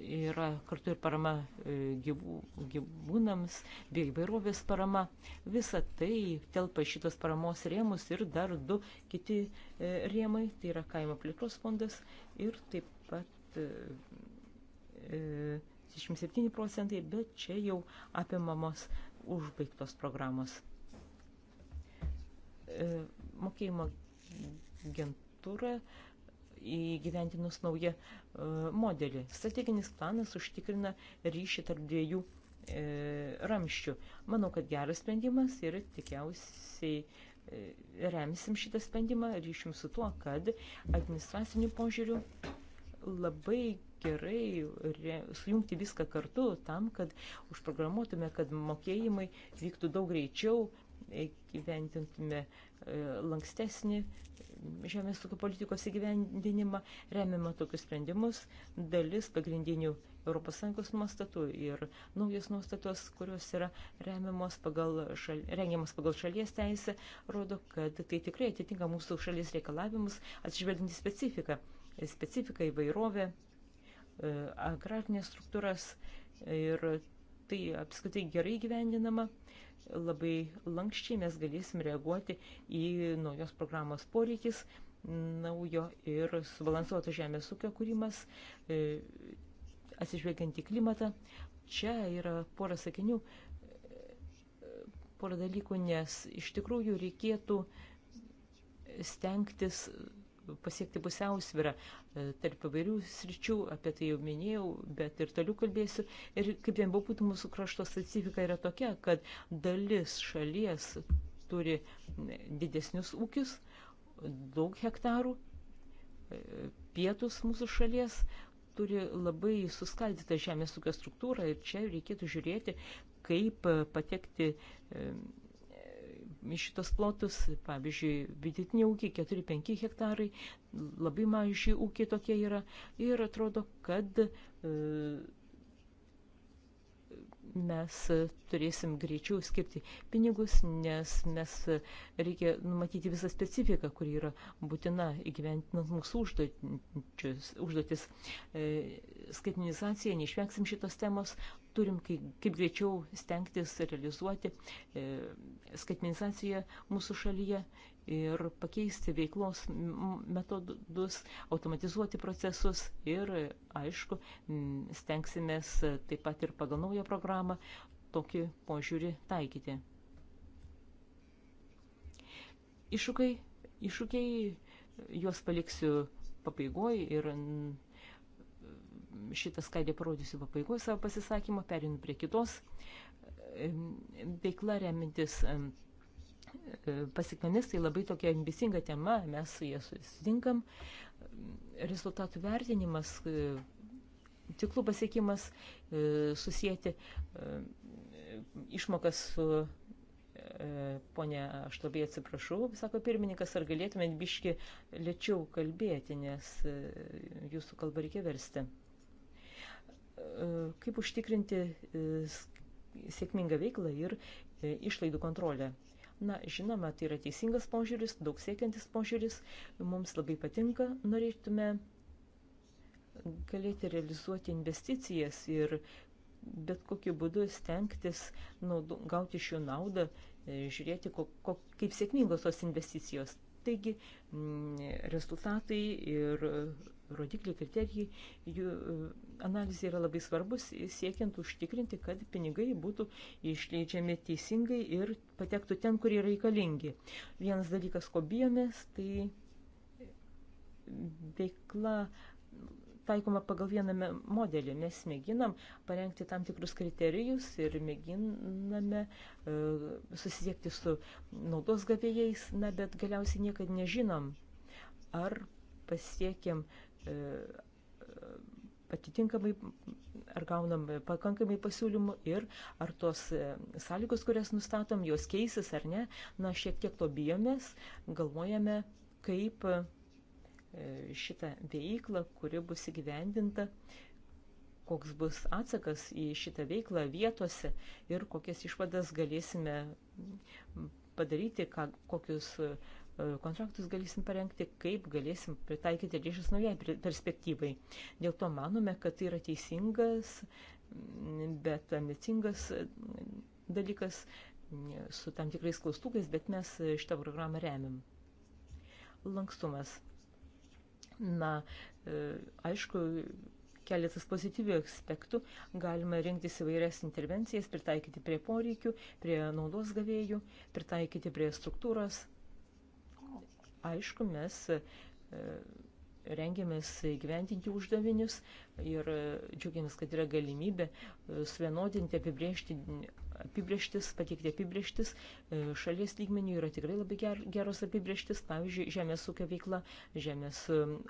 yra kartu ir parama e, gyvų, gyvūnams, bei įvairovės parama. Visa tai telpa šitas paramos rėmus ir dar du kiti e, rėmai, tai yra kaimo plėtros fondas ir taip pat 67 e, e procentai, bet čia jau apimamos užbaigtos programos. E, mokėjimo agentūra. E, įgyventinus naują e, modelį. Strateginis planas užtikrina ryšį tarp dviejų e, ramščių. Manau, kad geras sprendimas ir tikiausiai e, remsim šitą sprendimą, ryšim su tuo, kad administracinių požiūrių labai gerai re, sujungti viską kartu tam, kad užprogramuotume, kad mokėjimai vyktų daug greičiau, gyventintume e, lankstesnį žemės ūkio politikos įgyvendinimą, remiama tokius sprendimus, dalis pagrindinių ES nuostatų ir naujos nuostatos, kurios yra remiamos pagal, šal, rengiamas pagal šalies teisę, rodo, kad tai tikrai atitinka mūsų šalies reikalavimus, atsižvelgiant į specifiką, specifiką įvairovę, e, agrarinės struktūras ir tai apskritai gerai gyvendinama labai lankščiai mes galėsim reaguoti į naujos programos poreikis, naujo ir subalansuoto žemės ūkio kūrimas, e, atsižvelgiant į klimatą. Čia yra pora sakinių, e, pora dalykų, nes iš tikrųjų reikėtų stengtis pasiekti pusiausvirą e, tarp įvairių sričių, apie tai jau minėjau, bet ir toliau kalbėsiu. Ir kaip ten būtų, mūsų krašto specifika yra tokia, kad dalis šalies turi didesnius ūkius, daug hektarų, e, pietus mūsų šalies turi labai suskaldytą žemės ūkio struktūrą ir čia reikėtų žiūrėti, kaip e, patekti šitos plotus, pavyzdžiui, vidutiniai ūkiai 4-5 hektarai, labai maži ūkiai tokie yra ir atrodo, kad e, mes e, turėsim greičiau skirti pinigus, nes mes e, reikia numatyti visą specifiką, kuri yra būtina įgyventinant mūsų užduotis. E, Skaitmenizacija, neišvengsim šitos temos, turim kaip, kaip greičiau stengtis realizuoti skaitmenizaciją mūsų šalyje ir pakeisti veiklos metodus, automatizuoti procesus ir, aišku, stengsimės taip pat ir pagal naują programą tokį požiūrį taikyti. Iššūkai, iššūkiai, juos paliksiu pabaigoj ir šitą skaidį parodysiu pabaigoj savo pasisakymą, perinu prie kitos veikla remintis pasikmenis, tai labai tokia ambisinga tema, mes su jie susitinkam. Rezultatų vertinimas, tiklų pasiekimas, susijęti išmokas su ponė, aš labai atsiprašau, sako pirmininkas, ar galėtumėt biški lėčiau kalbėti, nes jūsų kalbą reikia versti. Kaip užtikrinti sėkmingą veiklą ir išlaidų kontrolę. Na, žinoma, tai yra teisingas požiūris, daug siekiantis požiūris, mums labai patinka, norėtume galėti realizuoti investicijas ir bet kokiu būdu stengtis naudu, gauti šių naudą, e, žiūrėti, ko, ko, kaip sėkmingos tos investicijos. Taigi mm, rezultatai ir rodikliai, kriterijai, jų e, analizė yra labai svarbus, siekiant užtikrinti, kad pinigai būtų išleidžiami teisingai ir patektų ten, kur yra reikalingi. Vienas dalykas, ko bijomės, tai veikla taikoma pagal vieną modelį. Mes mėginam parengti tam tikrus kriterijus ir mėginame e, susisiekti su naudos gavėjais, na, bet galiausiai niekad nežinom, ar pasiekėm e, atitinkamai, ar gaunam pakankamai pasiūlymų ir ar tos e, sąlygos, kurias nustatom, jos keisis ar ne. Na, šiek tiek to bijomės, galvojame, kaip E, šitą veiklą, kuri bus įgyvendinta, koks bus atsakas į šitą veiklą vietose ir kokias išvadas galėsime padaryti, ką, kokius e, kontraktus galėsim parengti, kaip galėsim pritaikyti lėšas naujai perspektyvai. Dėl to manome, kad tai yra teisingas, bet ambicingas dalykas su tam tikrais klaustukais, bet mes šitą programą remiam. Lankstumas. Na, e, aišku, keletas pozityvių aspektų, galima rinktis įvairias intervencijas, pritaikyti prie poreikių, prie naudos gavėjų, pritaikyti prie struktūros. Aišku, mes e, rengiamės gyventinti uždavinius ir e, džiugiamės, kad yra galimybė suvienodinti, apibriežti apibrieštis, pateikti apibrieštis, e, šalies lygmenių yra tikrai labai geros apibrieštis, pavyzdžiui, žemės ūkio veikla, žemės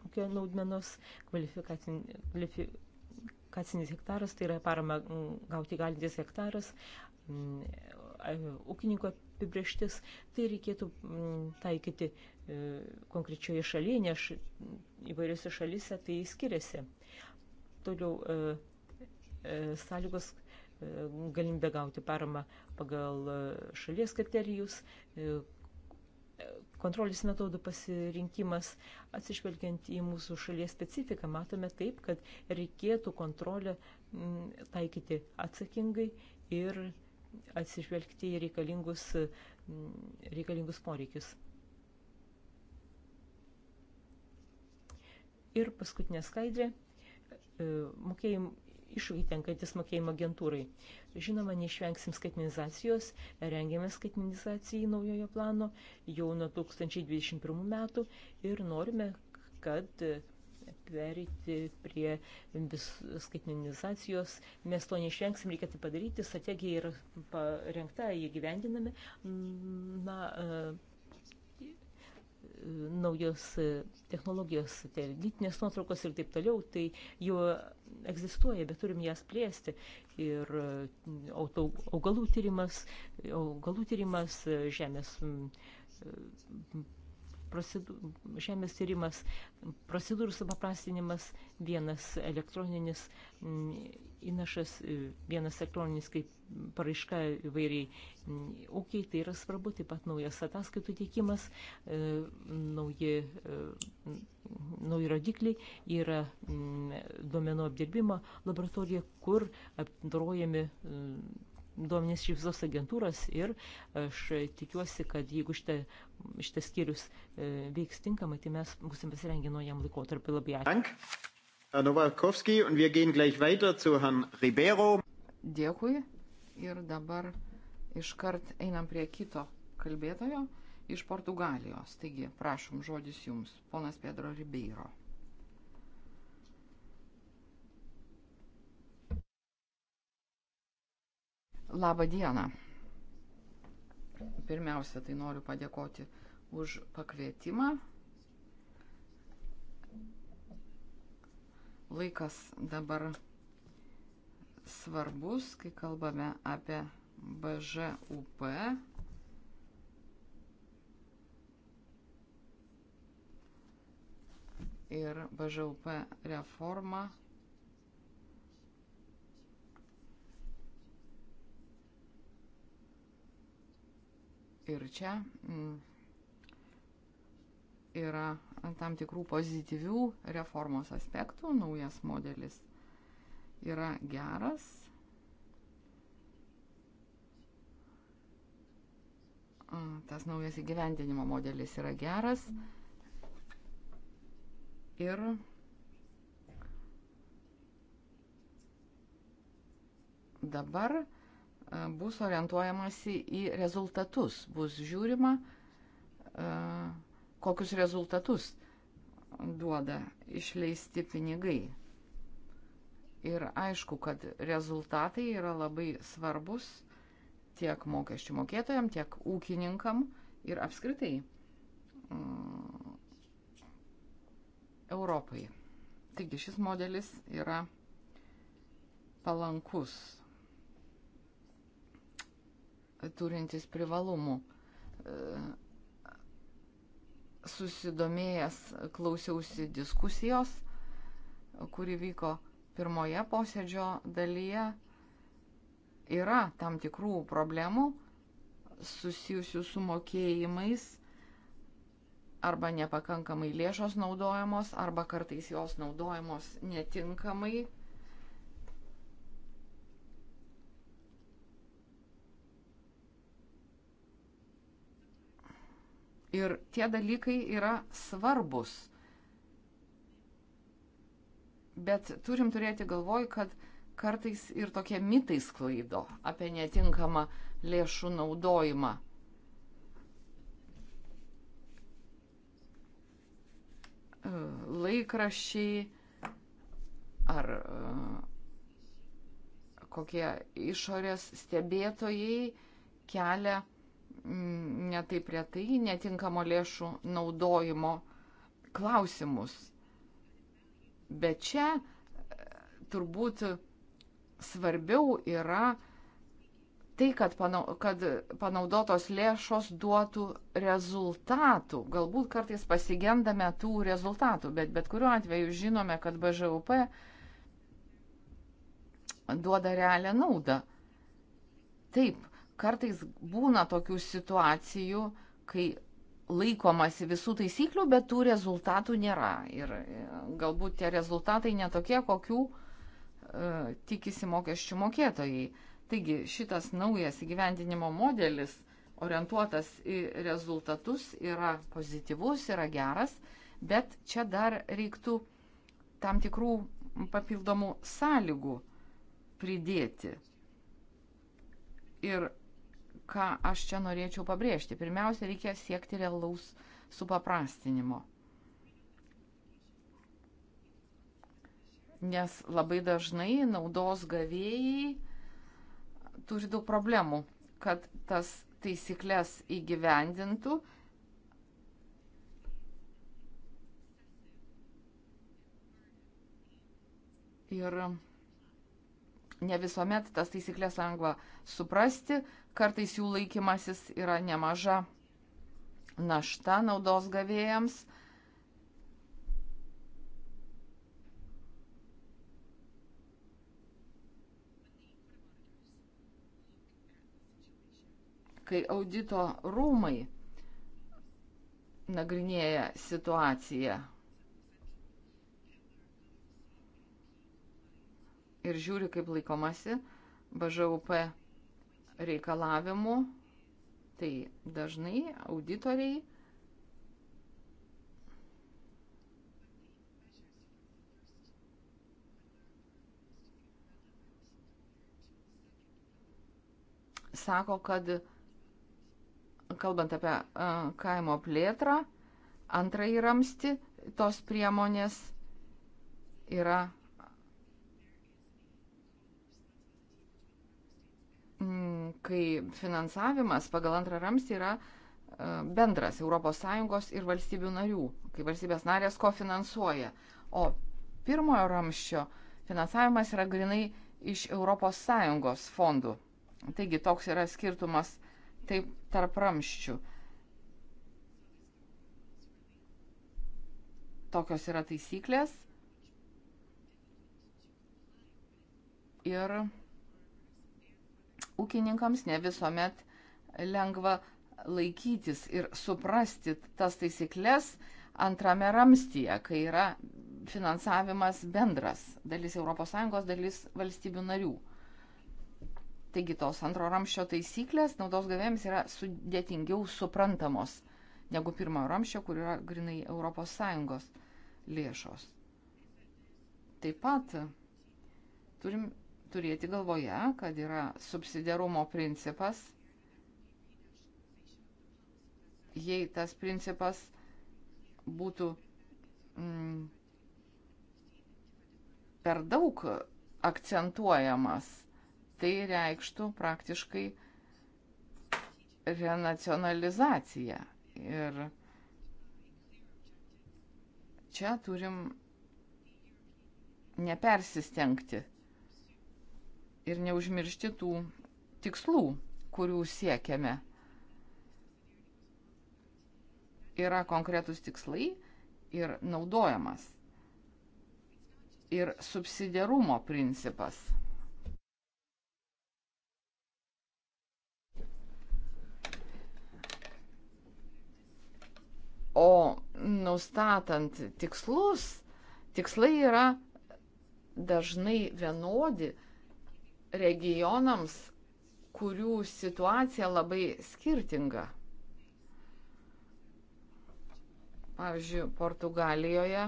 ūkio naudmenos, kvalifikacinis hektaras, tai yra parama gauti galintis hektaras, ūkininko apibrieštis, tai reikėtų taikyti e, konkrečioje šalyje, nes įvairiose šalyse tai skiriasi. Toliau e, sąlygos galimybę gauti paramą pagal e, šalies kriterijus, e, kontrolės metodų pasirinkimas, atsižvelgiant į mūsų šalies specifiką, matome taip, kad reikėtų kontrolę taikyti atsakingai ir atsižvelgti į reikalingus, reikalingus poreikius. Ir paskutinė skaidrė. E, mokėjim, iššūkiai tenkantis mokėjimo agentūrai. Žinoma, neišvengsim skaitmenizacijos, rengiame skaitmenizacijai naujojo plano jau nuo 2021 metų ir norime, kad perėti prie vis skaitmenizacijos. Mes to neišvengsim, reikia tai padaryti, strategija yra parengta, jie gyvendinami. Na, naujos e, technologijos, tai lytinės nuotraukos ir taip toliau, tai jau egzistuoja, bet turim jas plėsti. Ir e, auto, augalų tyrimas, augalų tyrimas, e, žemės procedur, žemės tyrimas, procedūrų supaprastinimas, vienas elektroninis įnašas, e, vienas elektroninis kaip paraiška įvairiai ūkiai, tai yra svarbu, taip pat naujas ataskaitų teikimas, e, nauji, e, nauji rodikliai, yra duomenų apdirbimo laboratorija, kur apdorojami duomenys iš visos agentūros ir aš tikiuosi, kad jeigu šitą, šitas skyrius e, veiks tinkamai, tai mes būsim pasirengę naujam laikotarpiu labai ačiū. Dėkui ir dabar iškart einam prie kito kalbėtojo iš Portugalijos. Taigi, prašom, žodis jums, ponas Pedro Ribeiro. Labą dieną. Pirmiausia, tai noriu padėkoti už pakvietimą. Laikas dabar svarbus, kai kalbame apie BŽUP. Ir BŽUP reforma ir čia mm, yra tam tikrų pozityvių reformos aspektų, naujas modelis yra geras. Tas naujas įgyvendinimo modelis yra geras. Ir dabar bus orientuojamasi į rezultatus, bus žiūrima, e, kokius rezultatus duoda išleisti pinigai. Ir aišku, kad rezultatai yra labai svarbus tiek mokesčių mokėtojam, tiek ūkininkam ir apskritai mm, Europai. Taigi šis modelis yra palankus turintis privalumų. E, susidomėjęs klausiausi diskusijos, kuri vyko pirmoje posėdžio dalyje. Yra tam tikrų problemų susijusių su mokėjimais arba nepakankamai lėšos naudojamos, arba kartais jos naudojamos netinkamai Ir tie dalykai yra svarbus. Bet turim turėti galvoj, kad kartais ir tokie mitai sklaido apie netinkamą lėšų naudojimą. E, Laikrašiai ar e, kokie išorės stebėtojai kelia netaip retai netinkamo lėšų naudojimo klausimus. Bet čia e, turbūt svarbiau yra tai, kad, panau, kad panaudotos lėšos duotų rezultatų. Galbūt kartais pasigendame tų rezultatų, bet bet kuriuo atveju žinome, kad BŽUP duoda realią naudą. Taip, Kartais būna tokių situacijų, kai laikomasi visų taisyklių, bet tų rezultatų nėra. Ir e, galbūt tie rezultatai netokie, kokių e, tikisi mokesčių mokėtojai. Taigi šitas naujas įgyvendinimo modelis orientuotas į rezultatus yra pozityvus, yra geras, bet čia dar reiktų tam tikrų papildomų sąlygų pridėti. Ir ką aš čia norėčiau pabrėžti. Pirmiausia, reikia siekti realaus supaprastinimo. Nes labai dažnai naudos gavėjai turi daug problemų, kad tas taisyklės įgyvendintų. Ir Ne visuomet tas taisyklės lengva suprasti, kartais jų laikymasis yra nemaža našta naudos gavėjams. Kai audito rūmai nagrinėja situaciją ir žiūri, kaip laikomasi BŽUP reikalavimų, tai dažnai auditoriai sako, kad kalbant apie kaimo plėtrą, antrąjį ramsti, tos priemonės yra kai finansavimas pagal antrą ramstį yra e, bendras ES ir valstybių narių, kai valstybės narės kofinansuoja. O pirmojo ramščio finansavimas yra grinai iš ES fondų. Taigi toks yra skirtumas taip tarp ramščių. Tokios yra taisyklės. Ir ūkininkams ne visuomet lengva laikytis ir suprasti tas taisyklės antrame ramstyje, kai yra finansavimas bendras, dalis ES, dalis valstybių narių. Taigi tos antro ramščio taisyklės naudos gavėjams yra sudėtingiau suprantamos negu pirmo ramščio, kur yra grinai ES lėšos. Taip pat turim turėti galvoje, kad yra subsidiarumo principas. Jei tas principas būtų mm, per daug akcentuojamas, tai reikštų praktiškai renacionalizaciją. Ir čia turim nepersistengti ir neužmiršti tų tikslų, kurių siekiame. Yra konkretus tikslai ir naudojamas. Ir subsidiarumo principas. O nustatant tikslus, tikslai yra dažnai vienodi, regionams, kurių situacija labai skirtinga. Pavyzdžiui, Portugalijoje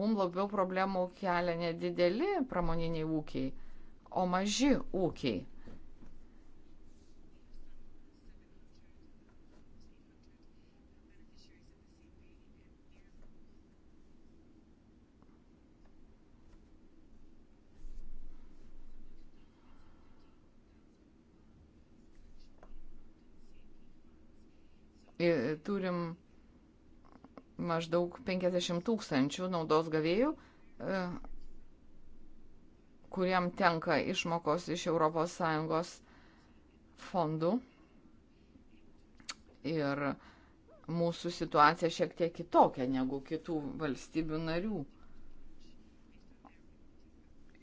mums labiau problemų kelia nedideli pramoniniai ūkiai, o maži ūkiai. Turim maždaug 50 tūkstančių naudos gavėjų, e, kuriam tenka išmokos iš ES fondų. Ir mūsų situacija šiek tiek kitokia negu kitų valstybių narių.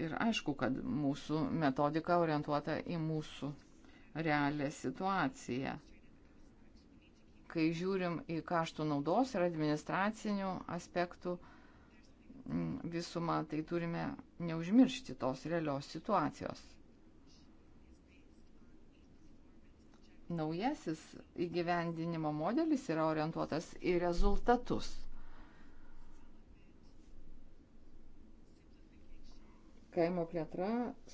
Ir aišku, kad mūsų metodika orientuota į mūsų realią situaciją kai žiūrim į kaštų naudos ir administracinių aspektų mm, visumą, tai turime neužmiršti tos realios situacijos. Naujasis įgyvendinimo modelis yra orientuotas į rezultatus. Kaimo plėtra,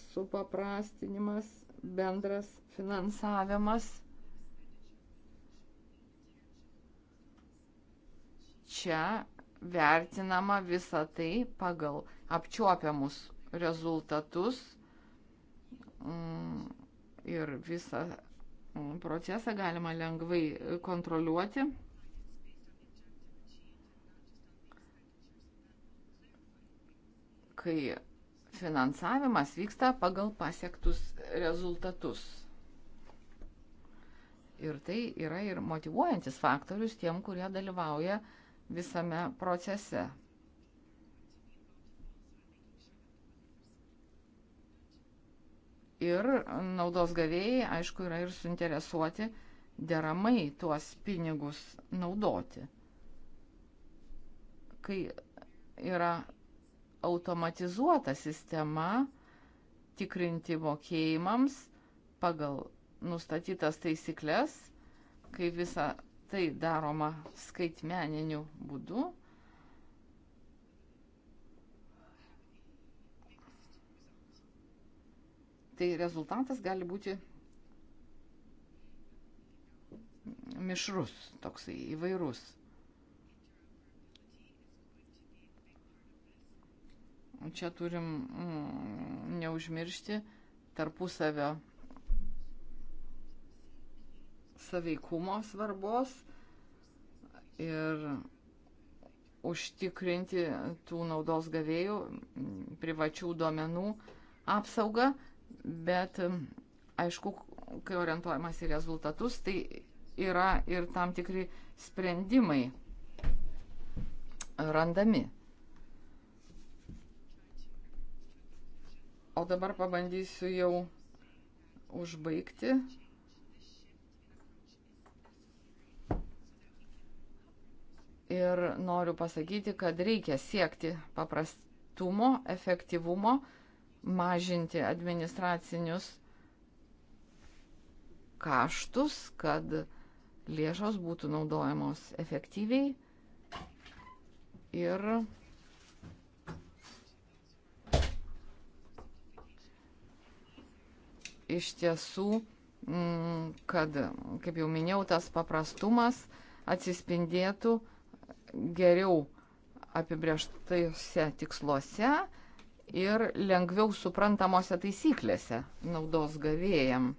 supaprastinimas, bendras finansavimas – čia vertinama visa tai pagal apčiuopiamus rezultatus mm, ir visą mm, procesą galima lengvai kontroliuoti. Kai finansavimas vyksta pagal pasiektus rezultatus. Ir tai yra ir motivuojantis faktorius tiem, kurie dalyvauja uh, visame procese. Ir naudos gavėjai, aišku, yra ir suinteresuoti deramai tuos pinigus naudoti. Kai yra automatizuota sistema tikrinti mokėjimams pagal nustatytas taisyklės, kai visa tai daroma skaitmeniniu būdu. Tai rezultatas gali būti mišrus, toksai įvairus. Čia turim mm, neužmiršti tarpusavio saveikumo svarbos ir užtikrinti tų naudos gavėjų privačių duomenų apsaugą, bet aišku, kai orientuojamas į rezultatus, tai yra ir tam tikri sprendimai randami. O dabar pabandysiu jau užbaigti ir noriu pasakyti, kad reikia siekti paprastumo, efektyvumo, mažinti administracinius kaštus, kad lėšos būtų naudojamos efektyviai ir iš tiesų, mm, kad, kaip jau minėjau, tas paprastumas atsispindėtų geriau apibrieštaise tiksluose ir lengviau suprantamose taisyklėse naudos gavėjam.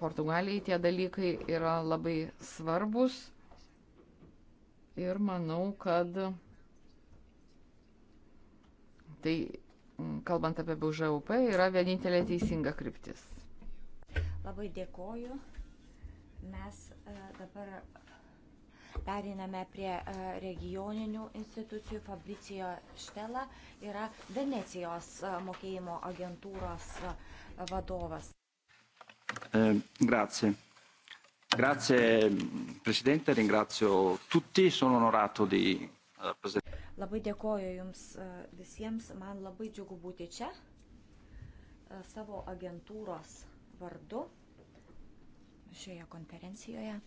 Portugalijai tie dalykai yra labai svarbus ir manau, kad tai, kalbant apie BŽUP, yra vienintelė teisinga kryptis. Labai dėkoju. Mes e, dabar periname prie e, regioninių institucijų. Fabricio Štela yra Venecijos e, mokėjimo agentūros vadovas. Grazie. Grazie Presidente, ringrazio tutti, sono onorato di presentare. Labai dėkoju Jums visiems, man labai džiugu būti čia savo agentūros vardu šioje konferencijoje.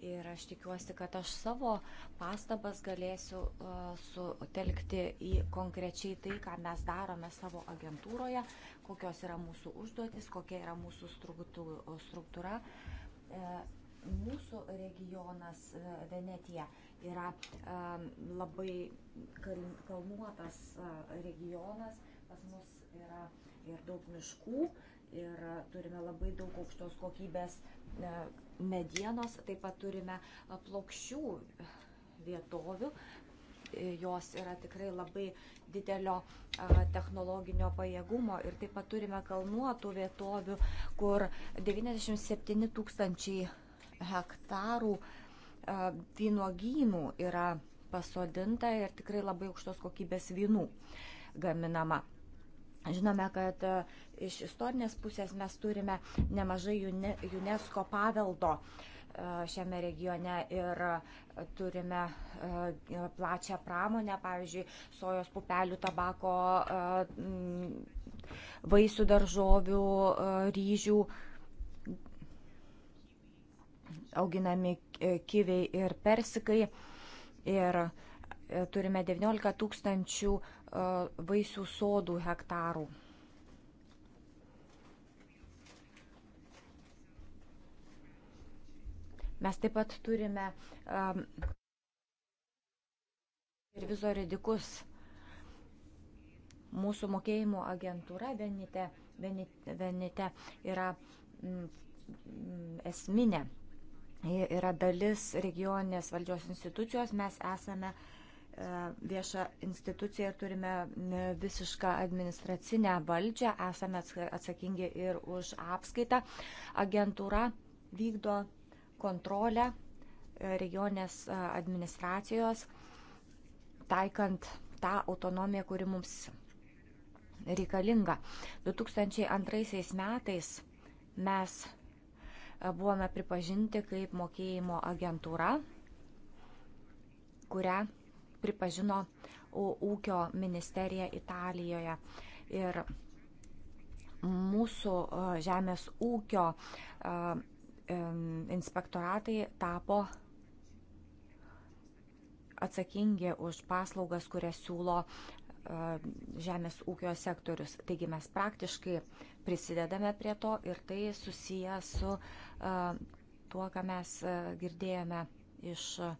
Ir aš tikiuosi, kad aš savo pastabas galėsiu e, sutelkti į konkrečiai tai, ką mes darome savo agentūroje, kokios yra mūsų užduotis, kokia yra mūsų struktūra. E, mūsų regionas e, Venetija yra labai kalnuotas regionas, pas mus yra ir daug miškų, ir turime labai daug aukštos kokybės e, medienos, taip pat turime e, plokščių vietovių. E, jos yra tikrai labai didelio technologinio pajėgumo ir taip pat turime kalnuotų vietovių, kur 97 tūkstančiai hektarų vynogynų yra pasodinta ir tikrai labai aukštos kokybės vynų gaminama. Žinome, kad e, iš istorinės pusės mes turime nemažai UNESCO paveldo e, šiame regione ir e, turime plačią pramonę, pavyzdžiui, sojos pupelių, tabako, vaisių daržovių, ryžių, auginami kiviai ir persikai. Ir turime 19 tūkstančių 000 vaisių sodų hektarų. Mes taip pat turime um, ir vizoridikus. Mūsų mokėjimų agentūra vienite, vienite, vienite yra mm, esminė. Ji yra dalis regioninės valdžios institucijos. Mes esame uh, E, viešą instituciją ir turime visišką administracinę valdžią, esame atsakingi ir už apskaitą. Agentūra vykdo kontrolę e, regionės e, administracijos, taikant tą autonomiją, kuri mums reikalinga. 2002 metais mes buvome pripažinti kaip mokėjimo agentūra, kurią pripažino ūkio ministerija Italijoje. Ir mūsų žemės ūkio inspektoratai tapo atsakingi už paslaugas, kurias siūlo žemės ūkio sektorius. Taigi mes praktiškai prisidedame prie to ir tai susiję su tuo, ką mes girdėjome iš uh,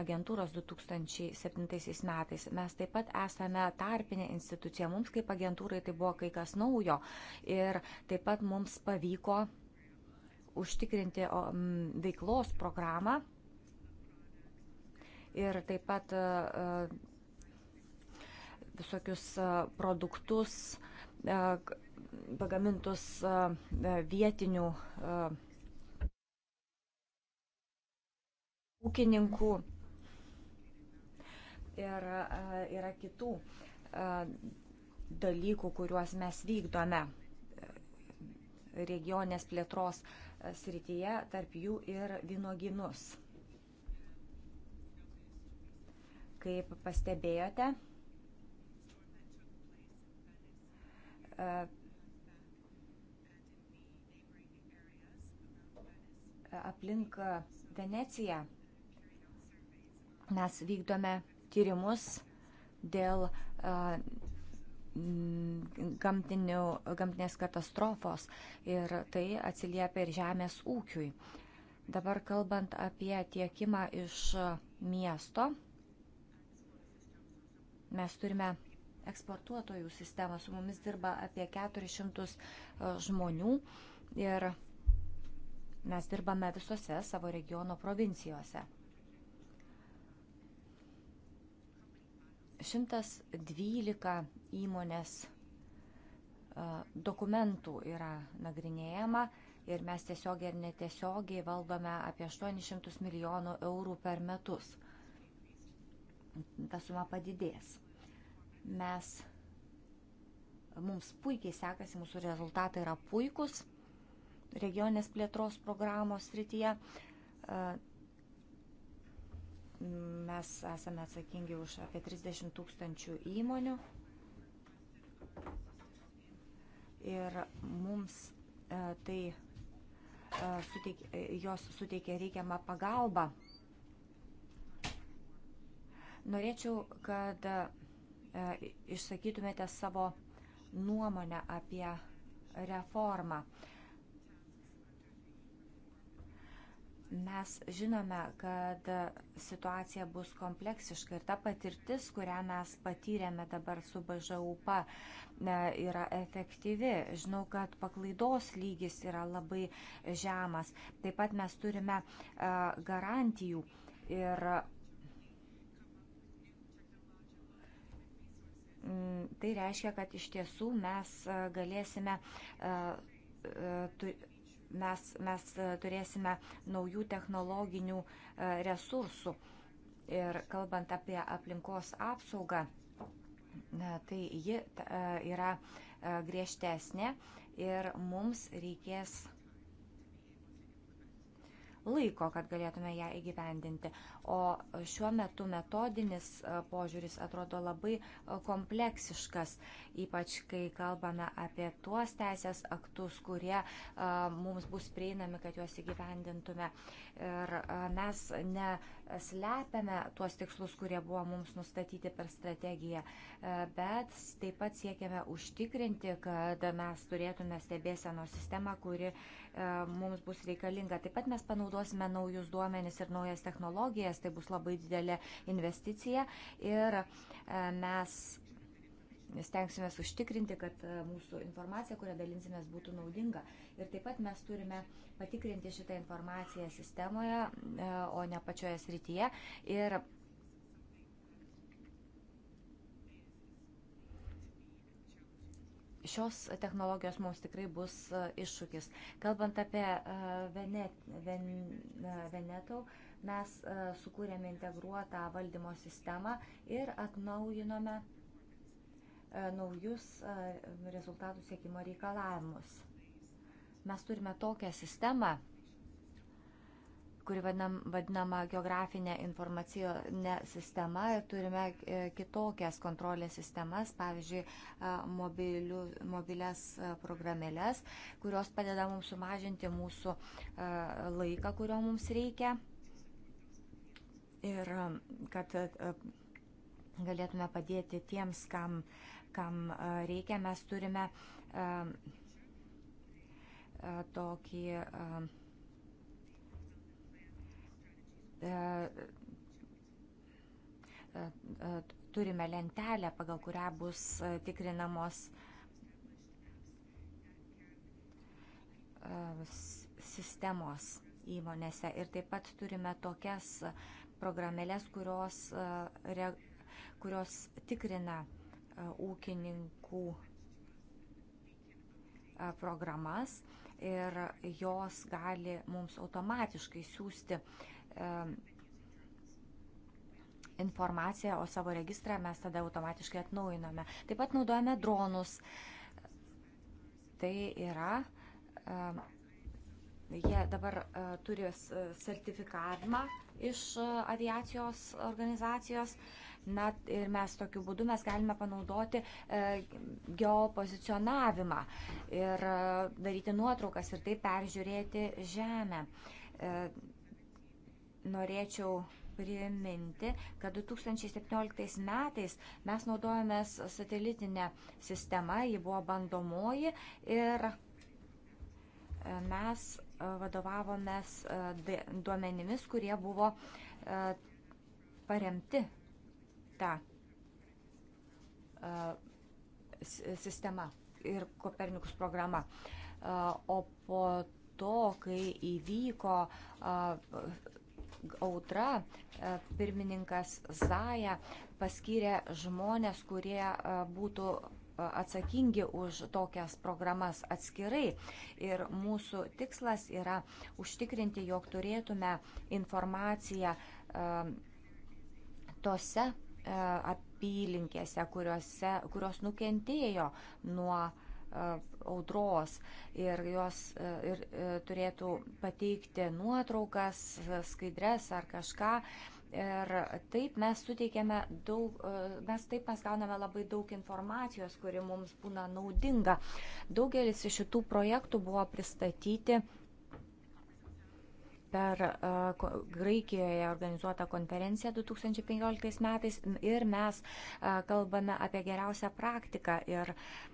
agentūros 2007 metais. Mes taip pat esame tarpinė institucija. Mums kaip agentūrai tai buvo kai kas naujo. Ir taip pat mums pavyko užtikrinti veiklos programą ir taip pat e, e, visokius e, produktus pagamintus vietinių ūkininkų ir yra kitų dalykų, kuriuos mes vykdome e, regionės plėtros e, srityje, tarp jų ir vynoginus. Kaip pastebėjote, e, aplink Veneciją mes vykdome tyrimus dėl gamtinių, gamtinės katastrofos ir tai atsiliepia ir žemės ūkiui. Dabar kalbant apie tiekimą iš miesto, mes turime eksportuotojų sistemą, su mumis dirba apie 400 žmonių ir mes dirbame visose savo regiono provincijose. 112 įmonės dokumentų yra nagrinėjama ir mes tiesiogiai ir netiesiogiai valdome apie 800 milijonų eurų per metus. Ta suma padidės. Mes, mums puikiai sekasi, mūsų rezultatai yra puikus regioninės plėtros programos srityje. Mes esame atsakingi už apie 30 tūkstančių įmonių. Ir mums e, tai e, suteik, e, jos suteikia reikiamą pagalbą. Norėčiau, kad išsakytumėte savo nuomonę apie reformą. Mes žinome, kad situacija bus kompleksiška ir ta patirtis, kurią mes patyrėme dabar su BŽUP, e, yra efektyvi. Žinau, kad paklaidos lygis yra labai žemas. Taip pat mes turime e, garantijų ir tai reiškia, kad iš tiesų mes e, galėsime mes, mes e, turėsime naujų technologinių e, resursų. Ir kalbant apie aplinkos apsaugą, e, tai ji yra griežtesnė ir mums reikės laiko, kad galėtume ją įgyvendinti. O šiuo metu metodinis e, požiūris atrodo labai e, kompleksiškas, ypač kai kalbame apie tuos teisės aktus, kurie e, mums bus prieinami, kad juos įgyvendintume. Ir mes neslepiame tuos tikslus, kurie buvo mums nustatyti per strategiją, bet taip pat siekiame užtikrinti, kad mes turėtume stebėsenos sistemą, kuri uh, E, mums bus reikalinga. Taip pat mes panaudosime naujus duomenis ir naujas technologijas, tai bus labai didelė investicija ir e, mes stengsime užtikrinti, kad e, mūsų informacija, kurią dalinsimės, būtų naudinga. Ir taip pat mes turime patikrinti šitą informaciją sistemoje, o ne pačioje srityje. Ir šios technologijos mums tikrai bus e, iššūkis. Kalbant apie e, Venet, Ven, e, Veneto, mes sukūrėme integruotą valdymo sistemą ir atnaujinome naujus rezultatų siekimo reikalavimus. Mes turime tokią sistemą, kuri vadinam, vadinama geografinė informacinė sistema ir turime e, kitokias kontrolės sistemas, pavyzdžiui, e, mobilių, mobilės e, programėlės, kurios padeda mums sumažinti mūsų laiką, kurio mums reikia. Ir kad galėtume padėti tiems, kam, kam reikia, mes turime tokį E, e, e, turime lentelę, pagal kurią bus tikrinamos sistemos įmonėse. Ir taip pat turime tokias programėlės, kurios, kurios tikrina ūkininkų programas ir jos gali mums automatiškai siūsti uh, informaciją, o savo registrą mes tada automatiškai atnaujiname. Taip pat naudojame dronus. Tai yra, jie dabar e, turi sertifikavimą iš e, aviacijos organizacijos. Na ir mes tokiu būdu mes galime panaudoti e, geopozicionavimą ir e, daryti nuotraukas ir taip peržiūrėti žemę. E, norėčiau priminti, kad 2017 metais mes naudojomės satelitinę sistemą, ji buvo bandomoji ir e, mes e, vadovavomės e, duomenimis, kurie buvo paremti tą sistema ir Kopernikus programa. O po to, kai įvyko audra e, pirmininkas Zaja paskyrė žmonės, kurie e, būtų e, atsakingi už tokias programas atskirai. Ir mūsų tikslas yra užtikrinti, jog turėtume informaciją tose apylinkėse, kurios nukentėjo nuo audros ir jos ir, turėtų pateikti nuotraukas, skaidres ar kažką. Ir taip mes suteikėme daug, mes taip mes gauname labai daug informacijos, kuri mums būna naudinga. Daugelis iš šitų projektų buvo pristatyti per uh, Graikijoje organizuotą konferenciją 2015 metais ir mes uh, kalbame apie geriausią praktiką ir uh,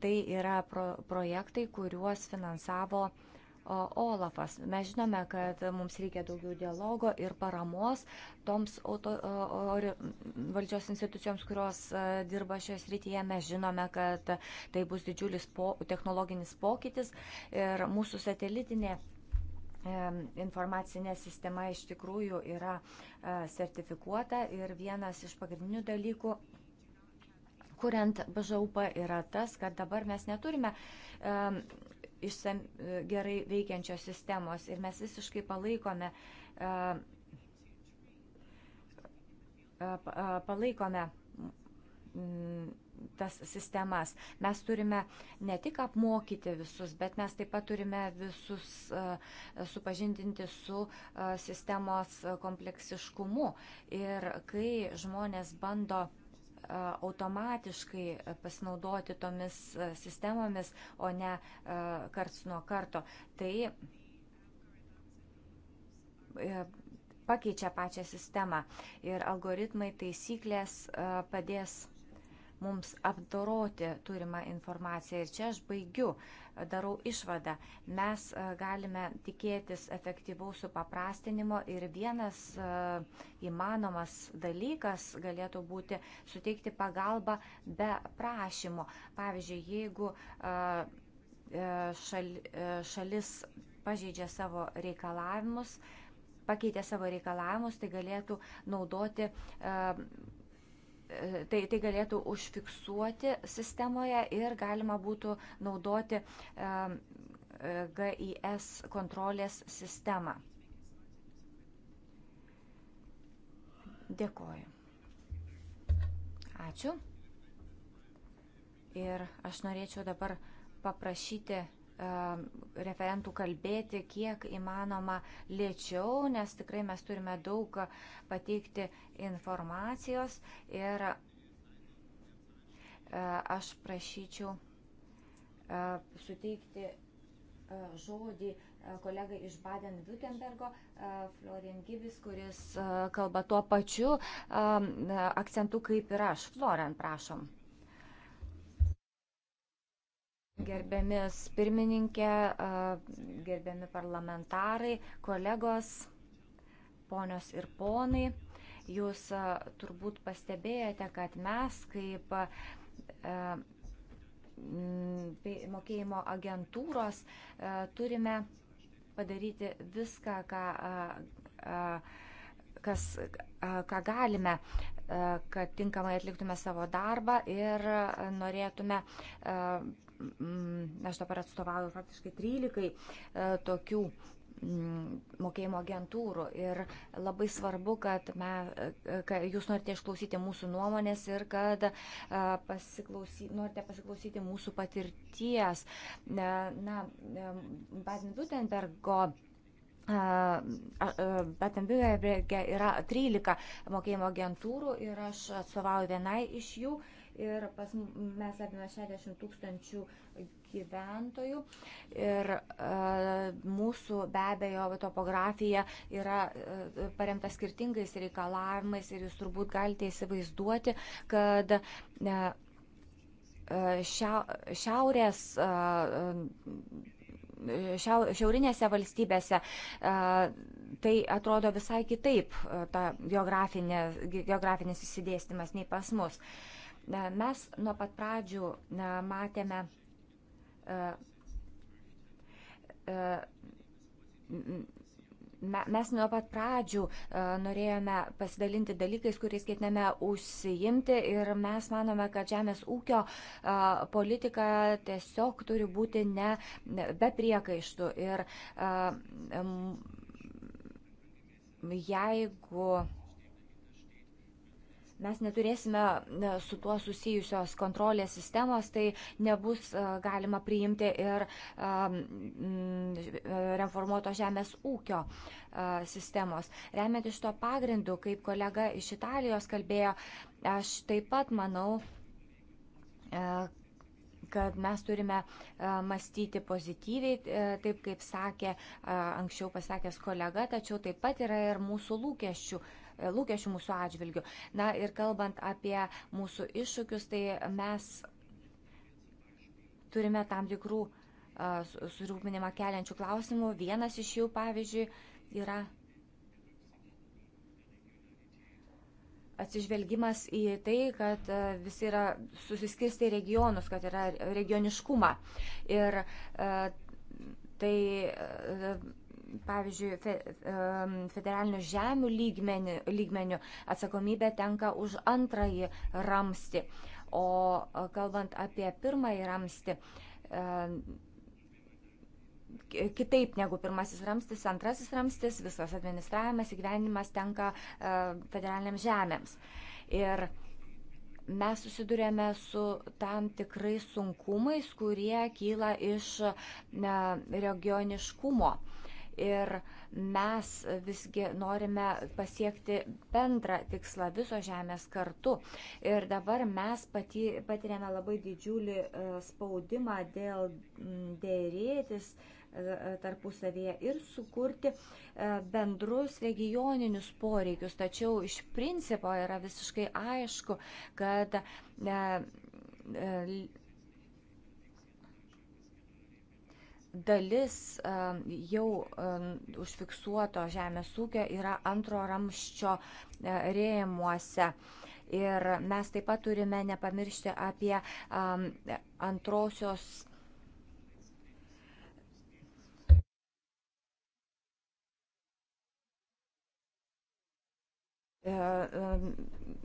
Tai yra pro, projektai, kuriuos finansavo Olafas. Mes žinome, kad mums reikia daugiau dialogo ir paramos toms auto, or, valdžios institucijoms, kurios dirba šioje srityje. Mes žinome, kad tai bus didžiulis po, technologinis pokytis ir mūsų satelitinė informacinė sistema iš tikrųjų yra sertifikuota ir vienas iš pagrindinių dalykų kuriant BŽUP yra tas, kad dabar mes neturime um, išsam, e, gerai veikiančios sistemos ir mes visiškai palaikome, um, palaikome um, tas sistemas. Mes turime ne tik apmokyti visus, bet mes taip pat turime visus supažindinti su sistemos kompleksiškumu. Ir kai žmonės bando automatiškai pasinaudoti tomis sistemomis, o ne karts nuo karto. Tai e, pakeičia pačią sistemą ir algoritmai taisyklės padės mums apdoroti turimą informaciją. Ir čia aš baigiu, darau išvadą. Mes e, galime tikėtis efektyvaus supaprastinimo ir vienas e, įmanomas dalykas galėtų būti suteikti pagalbą be prašymo. Pavyzdžiui, jeigu e, šal, šalis pažeidžia savo reikalavimus, pakeitė savo reikalavimus, tai galėtų naudoti tai, tai galėtų užfiksuoti sistemoje ir galima būtų naudoti GIS kontrolės sistemą. Dėkoju. Ačiū. Ir aš norėčiau dabar paprašyti E, referentų kalbėti kiek įmanoma lėčiau, nes tikrai mes turime daug pateikti informacijos ir e, aš prašyčiau e, suteikti žodį kolegai iš Baden-Württembergo, Florian Gyvis, kuris kalba tuo pačiu akcentu kaip ir aš. Florian, prašom. Gerbiamis pirmininkė, gerbiami parlamentarai, kolegos, ponios ir ponai, jūs turbūt pastebėjote, kad mes kaip mokėjimo agentūros turime padaryti viską, ką, kas, ką galime kad tinkamai atliktume savo darbą ir norėtume Mm, aš dabar atstovauju praktiškai 13 e, tokių mm, mokėjimo agentūrų ir labai svarbu, kad, me, e, kad jūs norite išklausyti mūsų nuomonės ir kad e, pasiklausy, norite pasiklausyti mūsų patirties. Na, Baden-Württembergo Baden-Württemberge yra 13 mokėjimo agentūrų ir aš atstovauju vienai iš jų. Uh, ir pas, mes apima 60 tūkstančių gyventojų ir e, mūsų be abejo topografija yra e, paremta skirtingais reikalavimais ir jūs turbūt galite įsivaizduoti, kad e, šiaurės šiaurinėse valstybėse tai atrodo visai kitaip, ta geografinis įsidėstymas nei pas mus. Mes nuo pat pradžių matėme e, e, mes nuo pat pradžių e, norėjome pasidalinti dalykais, kuriais ketiname užsiimti ir mes manome, kad žemės ūkio politika tiesiog turi būti ne be priekaištų. Ir jeigu mes neturėsime su tuo susijusios kontrolės sistemos, tai nebus galima priimti ir reformuoto žemės ūkio sistemos. Remiant iš to pagrindu, kaip kolega iš Italijos kalbėjo, aš taip pat manau, kad mes turime mąstyti pozityviai, taip kaip sakė anksčiau pasakęs kolega, tačiau taip pat yra ir mūsų lūkesčių E, lūkesčių mūsų atžvilgių. Na ir kalbant apie mūsų iššūkius, tai mes turime tam tikrų e, surūpinimą keliančių klausimų. Vienas iš jų, pavyzdžiui, yra atsižvelgimas į tai, kad e, visi yra susiskirsti regionus, kad yra regioniškumą. Ir tai pavyzdžiui, fe, federalinių žemių lygmenių, lygmenių atsakomybė tenka už antrąjį ramsti. O kalbant apie pirmąjį ramsti, kitaip negu pirmasis ramstis, antrasis ramstis, visas administravimas, įgyvenimas tenka federaliniams žemėms. Ir mes susidurėme su tam tikrais sunkumais, kurie kyla iš regioniškumo. Ir mes visgi norime pasiekti bendrą tikslą viso žemės kartu. Ir dabar mes pati, patiriame labai didžiulį e, spaudimą dėl dėrėtis e, e, tarpusavėje ir sukurti bendrus regioninius poreikius. Tačiau iš principo yra visiškai aišku, kad dalis jau užfiksuoto žemės ūkio yra antro ramščio rėmuose. Ir mes taip pat turime nepamiršti apie antrosios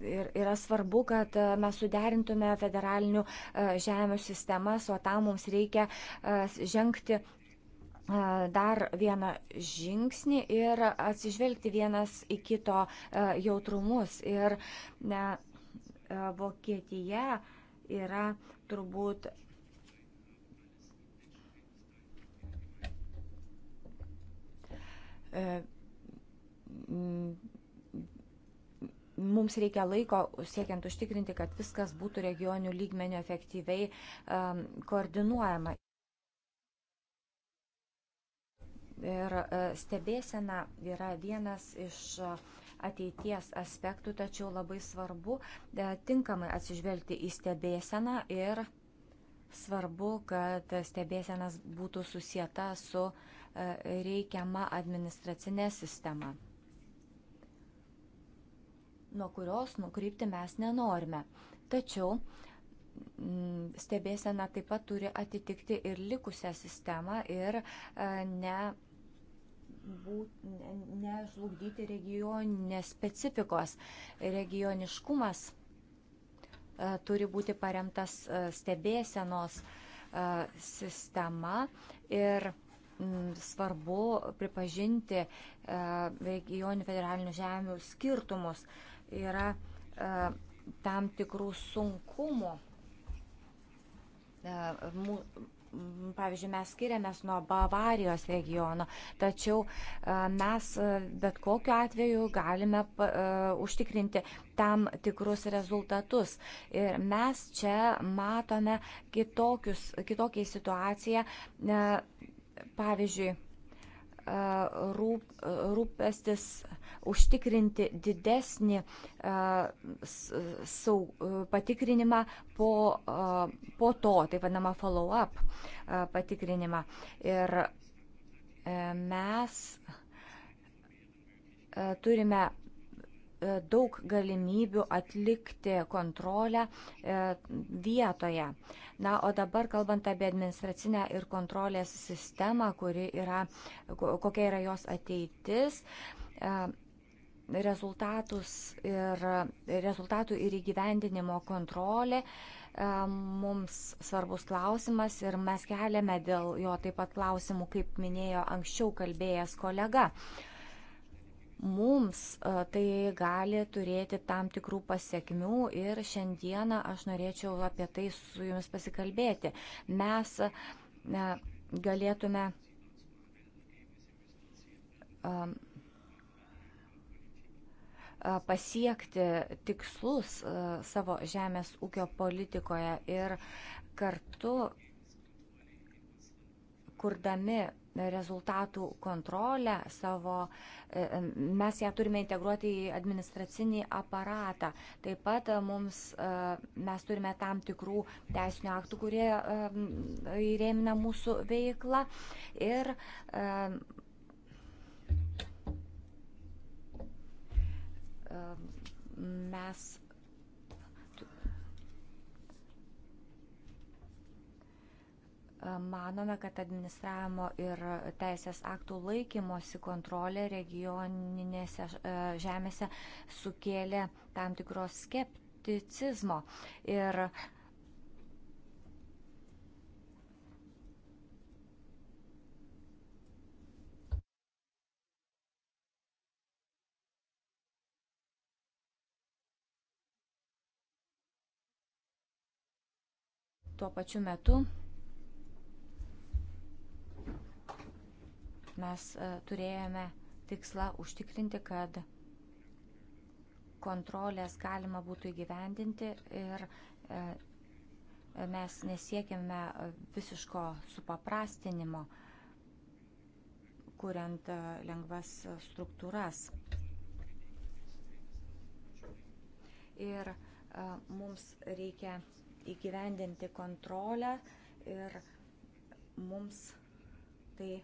ir yra svarbu, kad e, mes suderintume federalinių e, žemių sistemas, o tam mums reikia e, žengti dar vieną žingsnį ir atsižvelgti vienas į kito jautrumus. Ir ne, Vokietija yra turbūt mums reikia laiko siekiant užtikrinti, kad viskas būtų regionių lygmenių efektyviai um, koordinuojama. Ir e, stebėsena yra vienas iš e, ateities aspektų, tačiau labai svarbu e, tinkamai atsižvelgti į stebėseną ir svarbu, kad stebėsenas būtų susieta su reikiama administracinė sistema nuo kurios nukrypti mes nenorime. Tačiau mm, stebėsena taip pat turi atitikti ir likusią sistemą ir e, ne būt, nežlugdyti ne regioninės specifikos. Regioniškumas e, turi būti paremtas e, stebėsenos sistema ir mm, svarbu pripažinti regionių federalinių žemių skirtumus yra e, tam tikrų sunkumų. E, pavyzdžiui, mes skiriamės nuo Bavarijos regiono, tačiau e, mes bet kokiu atveju galime užtikrinti tam tikrus rezultatus. Ir mes čia matome kitokius, kitokiai situaciją. Pavyzdžiui, rūp, rūpestis užtikrinti didesnį sau, patikrinimą po, po to, tai vadinamą follow-up patikrinimą. Ir mes turime daug galimybių atlikti kontrolę vietoje. Na, o dabar kalbant apie administracinę ir kontrolės sistemą, yra, kokia yra jos ateitis. E, rezultatus ir, rezultatų ir įgyvendinimo kontrolė e, mums svarbus klausimas ir mes keliame dėl jo taip pat klausimų, kaip minėjo anksčiau kalbėjęs kolega. Uh, mums tai gali turėti tam tikrų pasiekmių ir šiandieną aš norėčiau apie tai su jumis pasikalbėti. Mes galėtume pasiekti tikslus savo žemės ūkio politikoje ir kartu kurdami rezultatų kontrolę savo, e, e, mes ją turime integruoti į administracinį aparatą. Taip pat e, mums, mes turime tam tikrų teisinių aktų, kurie įrėmina mūsų veiklą. Ir, mes manome, kad administravimo ir teisės aktų laikymosi kontrolė regioninėse e, žemėse sukėlė tam tikros skepticizmo. Ir Tuo pačiu metu mes e, turėjome tikslą užtikrinti, kad kontrolės galima būtų įgyvendinti ir e, mes nesiekime e, visiško supaprastinimo, kuriant lengvas struktūras. Ir mums reikia įgyvendinti kontrolę ir mums tai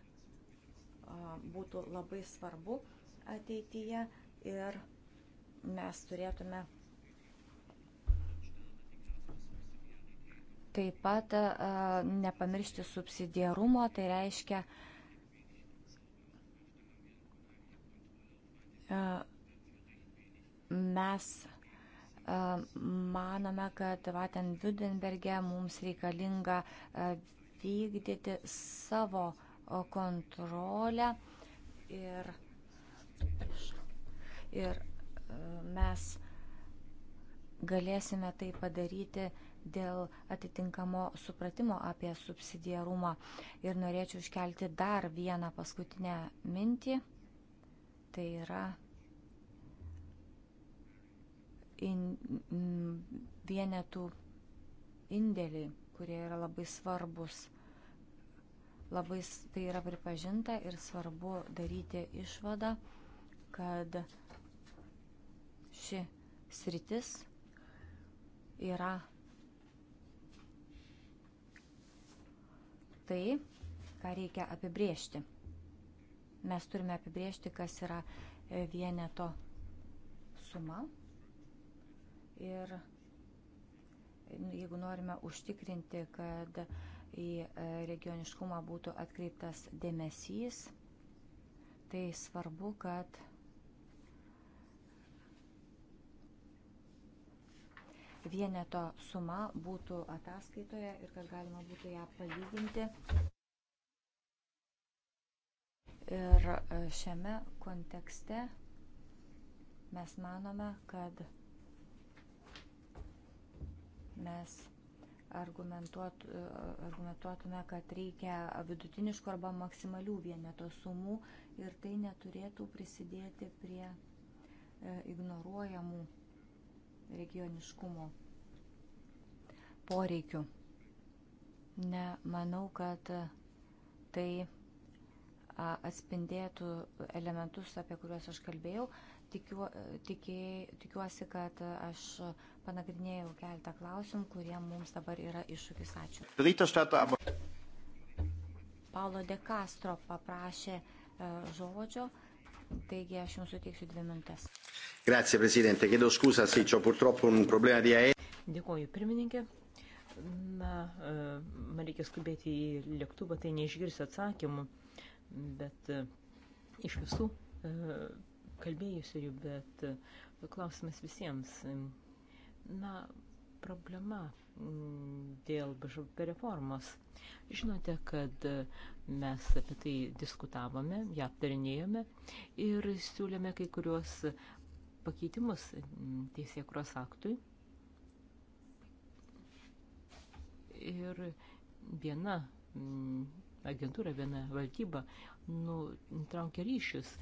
būtų labai svarbu ateityje ir mes turėtume taip pat nepamiršti subsidiarumo, tai reiškia mes manome, kad Vaten Württemberge mums reikalinga vykdyti savo kontrolę ir, ir e, mes galėsime tai padaryti dėl atitinkamo supratimo apie subsidiarumą. Ir norėčiau iškelti dar vieną paskutinę mintį. Tai yra in, vienetų indėliai, kurie yra labai svarbus labai tai yra pripažinta ir svarbu daryti išvadą, kad ši sritis yra tai, ką reikia apibriežti. Mes turime apibriežti, kas yra e, vieneto suma. Ir e, jeigu norime užtikrinti, kad į e, regioniškumą būtų atkreiptas dėmesys. Tai svarbu, kad vieneto suma būtų ataskaitoje ir kad galima būtų ją palyginti. Ir e, šiame kontekste mes manome, kad mes argumentuot, argumentuotume, kad reikia vidutiniškų arba maksimalių vieneto sumų ir tai neturėtų prisidėti prie e, ignoruojamų regioniškumo poreikių. Ne, manau, kad tai atspindėtų elementus, apie kuriuos aš kalbėjau. Tikiu, tikė, tikiuosi, kad aš panagrinėjau keletą klausimų, kurie mums dabar yra iššūkis. Ačiū. Paulo De Castro paprašė e, žodžio, taigi aš jums suteiksiu dvi minutės. Grazie, prezidente. Chiedo scusa, sì, ho purtroppo un problema di aereo. Dėkuoju, pirmininkė. Na, e, man reikia skubėti į lėktuvą, tai neišgirsiu atsakymų, bet e, iš visų kalbėjusiųjų, bet klausimas visiems na, problema mm, dėl BŽP reformos. Žinote, kad e, mes apie tai diskutavome, ją aptarinėjome ir siūlėme kai kuriuos pakeitimus mm, teisėkuros aktui. Ir viena mm, agentūra, viena valdyba nu, nutraukė ryšius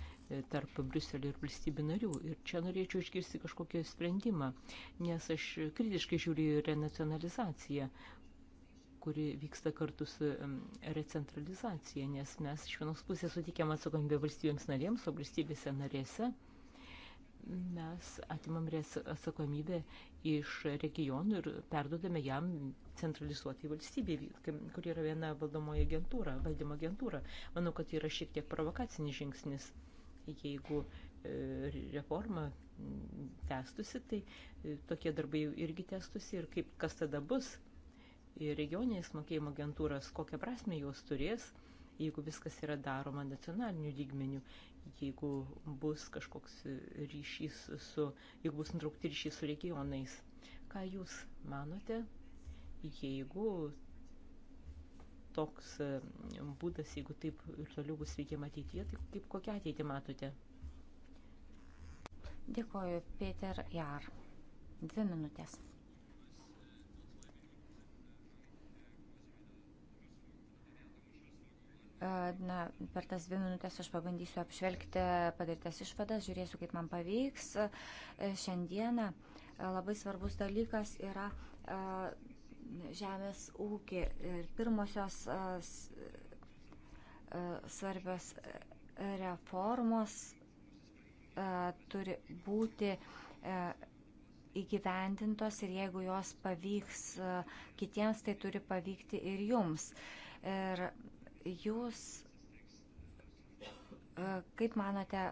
tarp Briuselio ir valstybių narių. Ir čia norėčiau išgirsti kažkokį sprendimą, nes aš kritiškai žiūriu renacionalizaciją kuri vyksta kartu su recentralizacija, nes mes iš vienos pusės sutikiam atsakomybę valstybėms narėms, o valstybėse narėse mes atimam atsakomybę iš regionų ir perdodame jam centralizuotai valstybei, kur yra viena valdomoji agentūra, valdymo agentūra. Manau, kad tai yra šiek tiek provokacinis žingsnis jeigu e, reforma testusi, tai e, tokie darbai irgi testusi ir kaip, kas tada bus. Ir regioninės mokėjimo agentūros, kokią prasme jos turės, jeigu viskas yra daroma nacionaliniu lygmeniu, jeigu bus kažkoks ryšys su, jeigu bus nutraukti ryšys su regionais. Ką jūs manote, jeigu toks e, būdas, jeigu taip ir toliau bus veikiama ateityje, tai kaip kokią ateitį matote? Dėkoju, Peter Jar. Dvi minutės. E, na, per tas dvi minutės aš pabandysiu apžvelgti padarytas išvadas, žiūrėsiu, kaip man pavyks. E, šiandieną labai svarbus dalykas yra žemės ūkį. Ir pirmosios svarbios e, reformos turi būti e, įgyvendintos ir jeigu jos pavyks kitiems, tai turi pavykti ir jums. Ir jūs, kaip manote,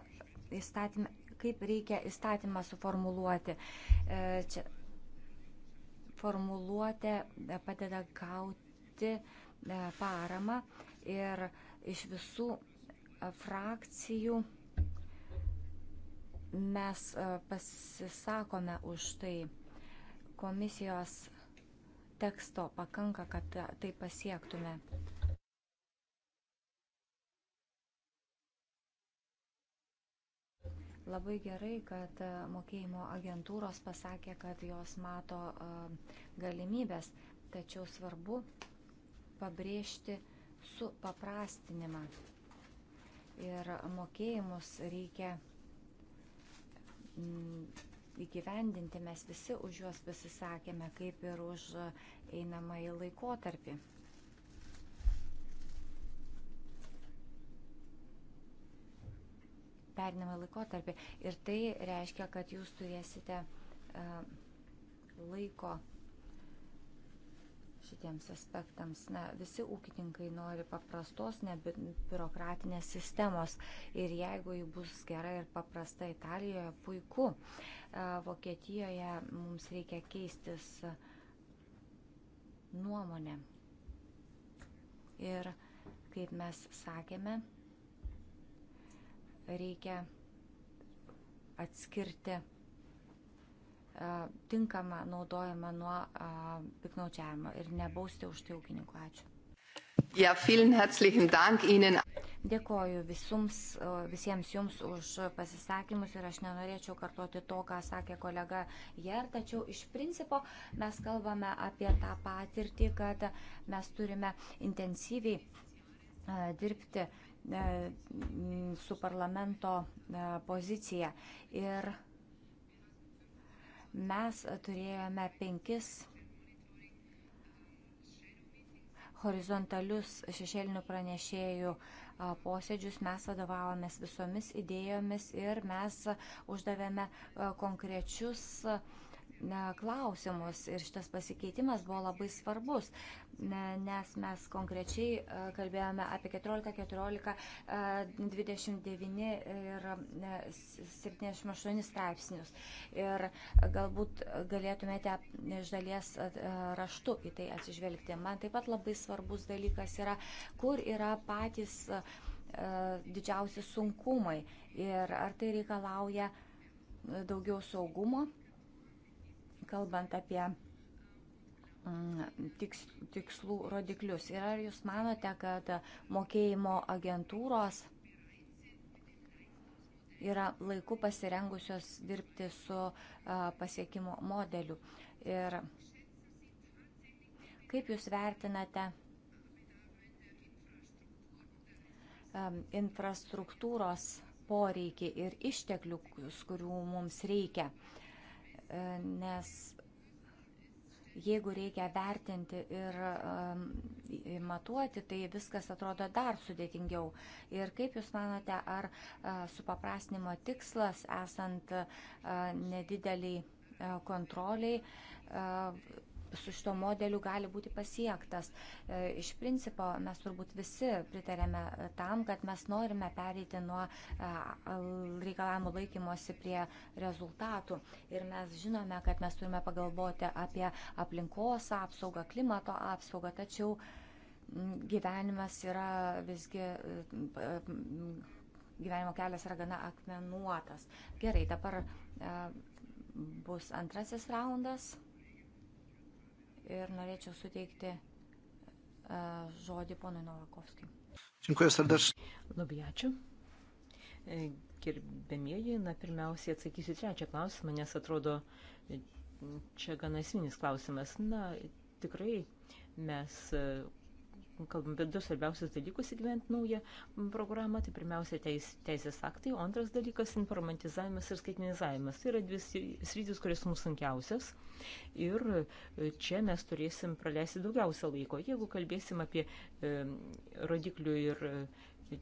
įstatymą, kaip reikia įstatymą suformuluoti? E, čia formuluotė e, padeda gauti e, paramą ir iš visų e, frakcijų mes pasisakome už tai. Komisijos teksto pakanka, kad tai pasiektume. Labai gerai, kad e, mokėjimo agentūros pasakė, kad jos mato e, galimybės, tačiau svarbu pabrėžti su paprastinimą. Ir mokėjimus reikia mm, įgyvendinti, mes visi už juos pasisakėme, kaip ir už einamąjį laikotarpį. perinamą laikotarpį. Ir tai reiškia, kad jūs turėsite e, laiko šitiems aspektams. Na, visi ūkininkai nori paprastos, ne biurokratinės sistemos. Ir jeigu ji bus gera ir paprasta Italijoje, puiku. E, Vokietijoje mums reikia keistis e, nuomonė. Ir kaip mes sakėme, reikia atskirti tinkamą naudojimą nuo piknaudžiavimo ir nebausti už tai ūkininkų. Ačiū. Ja, vielen herzlichen Dank Ihnen. Dėkoju visums, visiems jums už pasisakymus ir aš nenorėčiau kartoti to, ką sakė kolega Jer, tačiau iš principo mes kalbame apie tą patirtį, kad mes turime intensyviai dirbti E, su parlamento e, pozicija. Ir mes turėjome penkis horizontalius šešėlinių pranešėjų e, posėdžius, mes vadovavomės visomis idėjomis ir mes uždavėme konkrečius uh, na, klausimus ir šitas pasikeitimas buvo labai svarbus, nes mes konkrečiai e, kalbėjome apie 14, 14, 29 ir 78 e, straipsnius. Ir galbūt galėtumėte iš dalies e, raštu į tai atsižvelgti. Man taip pat labai svarbus dalykas yra, kur yra patys didžiausi sunkumai ir ar tai reikalauja daugiau saugumo kalbant apie mm, tiks, tikslų rodiklius. Ir ar jūs manote, kad mokėjimo agentūros yra laiku pasirengusios dirbti su pasiekimo modeliu? Ir kaip jūs vertinate infrastruktūros poreikį ir išteklius, kurių mums reikia? nes jeigu reikia vertinti ir um, matuoti, tai viskas atrodo dar sudėtingiau. Ir kaip Jūs manote, ar uh, supaprasnimo tikslas esant uh, nedideliai uh, kontroliai uh, su šito modeliu gali būti pasiektas. E, iš principo mes turbūt visi pritarėme e, tam, kad mes norime pereiti nuo e, reikalavimų laikymosi prie rezultatų. Ir mes žinome, kad mes turime pagalvoti apie aplinkos apsaugą, klimato apsaugą, tačiau gyvenimas yra visgi gyvenimo kelias yra gana akmenuotas. Gerai, dabar bus antrasis raundas ir norėčiau suteikti e, žodį ponui Novakovskijui. Dėkuoju sardaškai. Labai ačiū. E, gerbėmieji, na pirmiausiai atsakysiu trečią klausimą, nes atrodo, e, čia gana esminis klausimas. Na, tikrai mes kalbam apie du svarbiausius dalykus įgyvent naują programą, tai pirmiausia teis, teisės aktai, o antras dalykas - informatizavimas ir skaitmenizavimas. Tai yra dvi sritis, kurios mums sunkiausias ir e, čia mes turėsim praleisti daugiausia laiko. Jeigu kalbėsim apie e, rodiklių ir e,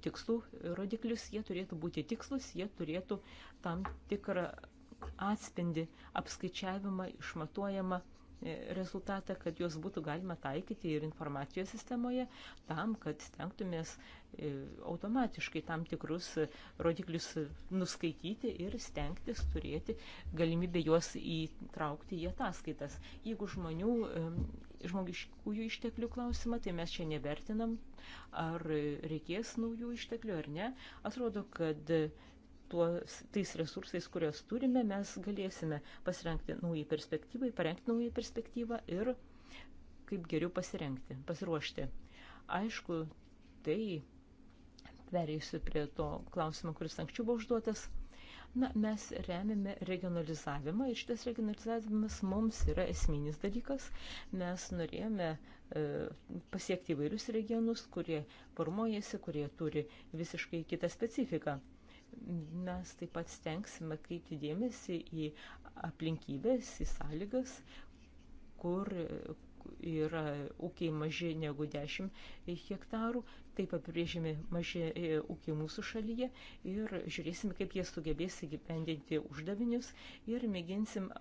tikslų rodiklius, jie turėtų būti tikslus, jie turėtų tam tikrą atspindi, apskaičiavimą, išmatuojamą rezultatą, kad juos būtų galima taikyti ir informacijos sistemoje tam, kad stengtumės e, automatiškai tam tikrus rodiklius nuskaityti ir stengtis turėti galimybę juos įtraukti į ataskaitas. Jeigu žmonių e, žmogiškųjų išteklių klausimą, tai mes čia nevertinam, ar reikės naujų išteklių ar ne. Atrodo, kad tuos, tais resursais, kuriuos turime, mes galėsime pasirengti naujai perspektyvai, parengti naują perspektyvą ir kaip geriau pasirengti, pasiruošti. Aišku, tai perėsiu prie to klausimo, kuris anksčiau buvo užduotas. Na, mes remiame regionalizavimą ir šitas regionalizavimas mums yra esminis dalykas. Mes norėjome e, pasiekti įvairius regionus, kurie formuojasi, kurie turi visiškai kitą specifiką. Mes taip pat stengsime kreipti dėmesį į aplinkybės, į sąlygas, kur yra ūkiai maži negu 10 hektarų, taip apibrėžimi maži e, ūkiai mūsų šalyje ir žiūrėsim, kaip jie sugebės įgyvendinti uždavinius ir mėginsim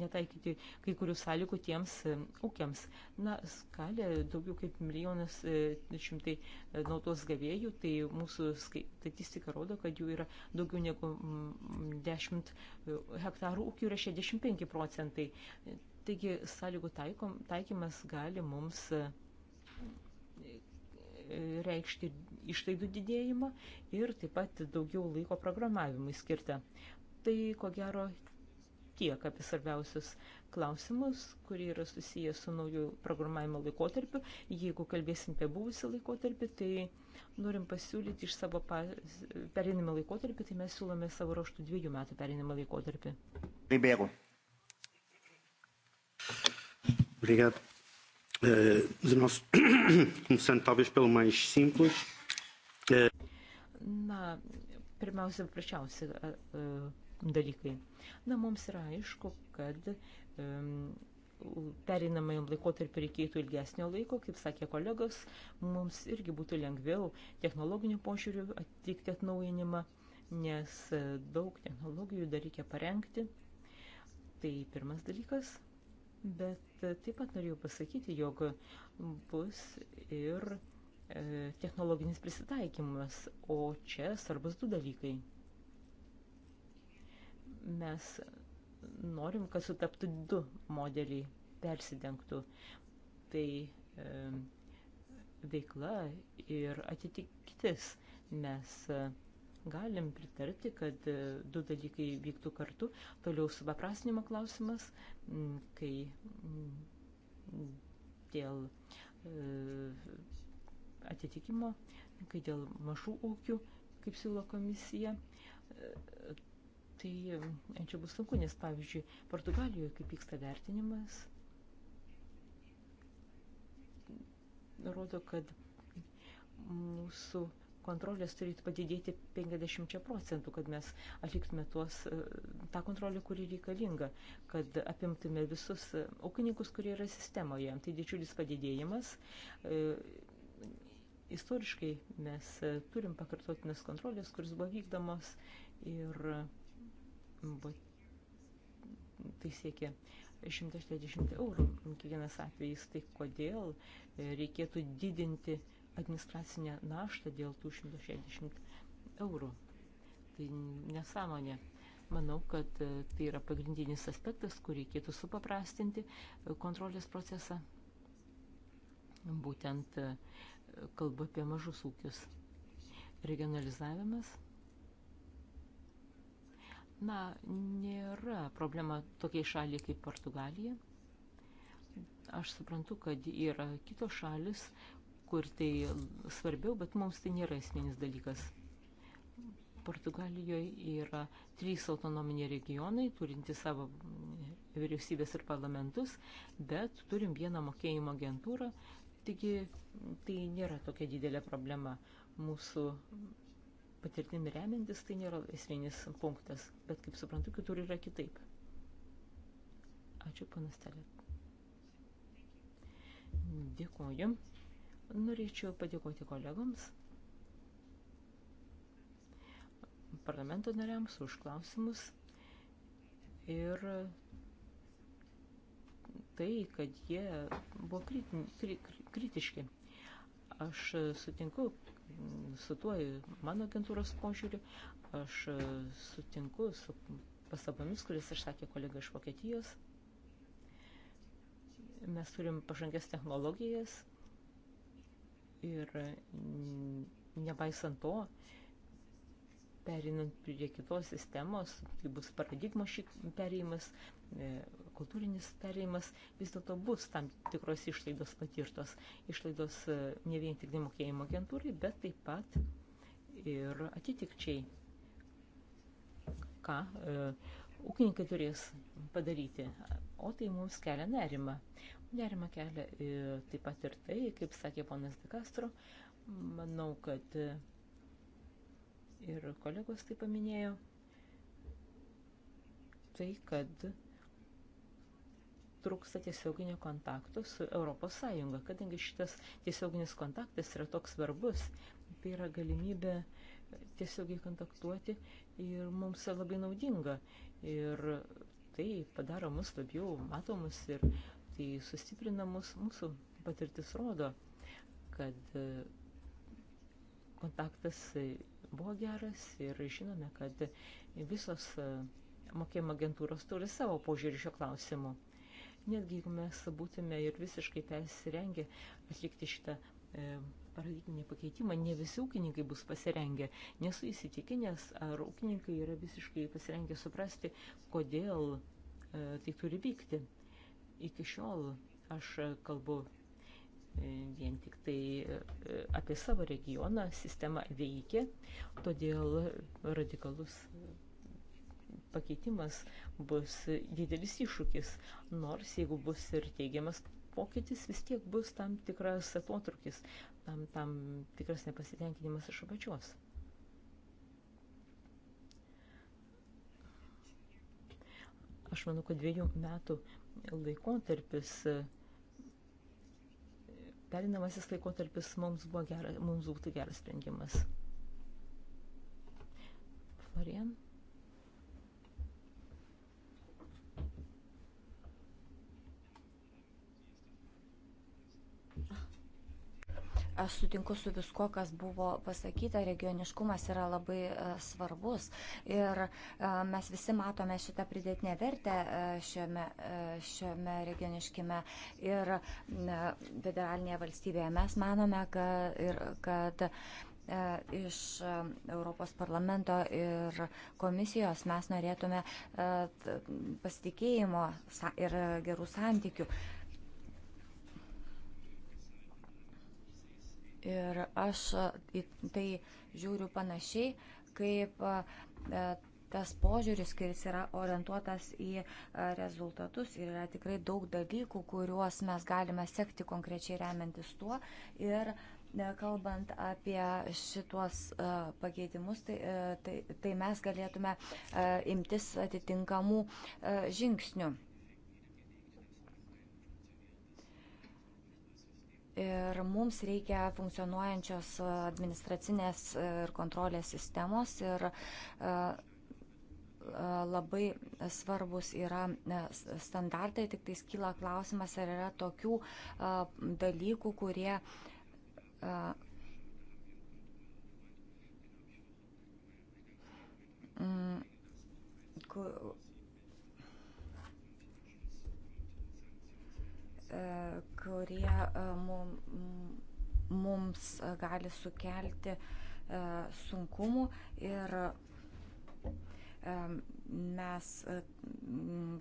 netaikyti kai kurių sąlygų tiems e, ūkiams. Na, skalė daugiau kaip milijonas e, šimtai e, naudos gavėjų, tai mūsų statistika rodo, kad jų yra daugiau negu 10 hektarų ūkių yra 65 procentai. Taigi sąlygų taikom, taikymas gali mums reikšti išlaidų didėjimą ir taip pat daugiau laiko programavimui skirta. Tai ko gero tiek apie svarbiausius klausimus, kurie yra susiję su naujų programavimo laikotarpiu. Jeigu kalbėsim apie buvusį laikotarpį, tai norim pasiūlyti iš savo pa... perinimą laikotarpį, tai mes siūlome savo ruoštų dviejų metų perinimą laikotarpį. Ribėgu. Obrigado. Uh, eh, do nosso... Começando (coughs) um talvez pelo mais simples. Uh... Na, pirmiausia, paprasčiausia. Uh, uh dalykai. Na, mums yra aišku, kad um, pereinamajam laikotarpiu reikėtų ilgesnio laiko, kaip sakė kolegos, mums irgi būtų lengviau technologinių požiūrių atlikti atnaujinimą, nes e, daug technologijų dar reikia parengti. Tai pirmas dalykas. Bet e, taip pat norėjau pasakyti, jog bus ir e, technologinis prisitaikymas, o čia svarbus du dalykai mes norim, kad sutaptų du modeliai, persidengtų. Tai e, veikla ir atitiktis. Mes e, galim pritarti, kad e, du dalykai vyktų kartu. Toliau supaprasnimo klausimas, kai dėl e, atitikimo, kai dėl mažų ūkių, kaip siūlo komisija, tai e, čia bus sunku, nes pavyzdžiui, Portugalijoje, kaip vyksta vertinimas, rodo, kad mūsų kontrolės turėtų padidėti 50 procentų, kad mes atliktume tuos, e, tą kontrolę, kuri reikalinga, kad apimtume visus e, ūkininkus, kurie yra sistemoje. Tai didžiulis padidėjimas. Istoriškai mes turim pakartotinės kontrolės, kuris buvo vykdomas ir tai siekia 160 eurų kiekvienas atvejis. Tai kodėl e, reikėtų didinti administracinę naštą dėl tų 160 eurų? Tai nesąmonė. Manau, kad e, tai yra pagrindinis aspektas, kur reikėtų supaprastinti e, kontrolės procesą. Būtent kalbu apie mažus ūkius. Regionalizavimas na, nėra problema tokiai šaliai kaip Portugalija. Aš suprantu, kad yra kitos šalis, kur tai svarbiau, bet mums tai nėra esminis dalykas. Portugalijoje yra trys autonominiai regionai, turinti savo vyriausybės ir parlamentus, bet turim vieną mokėjimo agentūrą, taigi tai nėra tokia didelė problema. Mūsų patirtimi remiantis, tai nėra esminis punktas, bet kaip suprantu, kitur yra kitaip. Ačiū, panas Telė. Dėkuoju. Norėčiau padėkoti kolegoms, parlamento nariams už klausimus ir tai, kad jie buvo kritin, kri, kritiški Aš e, sutinku su tuo mano agentūros požiūriu, aš e, sutinku su pastabomis, kuris išsakė kolega iš Vokietijos. Mes turim pažangės technologijas ir nepaisant to, perinant prie kitos sistemos, tai bus paradigma šį perėjimas, e, kultūrinis perėjimas, vis dėlto bus tam tikros išlaidos patirtos. Išlaidos e, ne vien tik nemokėjimo agentūrai, bet taip pat ir atitikčiai, ką e, ūkininkai turės padaryti. O tai mums kelia nerimą. Nerimą kelia e, taip pat ir tai, kaip sakė ponas De Castro, manau, kad e, ir kolegos tai paminėjo, tai kad trūksta tiesioginio kontakto su ES, kadangi šitas tiesioginis kontaktas yra toks svarbus, tai yra galimybė tiesiogiai kontaktuoti ir mums labai naudinga. Ir tai padaro mus labiau matomus ir tai sustiprina mus, mūsų patirtis rodo, kad e, kontaktas buvo geras ir žinome, kad visos e, mokėjimo agentūros turi savo požiūrį šio klausimu netgi jeigu mes būtume ir visiškai pasirengę atlikti šitą e, paradigminį pakeitimą, ne visi ūkininkai bus pasirengę. Nesu įsitikinęs, ar ūkininkai yra visiškai pasirengę suprasti, kodėl e, tai turi vykti. Iki šiol aš kalbu e, vien tik tai e, apie savo regioną, sistema veikia, todėl radikalus pakeitimas bus didelis iššūkis, nors jeigu bus ir teigiamas pokytis, vis tiek bus tam tikras atotrukis, tam, tam tikras nepasitenkinimas iš apačios. Aš manau, kad dviejų metų laikotarpis, perinamasis laikotarpis mums, buvo gera, mums būtų geras sprendimas. Florian? Aš sutinku su visko, kas buvo pasakyta, regioniškumas yra labai e, svarbus ir e, mes visi matome šitą pridėtinę vertę e, šiame, šiame regioniškime ir federalinėje valstybėje. Mes manome, kad, ir, kad iš Europos parlamento ir komisijos mes norėtume pasitikėjimo ir gerų santykių Ir aš e, į tai žiūriu panašiai, kaip e, e, tas požiūris, kuris yra orientuotas į rezultatus ir yra tikrai daug dalykų, kuriuos mes galime sekti konkrečiai remiantis tuo. Ir kalbant apie šituos pakeitimus, tai, tai, tai mes galėtume imtis atitinkamų žingsnių. Ir mums reikia funkcionuojančios administracinės ir kontrolės sistemos ir e, e, labai svarbus yra e, standartai, tik tai skyla klausimas, ar yra tokių dalykų, kurie E, kurie e, mums gali sukelti e, sunkumų ir mes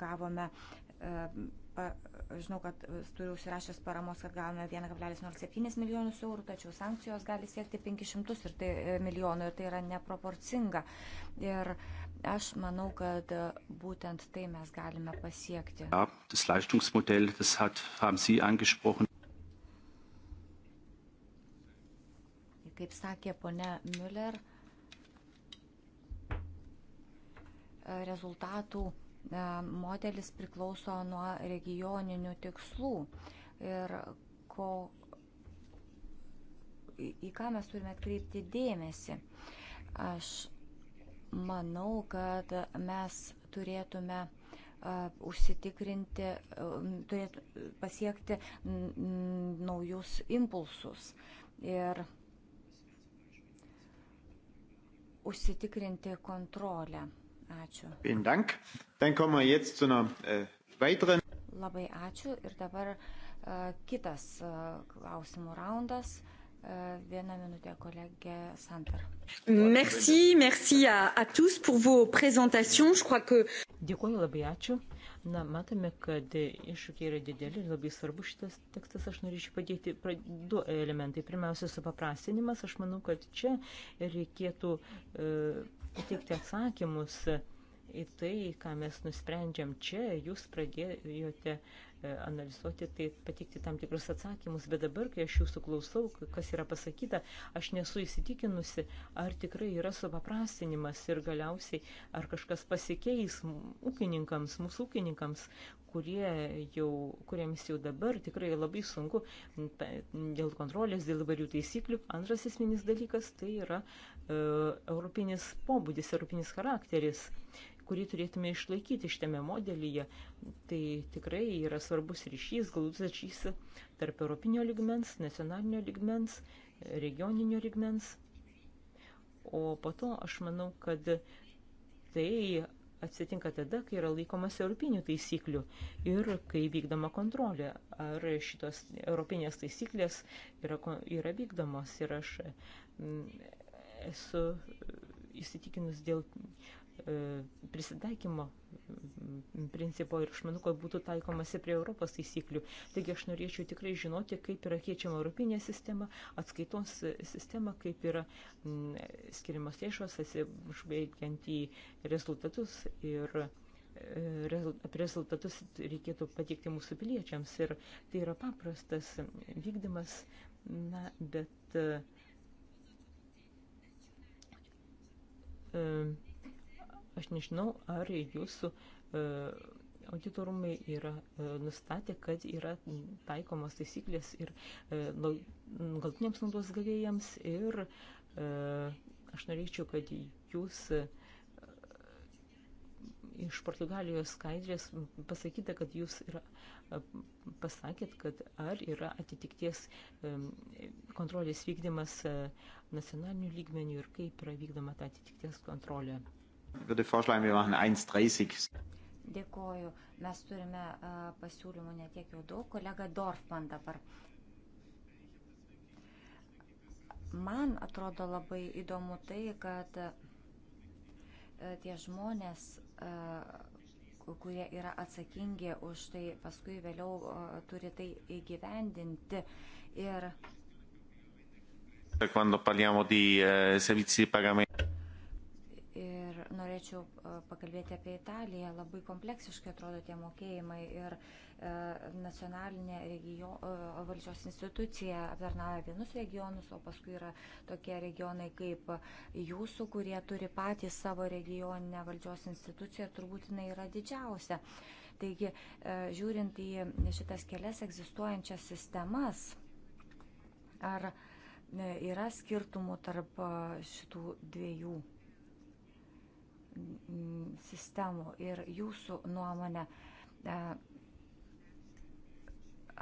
gavome žinau, kad turiu užsirašęs paramos, kad gavome 1,07 milijonus eurų, tačiau sankcijos gali siekti 500 ir tai, milijonų ir tai yra neproporcinga. Ir uh, Aš manau, kad e, būtent tai mes galime pasiekti. Ja, das Leistungsmodell, das hat, haben Sie angesprochen. Kaip sakė ponia Müller, e, rezultatų e, modelis priklauso nuo regioninių tikslų ir ko, į ką mes turime atkreipti dėmesį. Aš manau, kad mes turėtume užsitikrinti, turėtų pasiekti naujus impulsus ir užsitikrinti kontrolę. Ačiū. Äh, Labai ačiū ir dabar kitas klausimų raundas. Euh, Vieną minutę, kolegė Santar. Merci, merci à, à tous pour vos présentations. Je crois que... Dėkuoju labai, ačiū. Na, matome, kad iššūkiai yra dideli ir labai svarbu šitas tekstas. Aš norėčiau padėti pra, du elementai. Pirmiausia, supaprastinimas. Aš manau, kad čia reikėtų e, teikti atsakymus į tai, ką mes nusprendžiam čia. Jūs pradėjote. E, E, analizuoti, tai patikti tam tikrus atsakymus, bet dabar, kai aš jūsų klausau, kas yra pasakyta, aš nesu įsitikinusi, ar tikrai yra supaprastinimas ir galiausiai, ar kažkas pasikeis ūkininkams, mūsų ūkininkams, kurie jau, kuriems jau dabar tikrai labai sunku dėl kontrolės, dėl įvairių taisyklių. Antras esminis dalykas tai yra e, europinis pobūdis, europinis charakteris. E, kurį turėtume išlaikyti šitame modelyje. Tai tikrai yra svarbus ryšys, galbūt ryšys tarp europinio ligmens, nacionalinio ligmens, regioninio ligmens. O po to aš manau, kad tai atsitinka tada, kai yra laikomas europinių taisyklių ir kai vykdoma kontrolė, ar šitos europinės taisyklės yra, yra vykdomos. Ir aš mm, esu įsitikinus dėl E, prisitaikymo principo ir aš manau, kad būtų taikomasi prie Europos taisyklių. Taigi aš norėčiau tikrai žinoti, kaip yra keičiama europinė sistema, atskaitos sistema, kaip yra skiriamas lėšos, atsižvelgiant į rezultatus ir e, apie rezultatus reikėtų patikti mūsų piliečiams. Ir tai yra paprastas vykdymas, na, bet. Uh, um, Aš nežinau, ar jūsų e, auditorumai yra e, nustatę, kad yra taikomos taisyklės ir e, galtiniams naudos gavėjams ir aš norėčiau, kad jūs iš Portugalijos skaidrės pasakyta, kad jūs yra, pasakėt, kad ar yra atitikties kontrolės vykdymas nacionaliniu lygmeniu ir kaip yra vykdoma ta atitikties kontrolė. Dėkoju. Mes turime pasiūlymų netiek jau daug. Kolega Dorfman dabar. Man atrodo labai įdomu tai, kad tie žmonės, kurie yra atsakingi už tai, paskui vėliau turi tai įgyvendinti. Ir... Quando parliamo di eh, servizi di pagamento norėčiau e, pakalbėti apie Italiją. Labai kompleksiškai atrodo tie mokėjimai ir e, nacionalinė regio, e, valdžios institucija aptarnauja vienus regionus, o paskui yra tokie regionai kaip jūsų, kurie turi patį savo regioninę valdžios instituciją ir turbūt jinai yra didžiausia. Taigi, žiūrint į šitas kelias egzistuojančias sistemas, ar yra skirtumų tarp šitų dviejų sistemų ir jūsų nuomonę. E,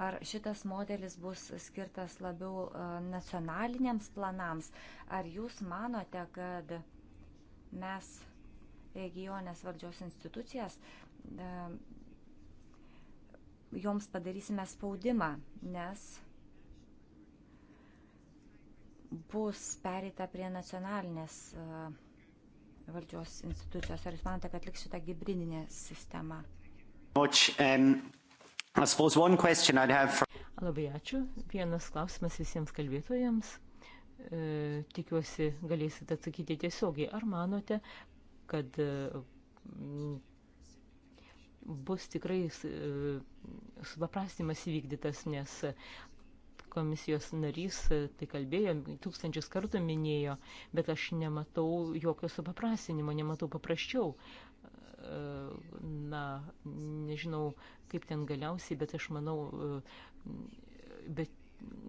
ar šitas modelis bus skirtas labiau e, nacionaliniams planams? Ar jūs manote, kad mes regionės valdžios institucijas e, joms padarysime spaudimą, nes bus perita prie nacionalinės uh, valdžios institucijos. Ar jūs manote, kad liks šita gybridinė sistema? Much, um... For... Labai ačiū. Vienas klausimas visiems kalbėtojams. E, tikiuosi, galėsite atsakyti tiesiogiai. Ar manote, kad m, e, bus tikrai e, supaprastimas įvykdytas, nes komisijos narys e, tai kalbėjo, tūkstančius kartų minėjo, bet aš nematau jokio supaprasinimo, nematau paprasčiau. E, na, nežinau, kaip ten galiausiai, bet aš manau, e, bet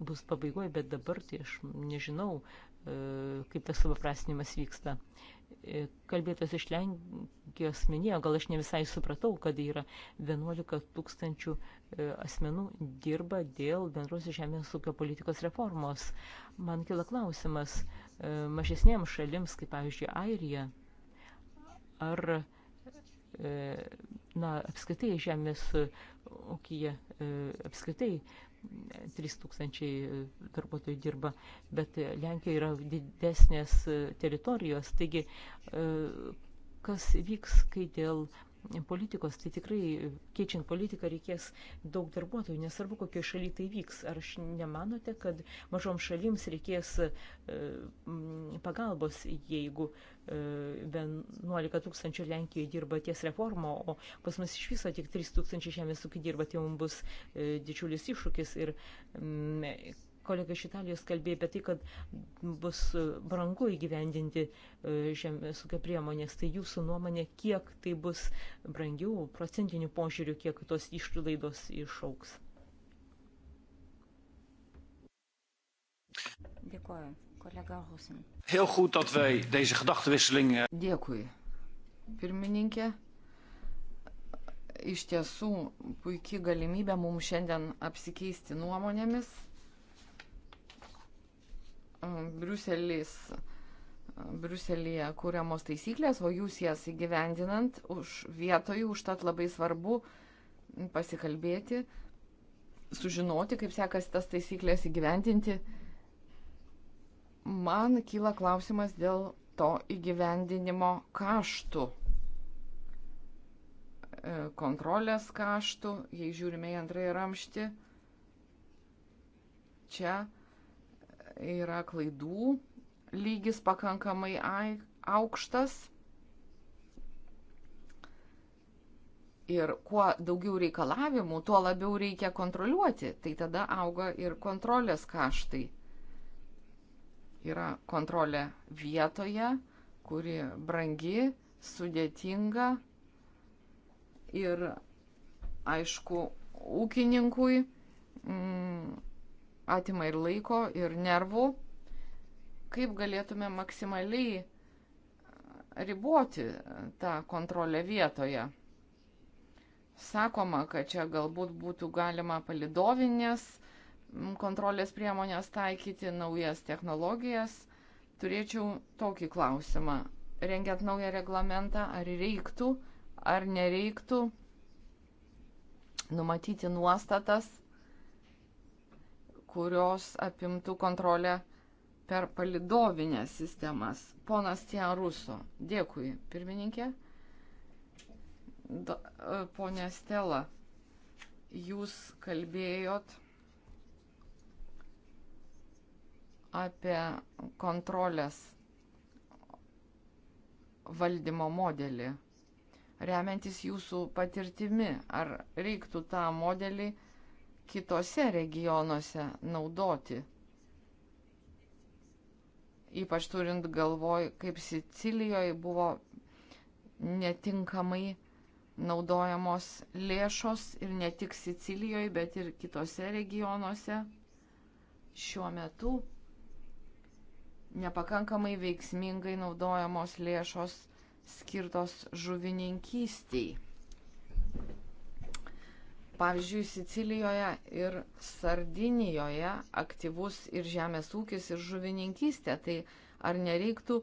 bus pabaigoje, bet dabar tai aš nežinau, kaip tas supaprasinimas vyksta. E, kalbėtas iš Lenkijos minėjo, gal aš ne visai supratau, kad yra 11 tūkstančių e, asmenų dirba dėl bendros žemės ūkio politikos reformos. Man kila klausimas e, mažesniems šalims, kaip pavyzdžiui Airija, ar na, apskritai žemės ūkija, apskritai 3000 e, darbuotojų dirba, bet Lenkija yra didesnės e, teritorijos, taigi e, kas vyks, kai dėl politikos, tai tikrai keičiant politiką reikės daug darbuotojų, nesvarbu, kokioje šalyje tai vyks. Ar nemanote, kad mažom šalims reikės e, pagalbos, jeigu 11 e, tūkstančių Lenkijoje dirba ties reformo, o pas mus iš viso tik 3 tūkstančiai žemės ūkiai dirba, tai mums bus e, didžiulis iššūkis ir kolega iš Italijos kalbėjo apie tai, kad bus e, brangu įgyvendinti e, žemės ūkio priemonės. Tai jūsų nuomonė, kiek tai bus brangiau procentinių požiūrių, kiek tos išlaidos išauks? Dėkuoju, kolega Husin. Heel goed dat wij deze gedachtenwisseling. Eh, Dėkui, pirmininkė iš tiesų puikiai galimybė mums šiandien apsikeisti nuomonėmis Briuselis, Briuselėje kūriamos taisyklės, o jūs jas įgyvendinant už vietojų, užtat labai svarbu pasikalbėti, sužinoti, kaip sekasi tas taisyklės įgyvendinti. Man kyla klausimas dėl to įgyvendinimo kaštų e, kontrolės kaštų, jei žiūrime į antrąjį ramštį, čia yra klaidų lygis pakankamai aukštas. Ir kuo daugiau reikalavimų, tuo labiau reikia kontroliuoti, tai tada auga ir kontrolės kaštai. Yra kontrolė vietoje, kuri brangi, sudėtinga ir, aišku, ūkininkui. Mm, atima ir laiko, ir nervų, kaip galėtume maksimaliai riboti tą kontrolę vietoje. Sakoma, kad čia galbūt būtų galima palidovinės kontrolės priemonės taikyti, naujas technologijas. Turėčiau tokį klausimą. Rengiant naują reglamentą, ar reiktų, ar nereiktų numatyti nuostatas kurios apimtų kontrolę per palidovinės sistemas. Ponas Tian Ruso, dėkui, pirmininkė. Da, e, ponė Stela, jūs kalbėjot apie kontrolės valdymo modelį. Remiantis jūsų patirtimi, ar reiktų tą modelį kitose regionuose naudoti. Ypač turint galvoj, kaip Sicilijoje buvo netinkamai naudojamos lėšos ir ne tik Sicilijoje, bet ir kitose regionuose šiuo metu nepakankamai veiksmingai naudojamos lėšos skirtos žuvininkystiai. Pavyzdžiui, Sicilijoje ir Sardinijoje aktyvus ir žemės ūkis, ir žuvininkystė. Tai ar nereiktų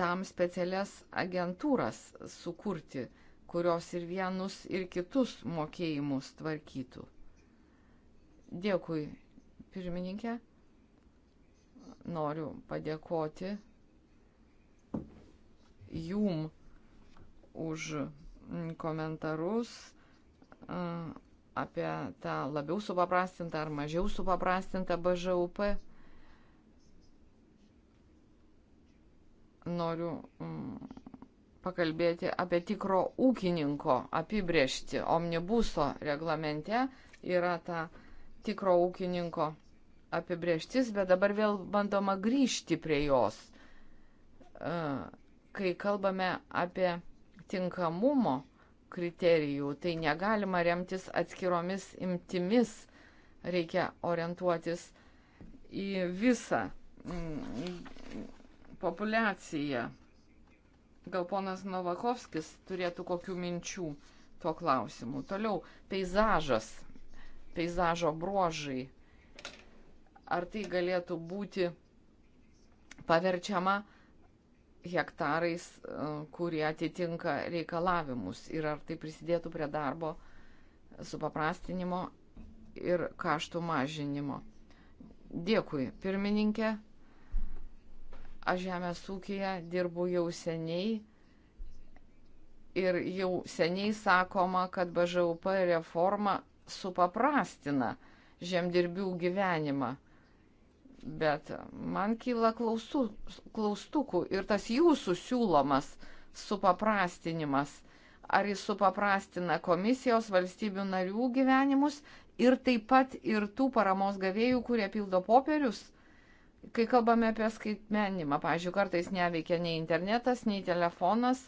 tam specialias agentūras sukurti, kurios ir vienus, ir kitus mokėjimus tvarkytų? Dėkui, pirmininkė. Noriu padėkoti jum už komentarus apie tą labiau supaprastintą ar mažiau supaprastintą BŽUP. Noriu mm, pakalbėti apie tikro ūkininko apibriešti. Omnibuso reglamente yra ta tikro ūkininko apibrieštis, bet dabar vėl bandoma grįžti prie jos. E, kai kalbame apie tinkamumo kriterijų. Tai negalima remtis atskiromis imtimis, reikia orientuotis į visą mm, populiaciją. Gal ponas Novakovskis turėtų kokių minčių tuo klausimu. Toliau, peizažas, peizažo bruožai. Ar tai galėtų būti paverčiama hektarais, e, kurie atitinka reikalavimus ir ar tai prisidėtų prie darbo supaprastinimo ir kaštų mažinimo. Dėkui, pirmininkė. Aš žemės ūkija dirbu jau seniai ir jau seniai sakoma, kad BŽUP reforma supaprastina žemdirbių gyvenimą Bet man kyla klausų, klaustukų ir tas jūsų siūlomas supaprastinimas, ar jis supaprastina komisijos valstybių narių gyvenimus ir taip pat ir tų paramos gavėjų, kurie pildo popierius. Kai kalbame apie skaitmenimą, pažiūrėjau, kartais neveikia nei internetas, nei telefonas,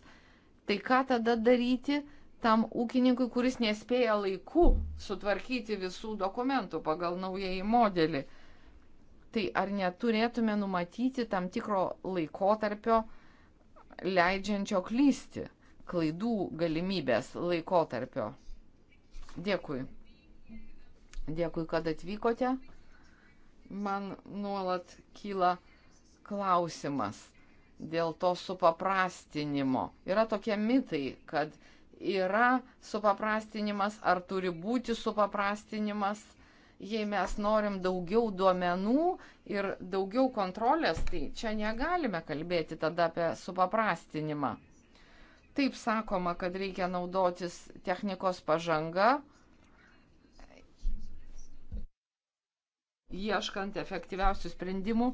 tai ką tada daryti tam ūkininkui, kuris nespėja laiku sutvarkyti visų dokumentų pagal naująjį modelį? tai ar neturėtume numatyti tam tikro laikotarpio leidžiančio klysti, klaidų galimybės laikotarpio? Dėkui. Dėkui, kad atvykote. Man nuolat kyla klausimas dėl to supaprastinimo. Yra tokie mitai, kad yra supaprastinimas, ar turi būti supaprastinimas, jei mes norim daugiau duomenų ir daugiau kontrolės, tai čia negalime kalbėti tada apie supaprastinimą. Taip sakoma, kad reikia naudotis technikos pažanga, ieškant efektyviausių sprendimų,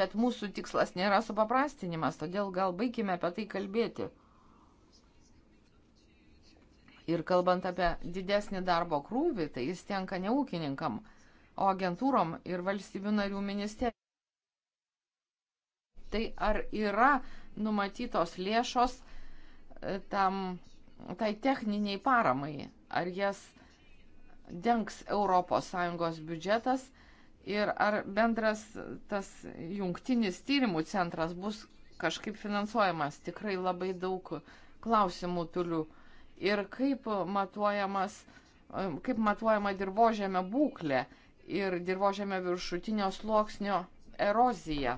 bet mūsų tikslas nėra supaprastinimas, todėl gal baigime apie tai kalbėti. Ir kalbant apie didesnį darbo krūvį, tai jis tenka ne ūkininkam, o agentūrom ir valstybių narių ministerijai. Tai ar yra numatytos lėšos e, tam, tai techniniai paramai, ar jas dengs ES biudžetas ir ar bendras tas jungtinis tyrimų centras bus kažkaip finansuojamas. Tikrai labai daug klausimų turiu ir kaip, kaip matuojama dirbožėme būklė ir dirbožėme viršutinio sluoksnio erozija.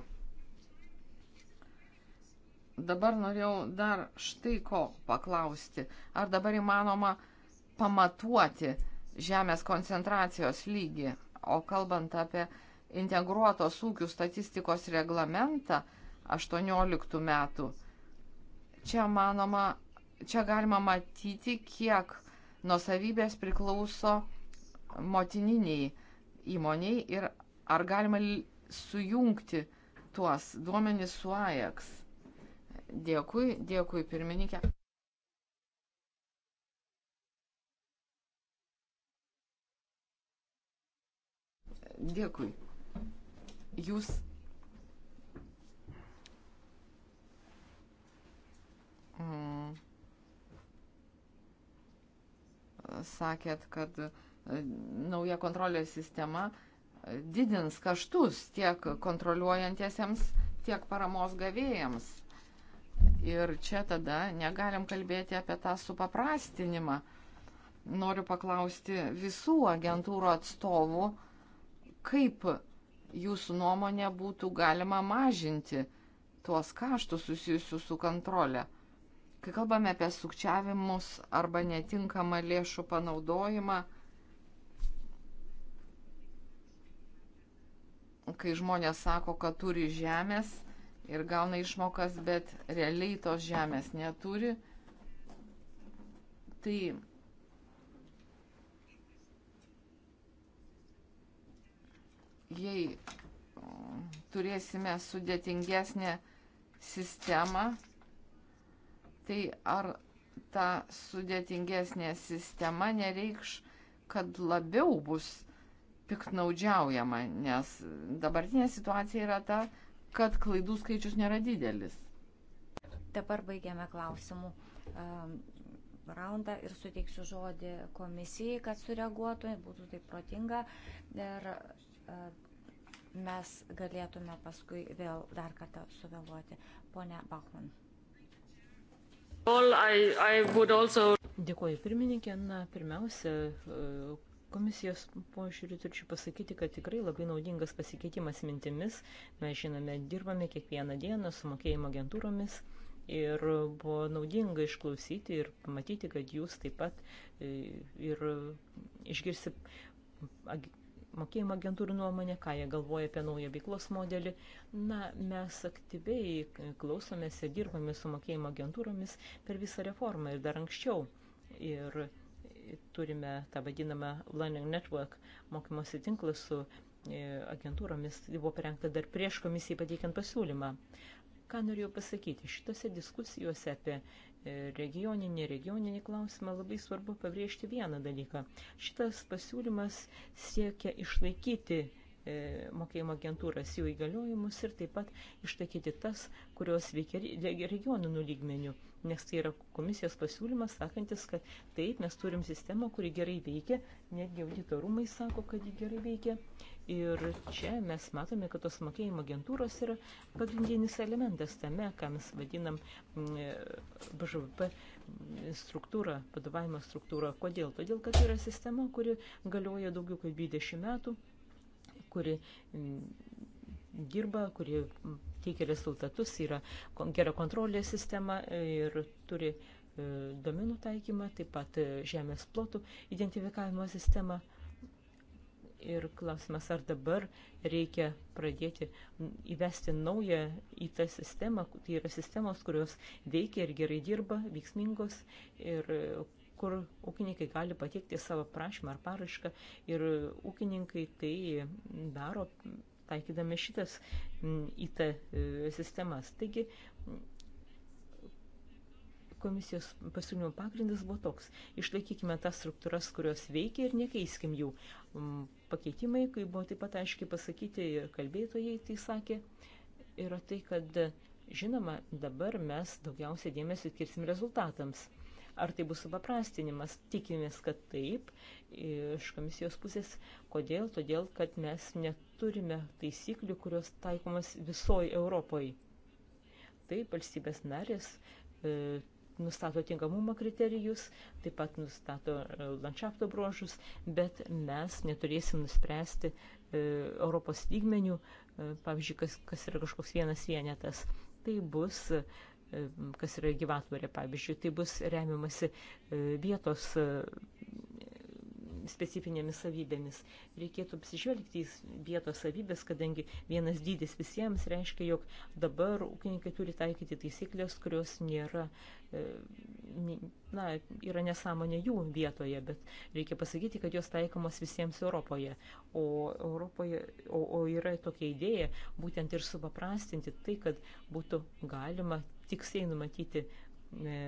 Dabar norėjau dar štai ko paklausti. Ar dabar įmanoma pamatuoti žemės koncentracijos lygį? O kalbant apie integruotos ūkių statistikos reglamentą 18 metų, čia manoma čia galima matyti, kiek nusavybės priklauso motininiai įmoniai ir ar galima sujungti tuos duomenys su AEX. Dėkui, dėkui pirmininkė. Dėkui. Jūs mm, sakėt, kad e, nauja kontrolės sistema e, didins kaštus tiek kontroliuojantiesiems, tiek paramos gavėjams. Ir čia tada negalim kalbėti apie tą supaprastinimą. Noriu paklausti visų agentūrų atstovų, kaip jūsų nuomonė būtų galima mažinti tuos kaštus susijusius su kontrolė. Kai kalbame apie sukčiavimus arba netinkamą lėšų panaudojimą, kai žmonės sako, kad turi žemės ir gauna išmokas, bet realiai tos žemės neturi, tai jei um, turėsime sudėtingesnę sistemą, tai ar ta sudėtingesnė sistema nereikš, kad labiau bus piknaudžiaujama, nes dabartinė situacija yra ta, kad klaidų skaičius nėra didelis. Dabar baigiame klausimų ehm, raundą ir suteiksiu žodį komisijai, kad sureaguotų, būtų taip protinga ir ehm, mes galėtume paskui vėl dar kartą suvėluoti. Pone Bachman. All, I, I also... Dėkuoju pirmininkė. Na, pirmiausia, e, komisijos požiūrį turčiau pasakyti, kad tikrai labai naudingas pasikeitimas mintimis. Mes žinome, dirbame kiekvieną dieną su mokėjimo agentūromis. Ir buvo naudinga išklausyti ir pamatyti, kad jūs taip pat e, ir išgirsi mokėjimo agentūrų nuomonė, ką jie galvoja apie naują veiklos modelį. Na, mes aktyviai klausomės ir dirbame su mokėjimo agentūromis per visą reformą ir dar anksčiau. Ir turime tą vadinamą Learning Network mokymosi tinklą su e, agentūromis, tai buvo parengta dar prieš komisijai pateikiant pasiūlymą. Ką norėjau pasakyti, šitose diskusijose apie regioninį, regioninį klausimą, labai svarbu pabrėžti vieną dalyką. Šitas pasiūlymas siekia išlaikyti e, mokėjimo agentūras jų įgaliojimus ir taip pat ištakyti tas, kurios veikia regioninių lygmenių. Nes tai yra komisijos pasiūlymas, sakantis, kad taip, mes turim sistemą, kuri gerai veikia, netgi auditorumai sako, kad ji gerai veikia Ir čia mes matome, kad tos mokėjimo agentūros yra pagrindinis elementas tame, ką mes vadinam mm, e, BŽVP mm, struktūra, padovavimo struktūra. Kodėl? Todėl, kad tai yra sistema, kuri galioja daugiau kaip 20 metų, kuri mm, dirba, kuri teikia rezultatus, yra gera kontrolės sistema ir turi e, domenų taikymą, taip pat e, žemės plotų identifikavimo sistemą Ir klausimas, ar dabar reikia pradėti įvesti naują į tą sistemą, tai yra sistemos, kurios veikia ir gerai dirba, veiksmingos, ir kur ūkininkai gali pateikti savo prašymą ar paraišką ir ūkininkai tai daro taikydami šitas IT e, sistemas. Taigi komisijos pasiūlymo pagrindas buvo toks. Išlaikykime tas struktūras, kurios veikia ir nekeiskim jų pakeitimai, kai buvo taip pat aiškiai pasakyti ir kalbėtojai tai sakė, yra tai, kad žinoma, dabar mes daugiausia dėmesio skirsim rezultatams. Ar tai bus supaprastinimas? Tikimės, kad taip. Iš komisijos pusės, kodėl? Todėl, kad mes neturime taisyklių, kurios taikomas visoji Europoje. Taip, valstybės narės e, nustato tinkamumo kriterijus, taip pat nustato e, landšafto bruožus, bet mes neturėsim nuspręsti e, Europos lygmenių, e, pavyzdžiui, kas, kas yra kažkoks vienas vienetas. Tai bus kas yra gyvatvorė, pavyzdžiui, tai bus remiamasi vietos specifinėmis savybėmis. Reikėtų apsižvelgti į vietos savybės, kadangi vienas dydis visiems reiškia, jog dabar ūkininkai turi taikyti taisyklės, kurios nėra, e, na, yra nesąmonė jų vietoje, bet reikia pasakyti, kad jos taikomos visiems Europoje. O, Europoje, o, o yra tokia idėja būtent ir supaprastinti tai, kad būtų galima tiksliai numatyti e,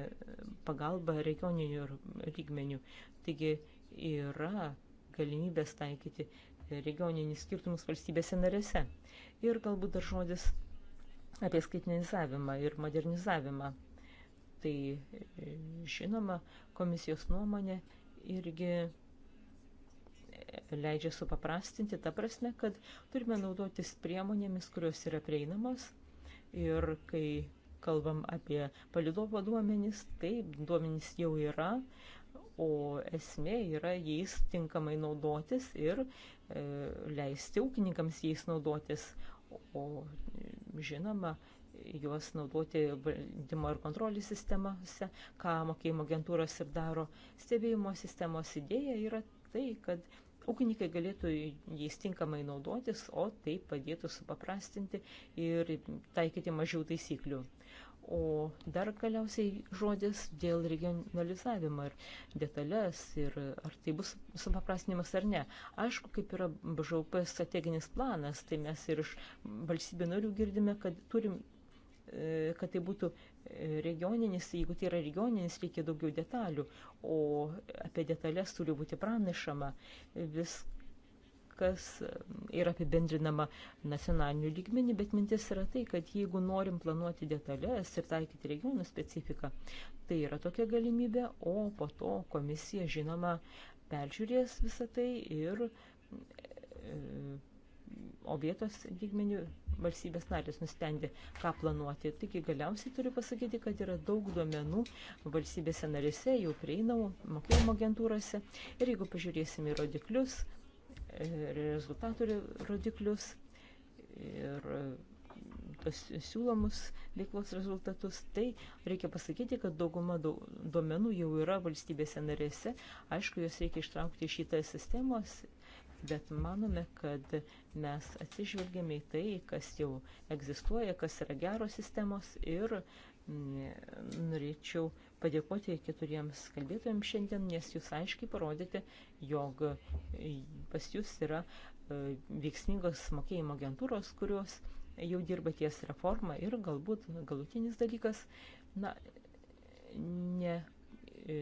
pagalba regioninių lygmenių. Taigi yra galimybės taikyti regioninius skirtumus valstybėse narėse. Ir galbūt dar žodis apie skaitmenizavimą ir modernizavimą. Tai e, žinoma, komisijos nuomonė irgi leidžia supaprastinti, ta prasme, kad turime naudotis priemonėmis, kurios yra prieinamos ir kai kalbam apie palidovo duomenys, taip, duomenys jau yra, o esmė yra jais tinkamai naudotis ir e, leisti ūkininkams jais naudotis, o žinoma, juos naudoti valdymo ir kontrolės sistemose, ką mokėjimo agentūros ir daro. Stebėjimo sistemos idėja yra tai, kad ūkininkai galėtų jais tinkamai naudotis, o tai padėtų supaprastinti ir taikyti mažiau taisyklių. O dar galiausiai žodis dėl regionalizavimo ir detalės ir ar tai bus supaprastinimas ar ne. Aišku, kaip yra BŽP strateginis planas, tai mes ir iš valstybių narių girdime, kad turim e, kad tai būtų regioninis, jeigu tai yra regioninis, reikia daugiau detalių, o apie detalės turi būti pranašama. Viskas kas e, yra apibendrinama nacionaliniu lygmenį, bet mintis yra tai, kad jeigu norim planuoti detalės ir taikyti regionų specifiką, tai yra tokia galimybė, o po to komisija, žinoma, peržiūrės visą tai ir e, o vietos lygmenių valstybės narės nusprendė, ką planuoti. Taigi galiausiai turiu pasakyti, kad yra daug duomenų valstybėse narėse, jau prieinamų mokėjimo agentūrose. Ir jeigu pažiūrėsime į rodiklius, rezultatų rodiklius ir tos siūlomus veiklos rezultatus, tai reikia pasakyti, kad dauguma duomenų jau yra valstybėse narėse. Aišku, juos reikia ištraukti iš šitą sistemos, bet manome, kad mes atsižvelgėme į tai, kas jau egzistuoja, kas yra geros sistemos ir mm, norėčiau mm, padėkoti keturiems kalbėtojams šiandien, nes jūs aiškiai parodėte, jog pas jūs yra e, veiksmingos mokėjimo agentūros, kurios jau dirba ties reforma ir galbūt galutinis dalykas, na, ne. E,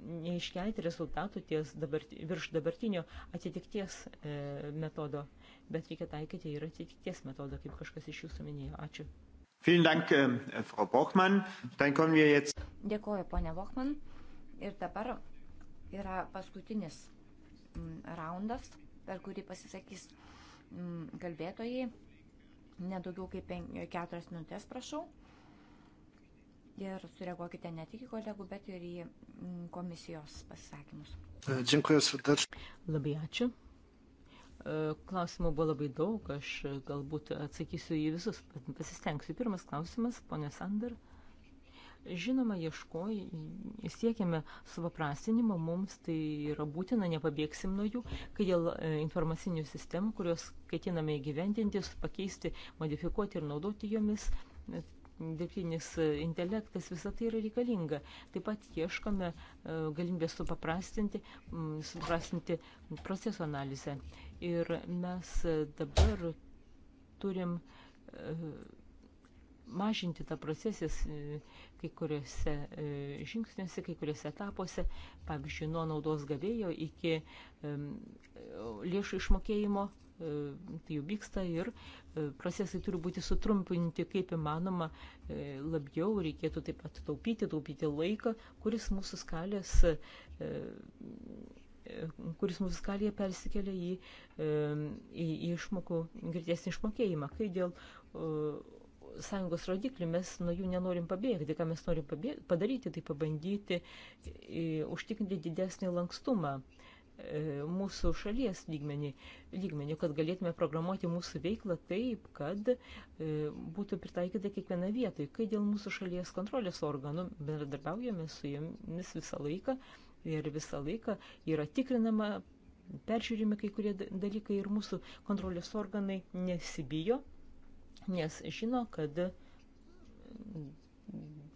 neiškelti rezultatų ties dabart, virš dabartinio atitikties e, metodo, bet reikia taikyti ir atitikties metodą, kaip kažkas iš jūsų minėjo. Ačiū. Dėkuoju, ponė Vochman. Ir dabar yra paskutinis mm, raundas, per kurį pasisakys mm, kalbėtojai. Nedaugiau kaip 4 minutės, prašau. Ir sureaguokite ne tik į kolegų, bet ir į mm, komisijos pasisakymus. Dėkuoju, Labai ačiū. E, klausimų buvo labai daug, aš galbūt atsakysiu į visus, pasistengsiu. Pirmas klausimas, ponė Sander. Žinoma, ieškoj, siekiame supaprastinimo, mums tai yra būtina, nepabėgsim nuo jų, kai dėl e, informacinių sistemų, kurios ketiname įgyvendinti, pakeisti, modifikuoti ir naudoti jomis, e, dirbtinis intelektas, visa tai yra reikalinga. Taip pat ieškome galimybės supaprastinti, supaprastinti proceso analizę. Ir mes dabar turim e, mažinti tą procesės e, kai kuriuose e, žingsniuose, kai kuriuose etapuose, pavyzdžiui, nuo naudos gavėjo iki lėšų išmokėjimo, tai jau vyksta ir procesai turi būti sutrumpinti kaip įmanoma labiau, reikėtų taip pat taupyti, taupyti laiką, kuris mūsų skalės kuris muzikalėje persikelia į, į, į išmokų, girdėsnį išmokėjimą. Kai dėl sąjungos rodiklių mes nuo jų nenorim pabėgti, ką mes norim pabėgti, padaryti, tai pabandyti užtikrinti didesnį lankstumą e, mūsų šalies lygmenį, lygmenį, kad galėtume programuoti mūsų veiklą taip, kad e, būtų pritaikyta kiekviena vietoj. Kai dėl mūsų šalies kontrolės organų bendradarbiaujame su jomis visą laiką, ir visą laiką yra tikrinama, peržiūrimi kai kurie dalykai ir mūsų kontrolės organai nesibijo, nes žino, kad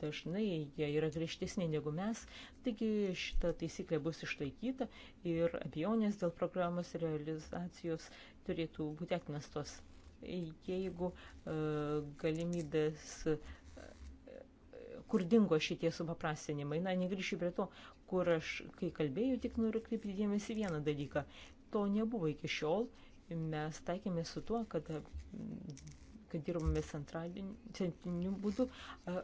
dažnai jie yra griežtesni negu mes, taigi šita taisyklė bus išlaikyta ir abejonės dėl programos realizacijos turėtų būti atmestos. Jeigu uh, galimybės uh, e, kur dingo šitie supaprastinimai. Na, negrįšiu prie to, kur aš, kai kalbėjau, tik noriu kreipti dėmesį vieną dalyką. To nebuvo iki šiol, mes taikėme su tuo, kad kad dirbame centriniu būdu,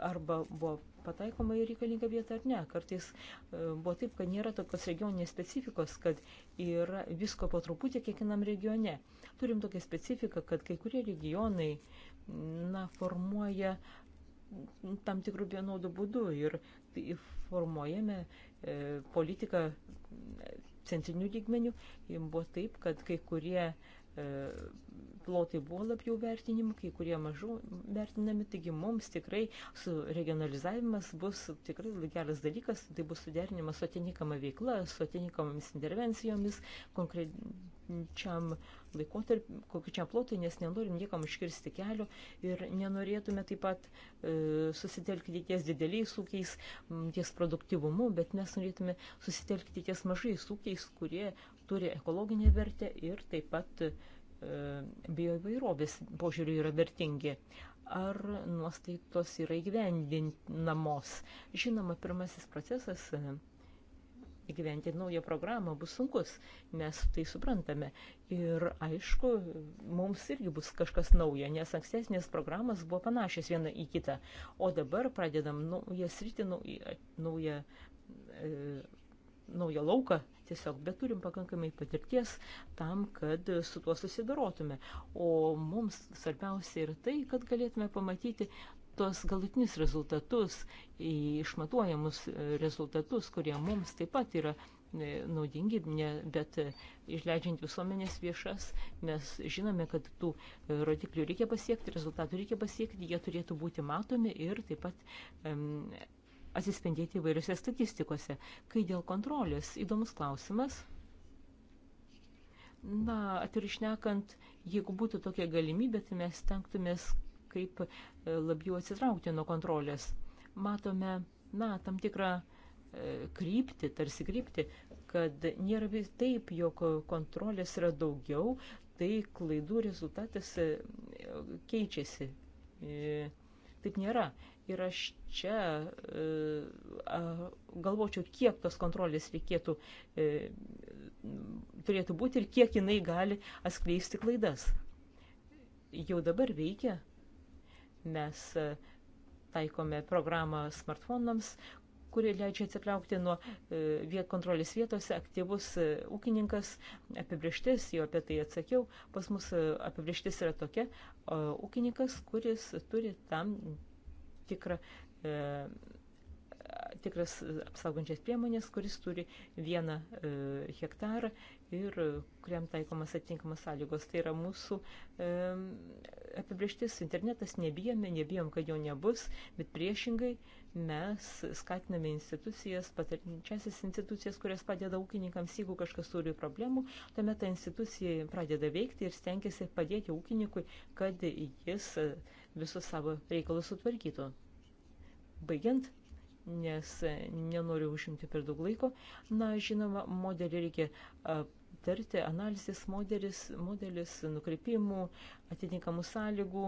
arba buvo pataikoma į reikalingą vietą ar ne. Kartais buvo taip, kad nėra tokios regioninės specifikos, kad yra visko po truputį kiekvienam regione. Turim tokią specifiką, kad kai kurie regionai na, formuoja tam tikrų vienodų būdų ir tai formuojame E, politiką centrinių lygmenių. Buvo taip, kad kai kurie e, plotai buvo labiau vertinimi, kai kurie mažiau vertinami, taigi mums tikrai su regionalizavimas bus tikrai geras dalykas, tai bus suderinimas su atininkama veikla, su atininkamomis intervencijomis, konkrečiai konkrečiam laikotarpiu, konkrečiam plotui, nes nenorim niekam iškirsti kelio ir nenorėtume taip pat e, susitelkti ties dideliais ūkiais, ties produktivumu, bet mes norėtume susitelkti ties mažais ūkiais, kurie turi ekologinę vertę ir taip pat e, bioįvairovės požiūriu yra vertingi ar nuostaitos yra įgyvendinamos. Žinoma, pirmasis procesas e, įgyventi naują programą bus sunkus, mes tai suprantame. Ir aišku, mums irgi bus kažkas naujo, nes ankstesnės programos buvo panašios viena į kitą. O dabar pradedam naują sritį, naują, naują, e, naują lauką tiesiog, bet turim pakankamai patirties tam, kad su tuo susidarotume. O mums svarbiausia yra tai, kad galėtume pamatyti tuos galutinius rezultatus, išmatuojamus e, rezultatus, kurie mums taip pat yra e, naudingi, ne, bet e, išleidžiant visuomenės viešas, mes žinome, kad tų rodiklių reikia pasiekti, rezultatų reikia pasiekti, jie turėtų būti matomi ir taip pat um, atsispindėti įvairiose statistikose. Kai dėl kontrolės, įdomus klausimas. Na, atviršnekant, jeigu būtų tokia galimybė, tai mes tenktumės kaip e, labiau atsitraukti nuo kontrolės. Matome, na, tam tikrą e, krypti, tarsi krypti, kad nėra vis taip, jog kontrolės yra daugiau, tai klaidų rezultatas e, keičiasi. Taip nėra. Ir aš čia galvočiau, kiek tos kontrolės reikėtų, turėtų būti ir kiek jinai gali atskleisti klaidas. Jau dabar veikia Mes e, taikome programą smartfonams, kuri leidžia atsitraukti nuo e, viet, kontrolės vietose aktyvus e, ūkininkas, apibrieštis, jau apie tai atsakiau, pas mus apibrieštis yra tokia, ūkininkas, kuris turi tam tikrą tikras e, apsaugančias priemonės, kuris turi vieną e, hektarą ir e, kuriam taikomas atitinkamas sąlygos. Tai yra mūsų e, apibrieštis internetas, nebijome, nebijom, kad jo nebus, bet priešingai mes skatiname institucijas, patarinčiasis institucijas, kurias padeda ūkininkams, jeigu kažkas turi problemų, tuomet ta institucija pradeda veikti ir stengiasi padėti ūkininkui, kad jis e, visus savo reikalus sutvarkytų. Baigiant, nes e, nenoriu užimti per daug laiko. Na, žinoma, modelį reikia aptarti, analizės modelis, modelis nukreipimų, atitinkamų sąlygų.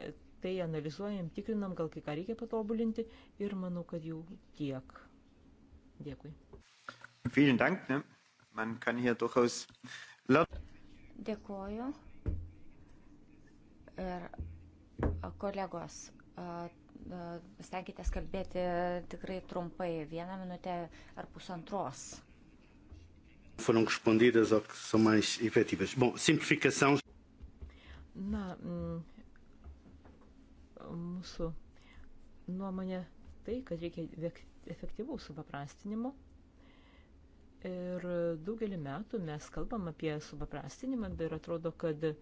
E, tai analizuojam, tikrinam, gal kai ką reikia patobulinti ir manau, kad jau tiek. Dėkui. Vielen Dank. Ne? Man kann hier durchaus. Dėkuoju. Ir kolegos, Stenkitės kalbėti tikrai trumpai, vieną minutę ar pusantros. Foram respondidas ou que são mais efetivas. Bom, simplificação. Na, mm, mūsų nuomonė tai, kad reikia efektyvaus supaprastinimo. Ir daugelį metų mes kalbam apie supaprastinimą, bet atrodo, kad uh,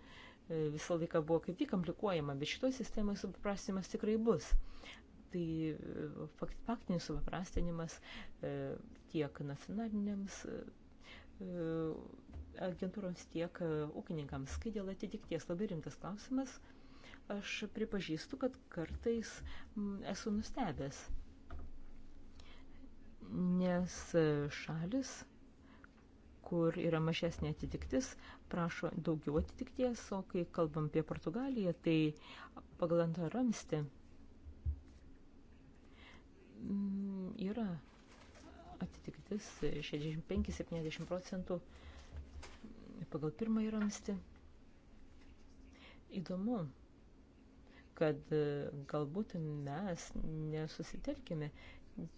visą laiką buvo kaip tik komplikuojama, bet šitoj sistemoje supaprastinimas tikrai bus. Tai faktinis supaprastinimas e, tiek nacionalinėms e, e, agentūroms, tiek ūkininkams. Kai dėl atitikties labai rimtas klausimas, aš pripažįstu, kad kartais esu nustebęs, nes šalis kur yra mažesnė atitiktis, prašo daugiau atitikties, o kai kalbam apie Portugaliją, tai pagal antrą ramstį mm, yra atitiktis 65-70 procentų pagal pirmąjį ramstį. Įdomu, kad e, galbūt mes nesusitelkime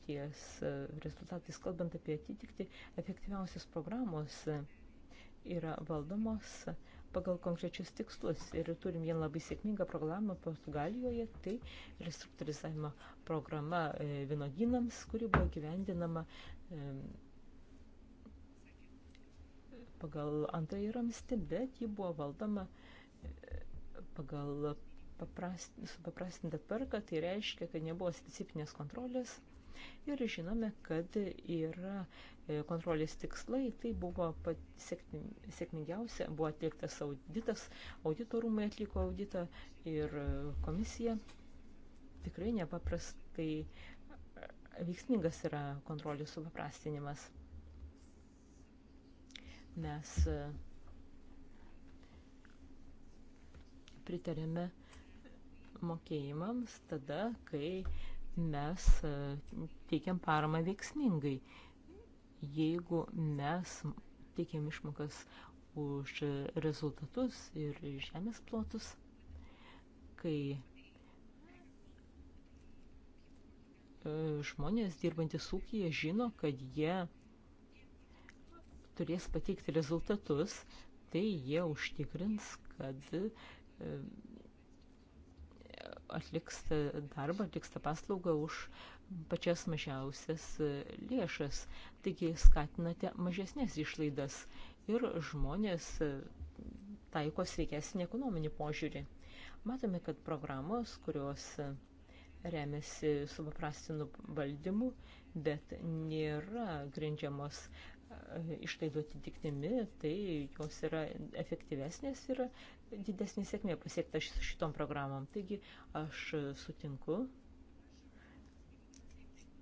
ties e, rezultatais, kalbant apie atitikti, efektyviausios programos e, yra valdomos pagal konkrečius tikslus. Ir turim vieną labai sėkmingą programą Portugalijoje, tai restruktūrizavimo programa e, vienodinams, kuri buvo gyvendinama pagal antrąjį ramstį, bet ji buvo valdoma pagal supaprast, supaprastinta tvarka, tai reiškia, kad nebuvo specifinės kontrolės Ir žinome, kad yra e, kontrolės tikslai, tai buvo sėkmingiausia, buvo atliktas auditas, auditorumai atliko auditą ir e, komisija tikrai nepaprastai e, veiksmingas yra kontrolės supaprastinimas. Mes pritarėme mokėjimams tada, kai mes e, teikiam paramą veiksmingai. Jeigu mes teikiam išmokas už rezultatus ir žemės plotus, kai e, žmonės dirbantys ūkyje žino, kad jie turės pateikti rezultatus, tai jie užtikrins, kad e, atliks darbą, atliks tą paslaugą už pačias mažiausias lėšas. Taigi skatinate mažesnės išlaidas ir žmonės taiko sveikesnį ekonominį požiūrį. Matome, kad programos, kurios remiasi supaprastinu valdymu, bet nėra grindžiamos e, išlaidų atitiktimi, tai jos yra efektyvesnės ir didesnė sėkmė pasiekta šitom programom. Taigi aš sutinku,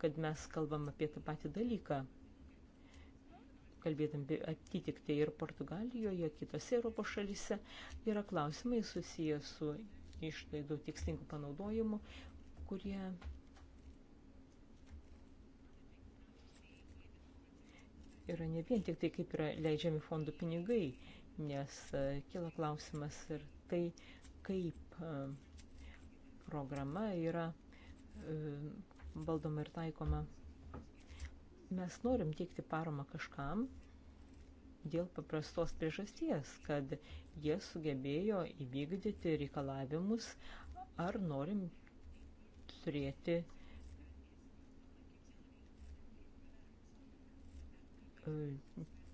kad mes kalbam apie tą patį dalyką. Kalbėtum apie atitikti ir Portugalijoje, kitose Europos šalyse yra klausimai susiję su išlaidų tikslingų panaudojimų, kurie yra ne vien tik tai, kaip yra leidžiami fondų pinigai, nes e, kila klausimas ir tai, kaip e, programa yra e, valdoma ir taikoma. Mes norim teikti paramą kažkam dėl paprastos priežasties, kad jie sugebėjo įvykdyti reikalavimus ar norim turėti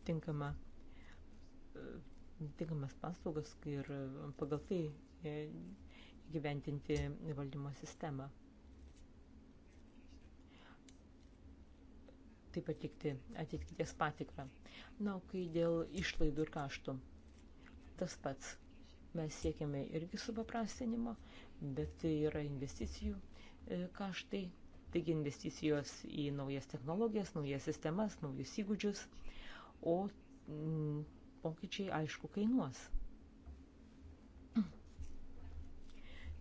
tinkamą tinkamas paslaugas ir pagal tai e, gyventinti valdymo sistemą. Taip patikti atitikties patikrą. Na, o kai dėl išlaidų ir kaštų, tas pats. Mes siekiame irgi supaprastinimo, bet tai yra investicijų e, kaštai, taigi investicijos į naujas technologijas, naujas sistemas, naujus įgūdžius, o mm, pokyčiai aišku kainuos.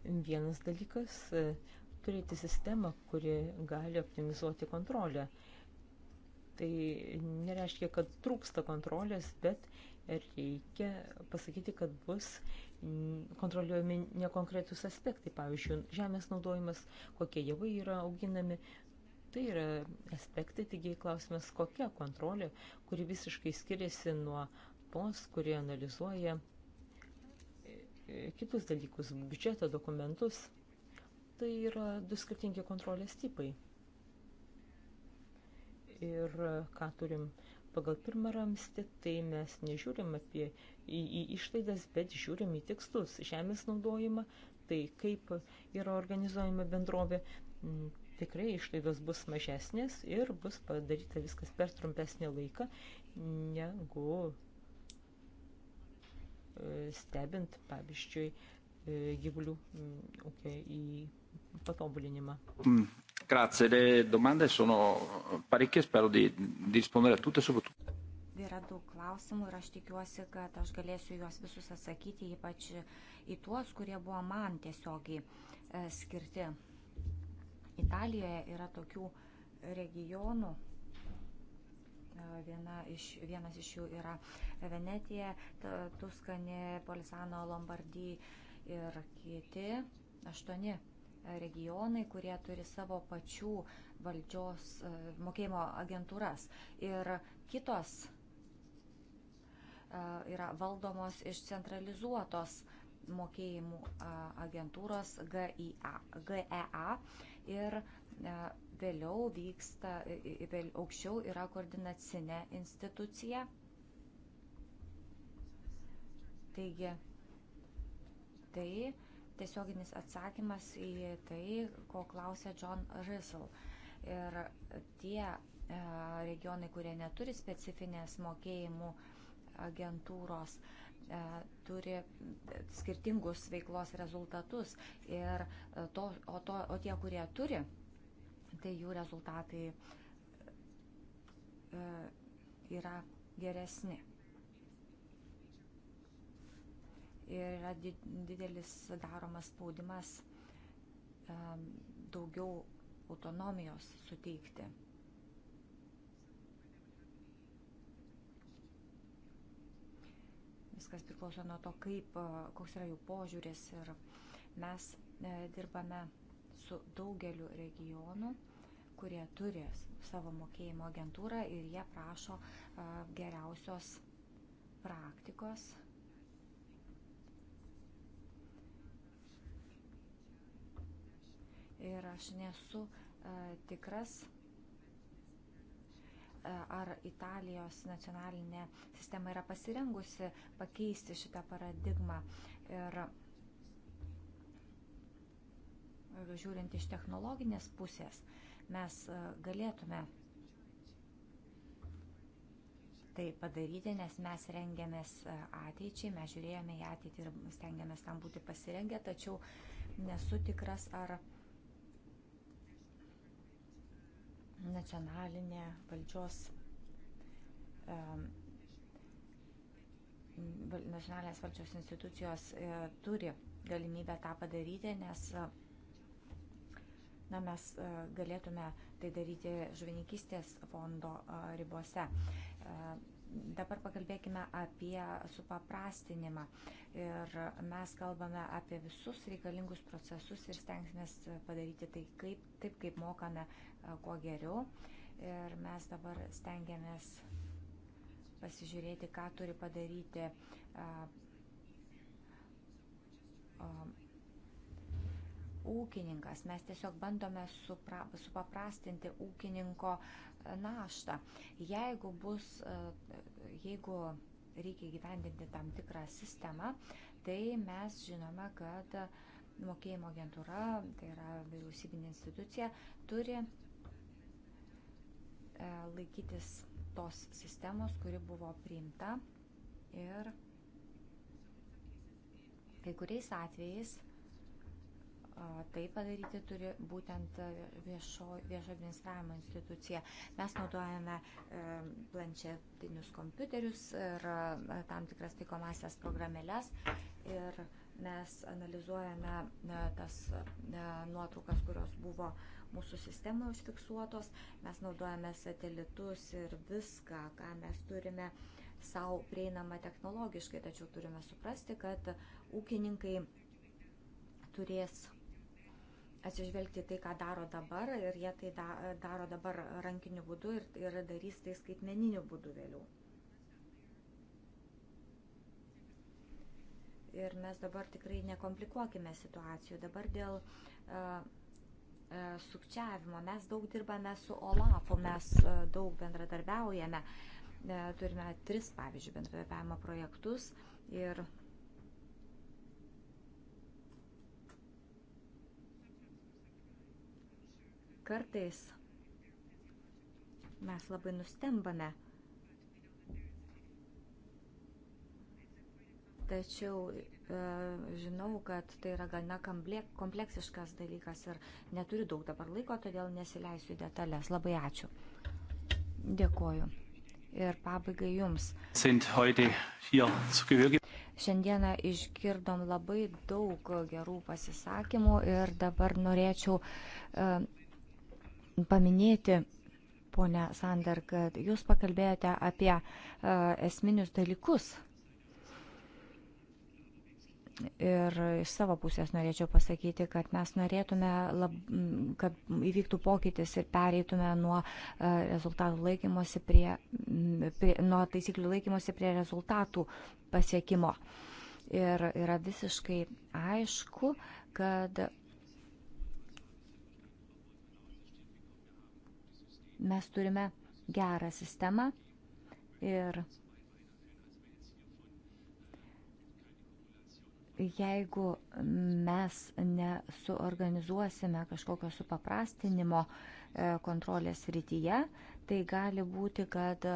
Vienas dalykas e, - turėti sistemą, kuri gali optimizuoti kontrolę. Tai nereiškia, kad trūksta kontrolės, bet reikia pasakyti, kad bus kontroliuojami nekonkretus aspektai, pavyzdžiui, žemės naudojimas, kokie javai yra auginami. Tai yra aspektai, taigi klausimas, kokia kontrolė, kuri visiškai skiriasi nuo grupos, kurie analizuoja e, e, kitus dalykus, biudžeto dokumentus. Tai yra du skirtingi kontrolės tipai. Ir ką turim pagal pirmą ramstį, tai mes nežiūrim apie į, į išlaidas, bet žiūrim į tikslus, žemės naudojimą, tai kaip yra organizuojama bendrovė, mm, tikrai išlaidos bus mažesnės ir bus padaryta viskas per trumpesnį laiką negu E, stebint, pavyzdžiui, e, gyvulių mm, ūkio į patobulinimą. Mm, grazie, le domande sono parecchie, spero di, di rispondere a tutte, soprattutto. Yra daug klausimų ir aš tikiuosi, kad aš galėsiu juos visus atsakyti, ypač į tuos, kurie buvo man tiesiogiai e, skirti. Italijoje yra tokių regionų, Viena iš, vienas iš jų yra Venetija, Tuskani, Polisano, Lombardy ir kiti aštuoni regionai, kurie turi savo pačių valdžios e, mokėjimo agentūras. Ir kitos e, yra valdomos iš centralizuotos mokėjimų agentūros GIA, GEA ir e, vėliau vyksta, vėl, aukščiau yra koordinacinė institucija. Taigi, tai tiesioginis atsakymas į tai, ko klausė John Russell. Ir tie e, regionai, kurie neturi specifinės mokėjimų agentūros, e, turi skirtingus veiklos rezultatus, ir e, to, o, to, o tie, kurie turi tai jų rezultatai e, yra geresni. Ir yra didelis daromas spaudimas e, daugiau autonomijos suteikti. Viskas priklauso nuo to, kaip, e, koks yra jų požiūris ir mes dirbame su daugeliu regionų kurie turi savo mokėjimo agentūrą ir jie prašo geriausios praktikos. Ir aš nesu tikras, ar Italijos nacionalinė sistema yra pasirengusi pakeisti šitą paradigmą. Ir žiūrint iš technologinės pusės, mes e, galėtume tai padaryti, nes mes rengiamės e, ateičiai, mes žiūrėjome į ateitį ir stengiamės tam būti pasirengę, tačiau nesu tikras, ar nacionalinė valdžios e, nacionalinės valdžios institucijos turi galimybę tą padaryti, nes na, mes e, galėtume tai daryti žuvininkystės fondo e, ribose. E, dabar pakalbėkime apie supaprastinimą. Ir mes kalbame apie visus reikalingus procesus ir stengsimės padaryti tai kaip, taip, kaip mokame, kuo geriau. Ir mes dabar stengiamės pasižiūrėti, ką turi padaryti ūkininkas. Mes tiesiog bandome supra, supaprastinti ūkininko e, naštą. Jeigu bus, e, jeigu reikia gyvendinti tam tikrą sistemą, tai mes žinome, kad mokėjimo agentūra, tai yra vyriausybinė institucija, turi e, laikytis tos sistemos, kuri buvo priimta ir kai kuriais atvejais tai padaryti turi būtent e, viešo, viešo administravimo institucija. Mes naudojame e, planšetinius kompiuterius ir e, tam tikras taikomasias programėlės ir mes analizuojame tas nuotraukas, kurios buvo mūsų sistemoje užfiksuotos, mes naudojame satelitus ir viską, ką mes turime savo prieinama technologiškai, tačiau turime suprasti, kad ūkininkai turės atsižvelgti tai, ką daro dabar ir jie tai da, daro dabar rankiniu būdu ir, ir darys tai skaitmeniniu būdu vėliau. Ir mes dabar tikrai nekomplikuokime situacijų. Dabar dėl uh, sukčiavimo. Mes daug dirbame su OLAFu, mes e, daug bendradarbiaujame. Turime tris, pavyzdžiui, bendradarbiavimo projektus ir Kartais mes labai nustembame. Tačiau e, žinau, kad tai yra gana kompleksiškas dalykas ir neturiu daug dabar laiko, todėl nesileisiu į detalės. Labai ačiū. Dėkoju. Ir pabaigai jums. Šiandieną išgirdom labai daug gerų pasisakymų ir dabar norėčiau uh, paminėti, ponia Sander, kad jūs pakalbėjote apie e, esminius dalykus. Ir iš savo pusės norėčiau pasakyti, kad mes norėtume, lab, kad įvyktų pokytis ir pereitume nuo e, rezultatų laikymosi prie, prie, nuo taisyklių laikymosi prie rezultatų pasiekimo. Ir yra visiškai aišku, kad Mes turime gerą sistemą ir jeigu mes nesuorganizuosime kažkokio supaprastinimo e, kontrolės rytyje, tai gali būti, kad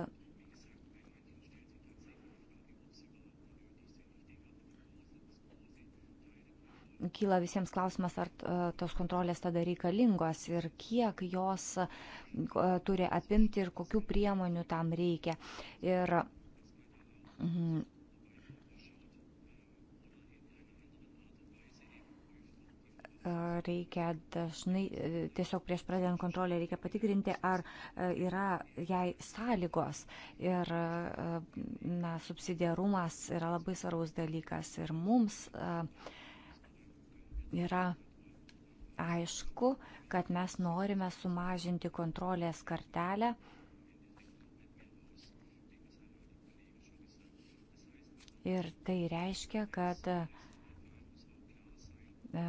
kyla visiems klausimas, ar e, tos kontrolės tada reikalingos ir kiek jos e, turi apimti ir kokių priemonių tam reikia. Ir, mhm. e, reikia dažnai, tiesiog prieš pradedant kontrolę reikia patikrinti, ar yra jai sąlygos. Ir na, subsidiarumas yra labai svarbus dalykas ir mums. Uh, yra aišku, kad mes norime sumažinti kontrolės kartelę. Ir tai reiškia, kad e,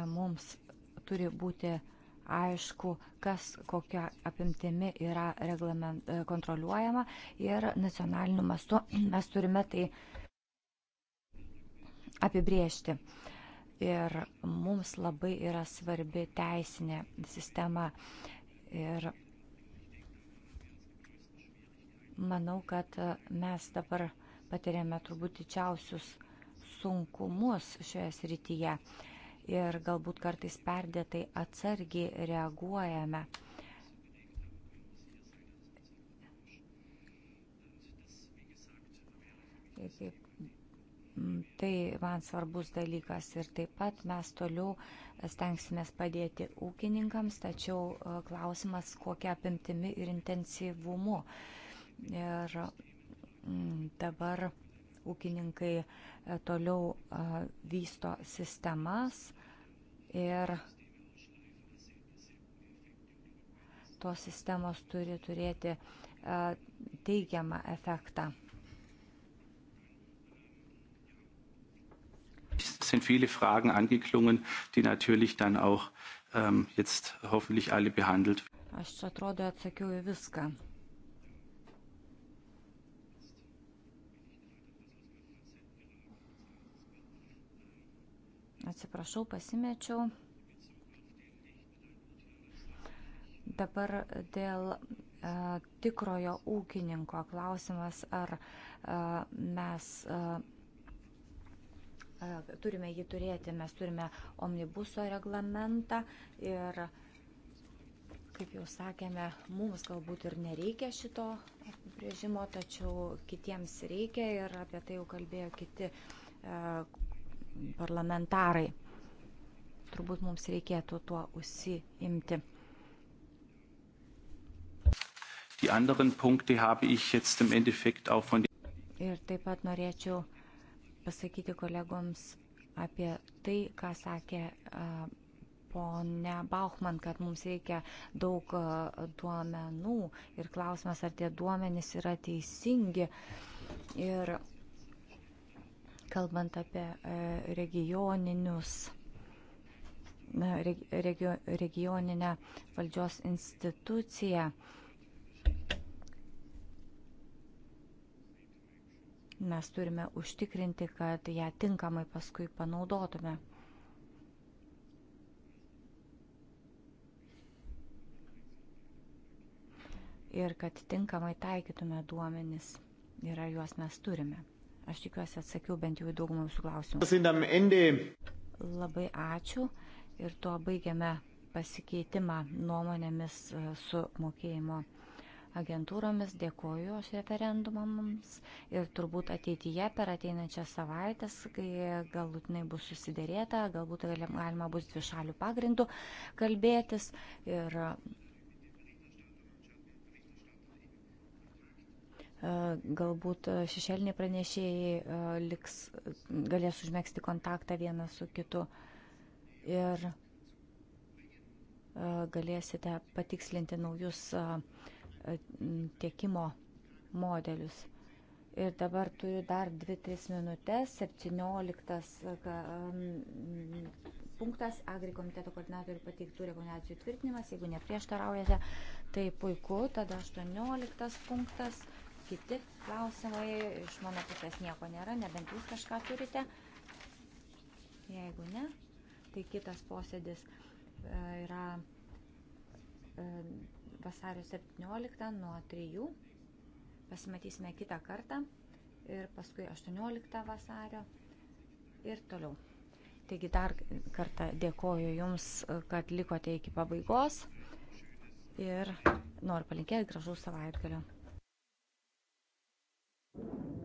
mums turi būti aišku, kas kokia apimtimi yra e, kontroliuojama ir nacionaliniu mastu (clears throat) mes turime tai apibriežti. Ir mums labai yra svarbi teisinė sistema. Ir manau, kad mes dabar patiriame turbūt didžiausius sunkumus šioje srityje ir galbūt kartais perdėtai atsargiai reaguojame. Kaip Tai man svarbus dalykas ir taip pat mes toliau stengsimės padėti ūkininkams, tačiau e, klausimas, kokia apimtimi ir intensyvumu. Ir mm, dabar ūkininkai e, toliau e, vysto sistemas ir tos sistemos turi turėti teigiamą efektą. sind viele Fragen angeklungen, die natürlich dann auch ähm, jetzt hoffentlich alle behandelt. Aš čia atrodo atsakiau į viską. Atsiprašau, pasimečiau. Dabar dėl e, tikrojo ūkininko klausimas, ar e, mes. E, turime jį turėti, mes turime omnibuso reglamentą ir, kaip jau sakėme, mums galbūt ir nereikia šito apibrėžimo, tačiau kitiems reikia ir apie tai jau kalbėjo kiti e, parlamentarai. Turbūt mums reikėtų tuo užsiimti. Die anderen Punkte habe ich jetzt im Endeffekt auch von. Ir taip pat norėčiau uh, pasakyti kolegoms apie tai, ką sakė ponia Bauchman, kad mums reikia daug duomenų ir klausimas, ar tie duomenys yra teisingi. Ir kalbant apie e, regioninius e, regio, regioninę valdžios instituciją, uh, Mes turime užtikrinti, kad ją tinkamai paskui panaudotume. Ir kad tinkamai taikytume duomenis ir ar juos mes turime. Aš tikiuosi atsakiau bent jau į daugumą jūsų klausimų. Labai ačiū ir tuo baigiame pasikeitimą nuomonėmis e, su mokėjimo agentūromis, dėkoju aš referendumams ir turbūt ateityje per ateinančias savaitės, kai galutinai bus susidėrėta, galbūt galima bus dvi šalių pagrindų kalbėtis. Ir, e, Galbūt šešėliniai pranešėjai e, liks, galės užmėgsti kontaktą vienas su kitu ir e, galėsite patikslinti naujus uh, E, tiekimo modelius. Ir dabar turiu dar 2-3 minutės, 17 e, punktas Agri komiteto koordinatorių pateiktų rekomendacijų tvirtinimas, jeigu neprieštaraujate, tai puiku, tada 18 punktas, kiti klausimai, iš mano pusės nieko nėra, nebent jūs kažką turite. Jeigu ne, tai kitas posėdis e, yra vasario 17 nuo 3. Pasimatysime kitą kartą ir paskui 18 vasario ir toliau. Taigi dar kartą dėkoju Jums, kad likote iki pabaigos ir noriu palinkėti gražų savaitgalių. Thank you.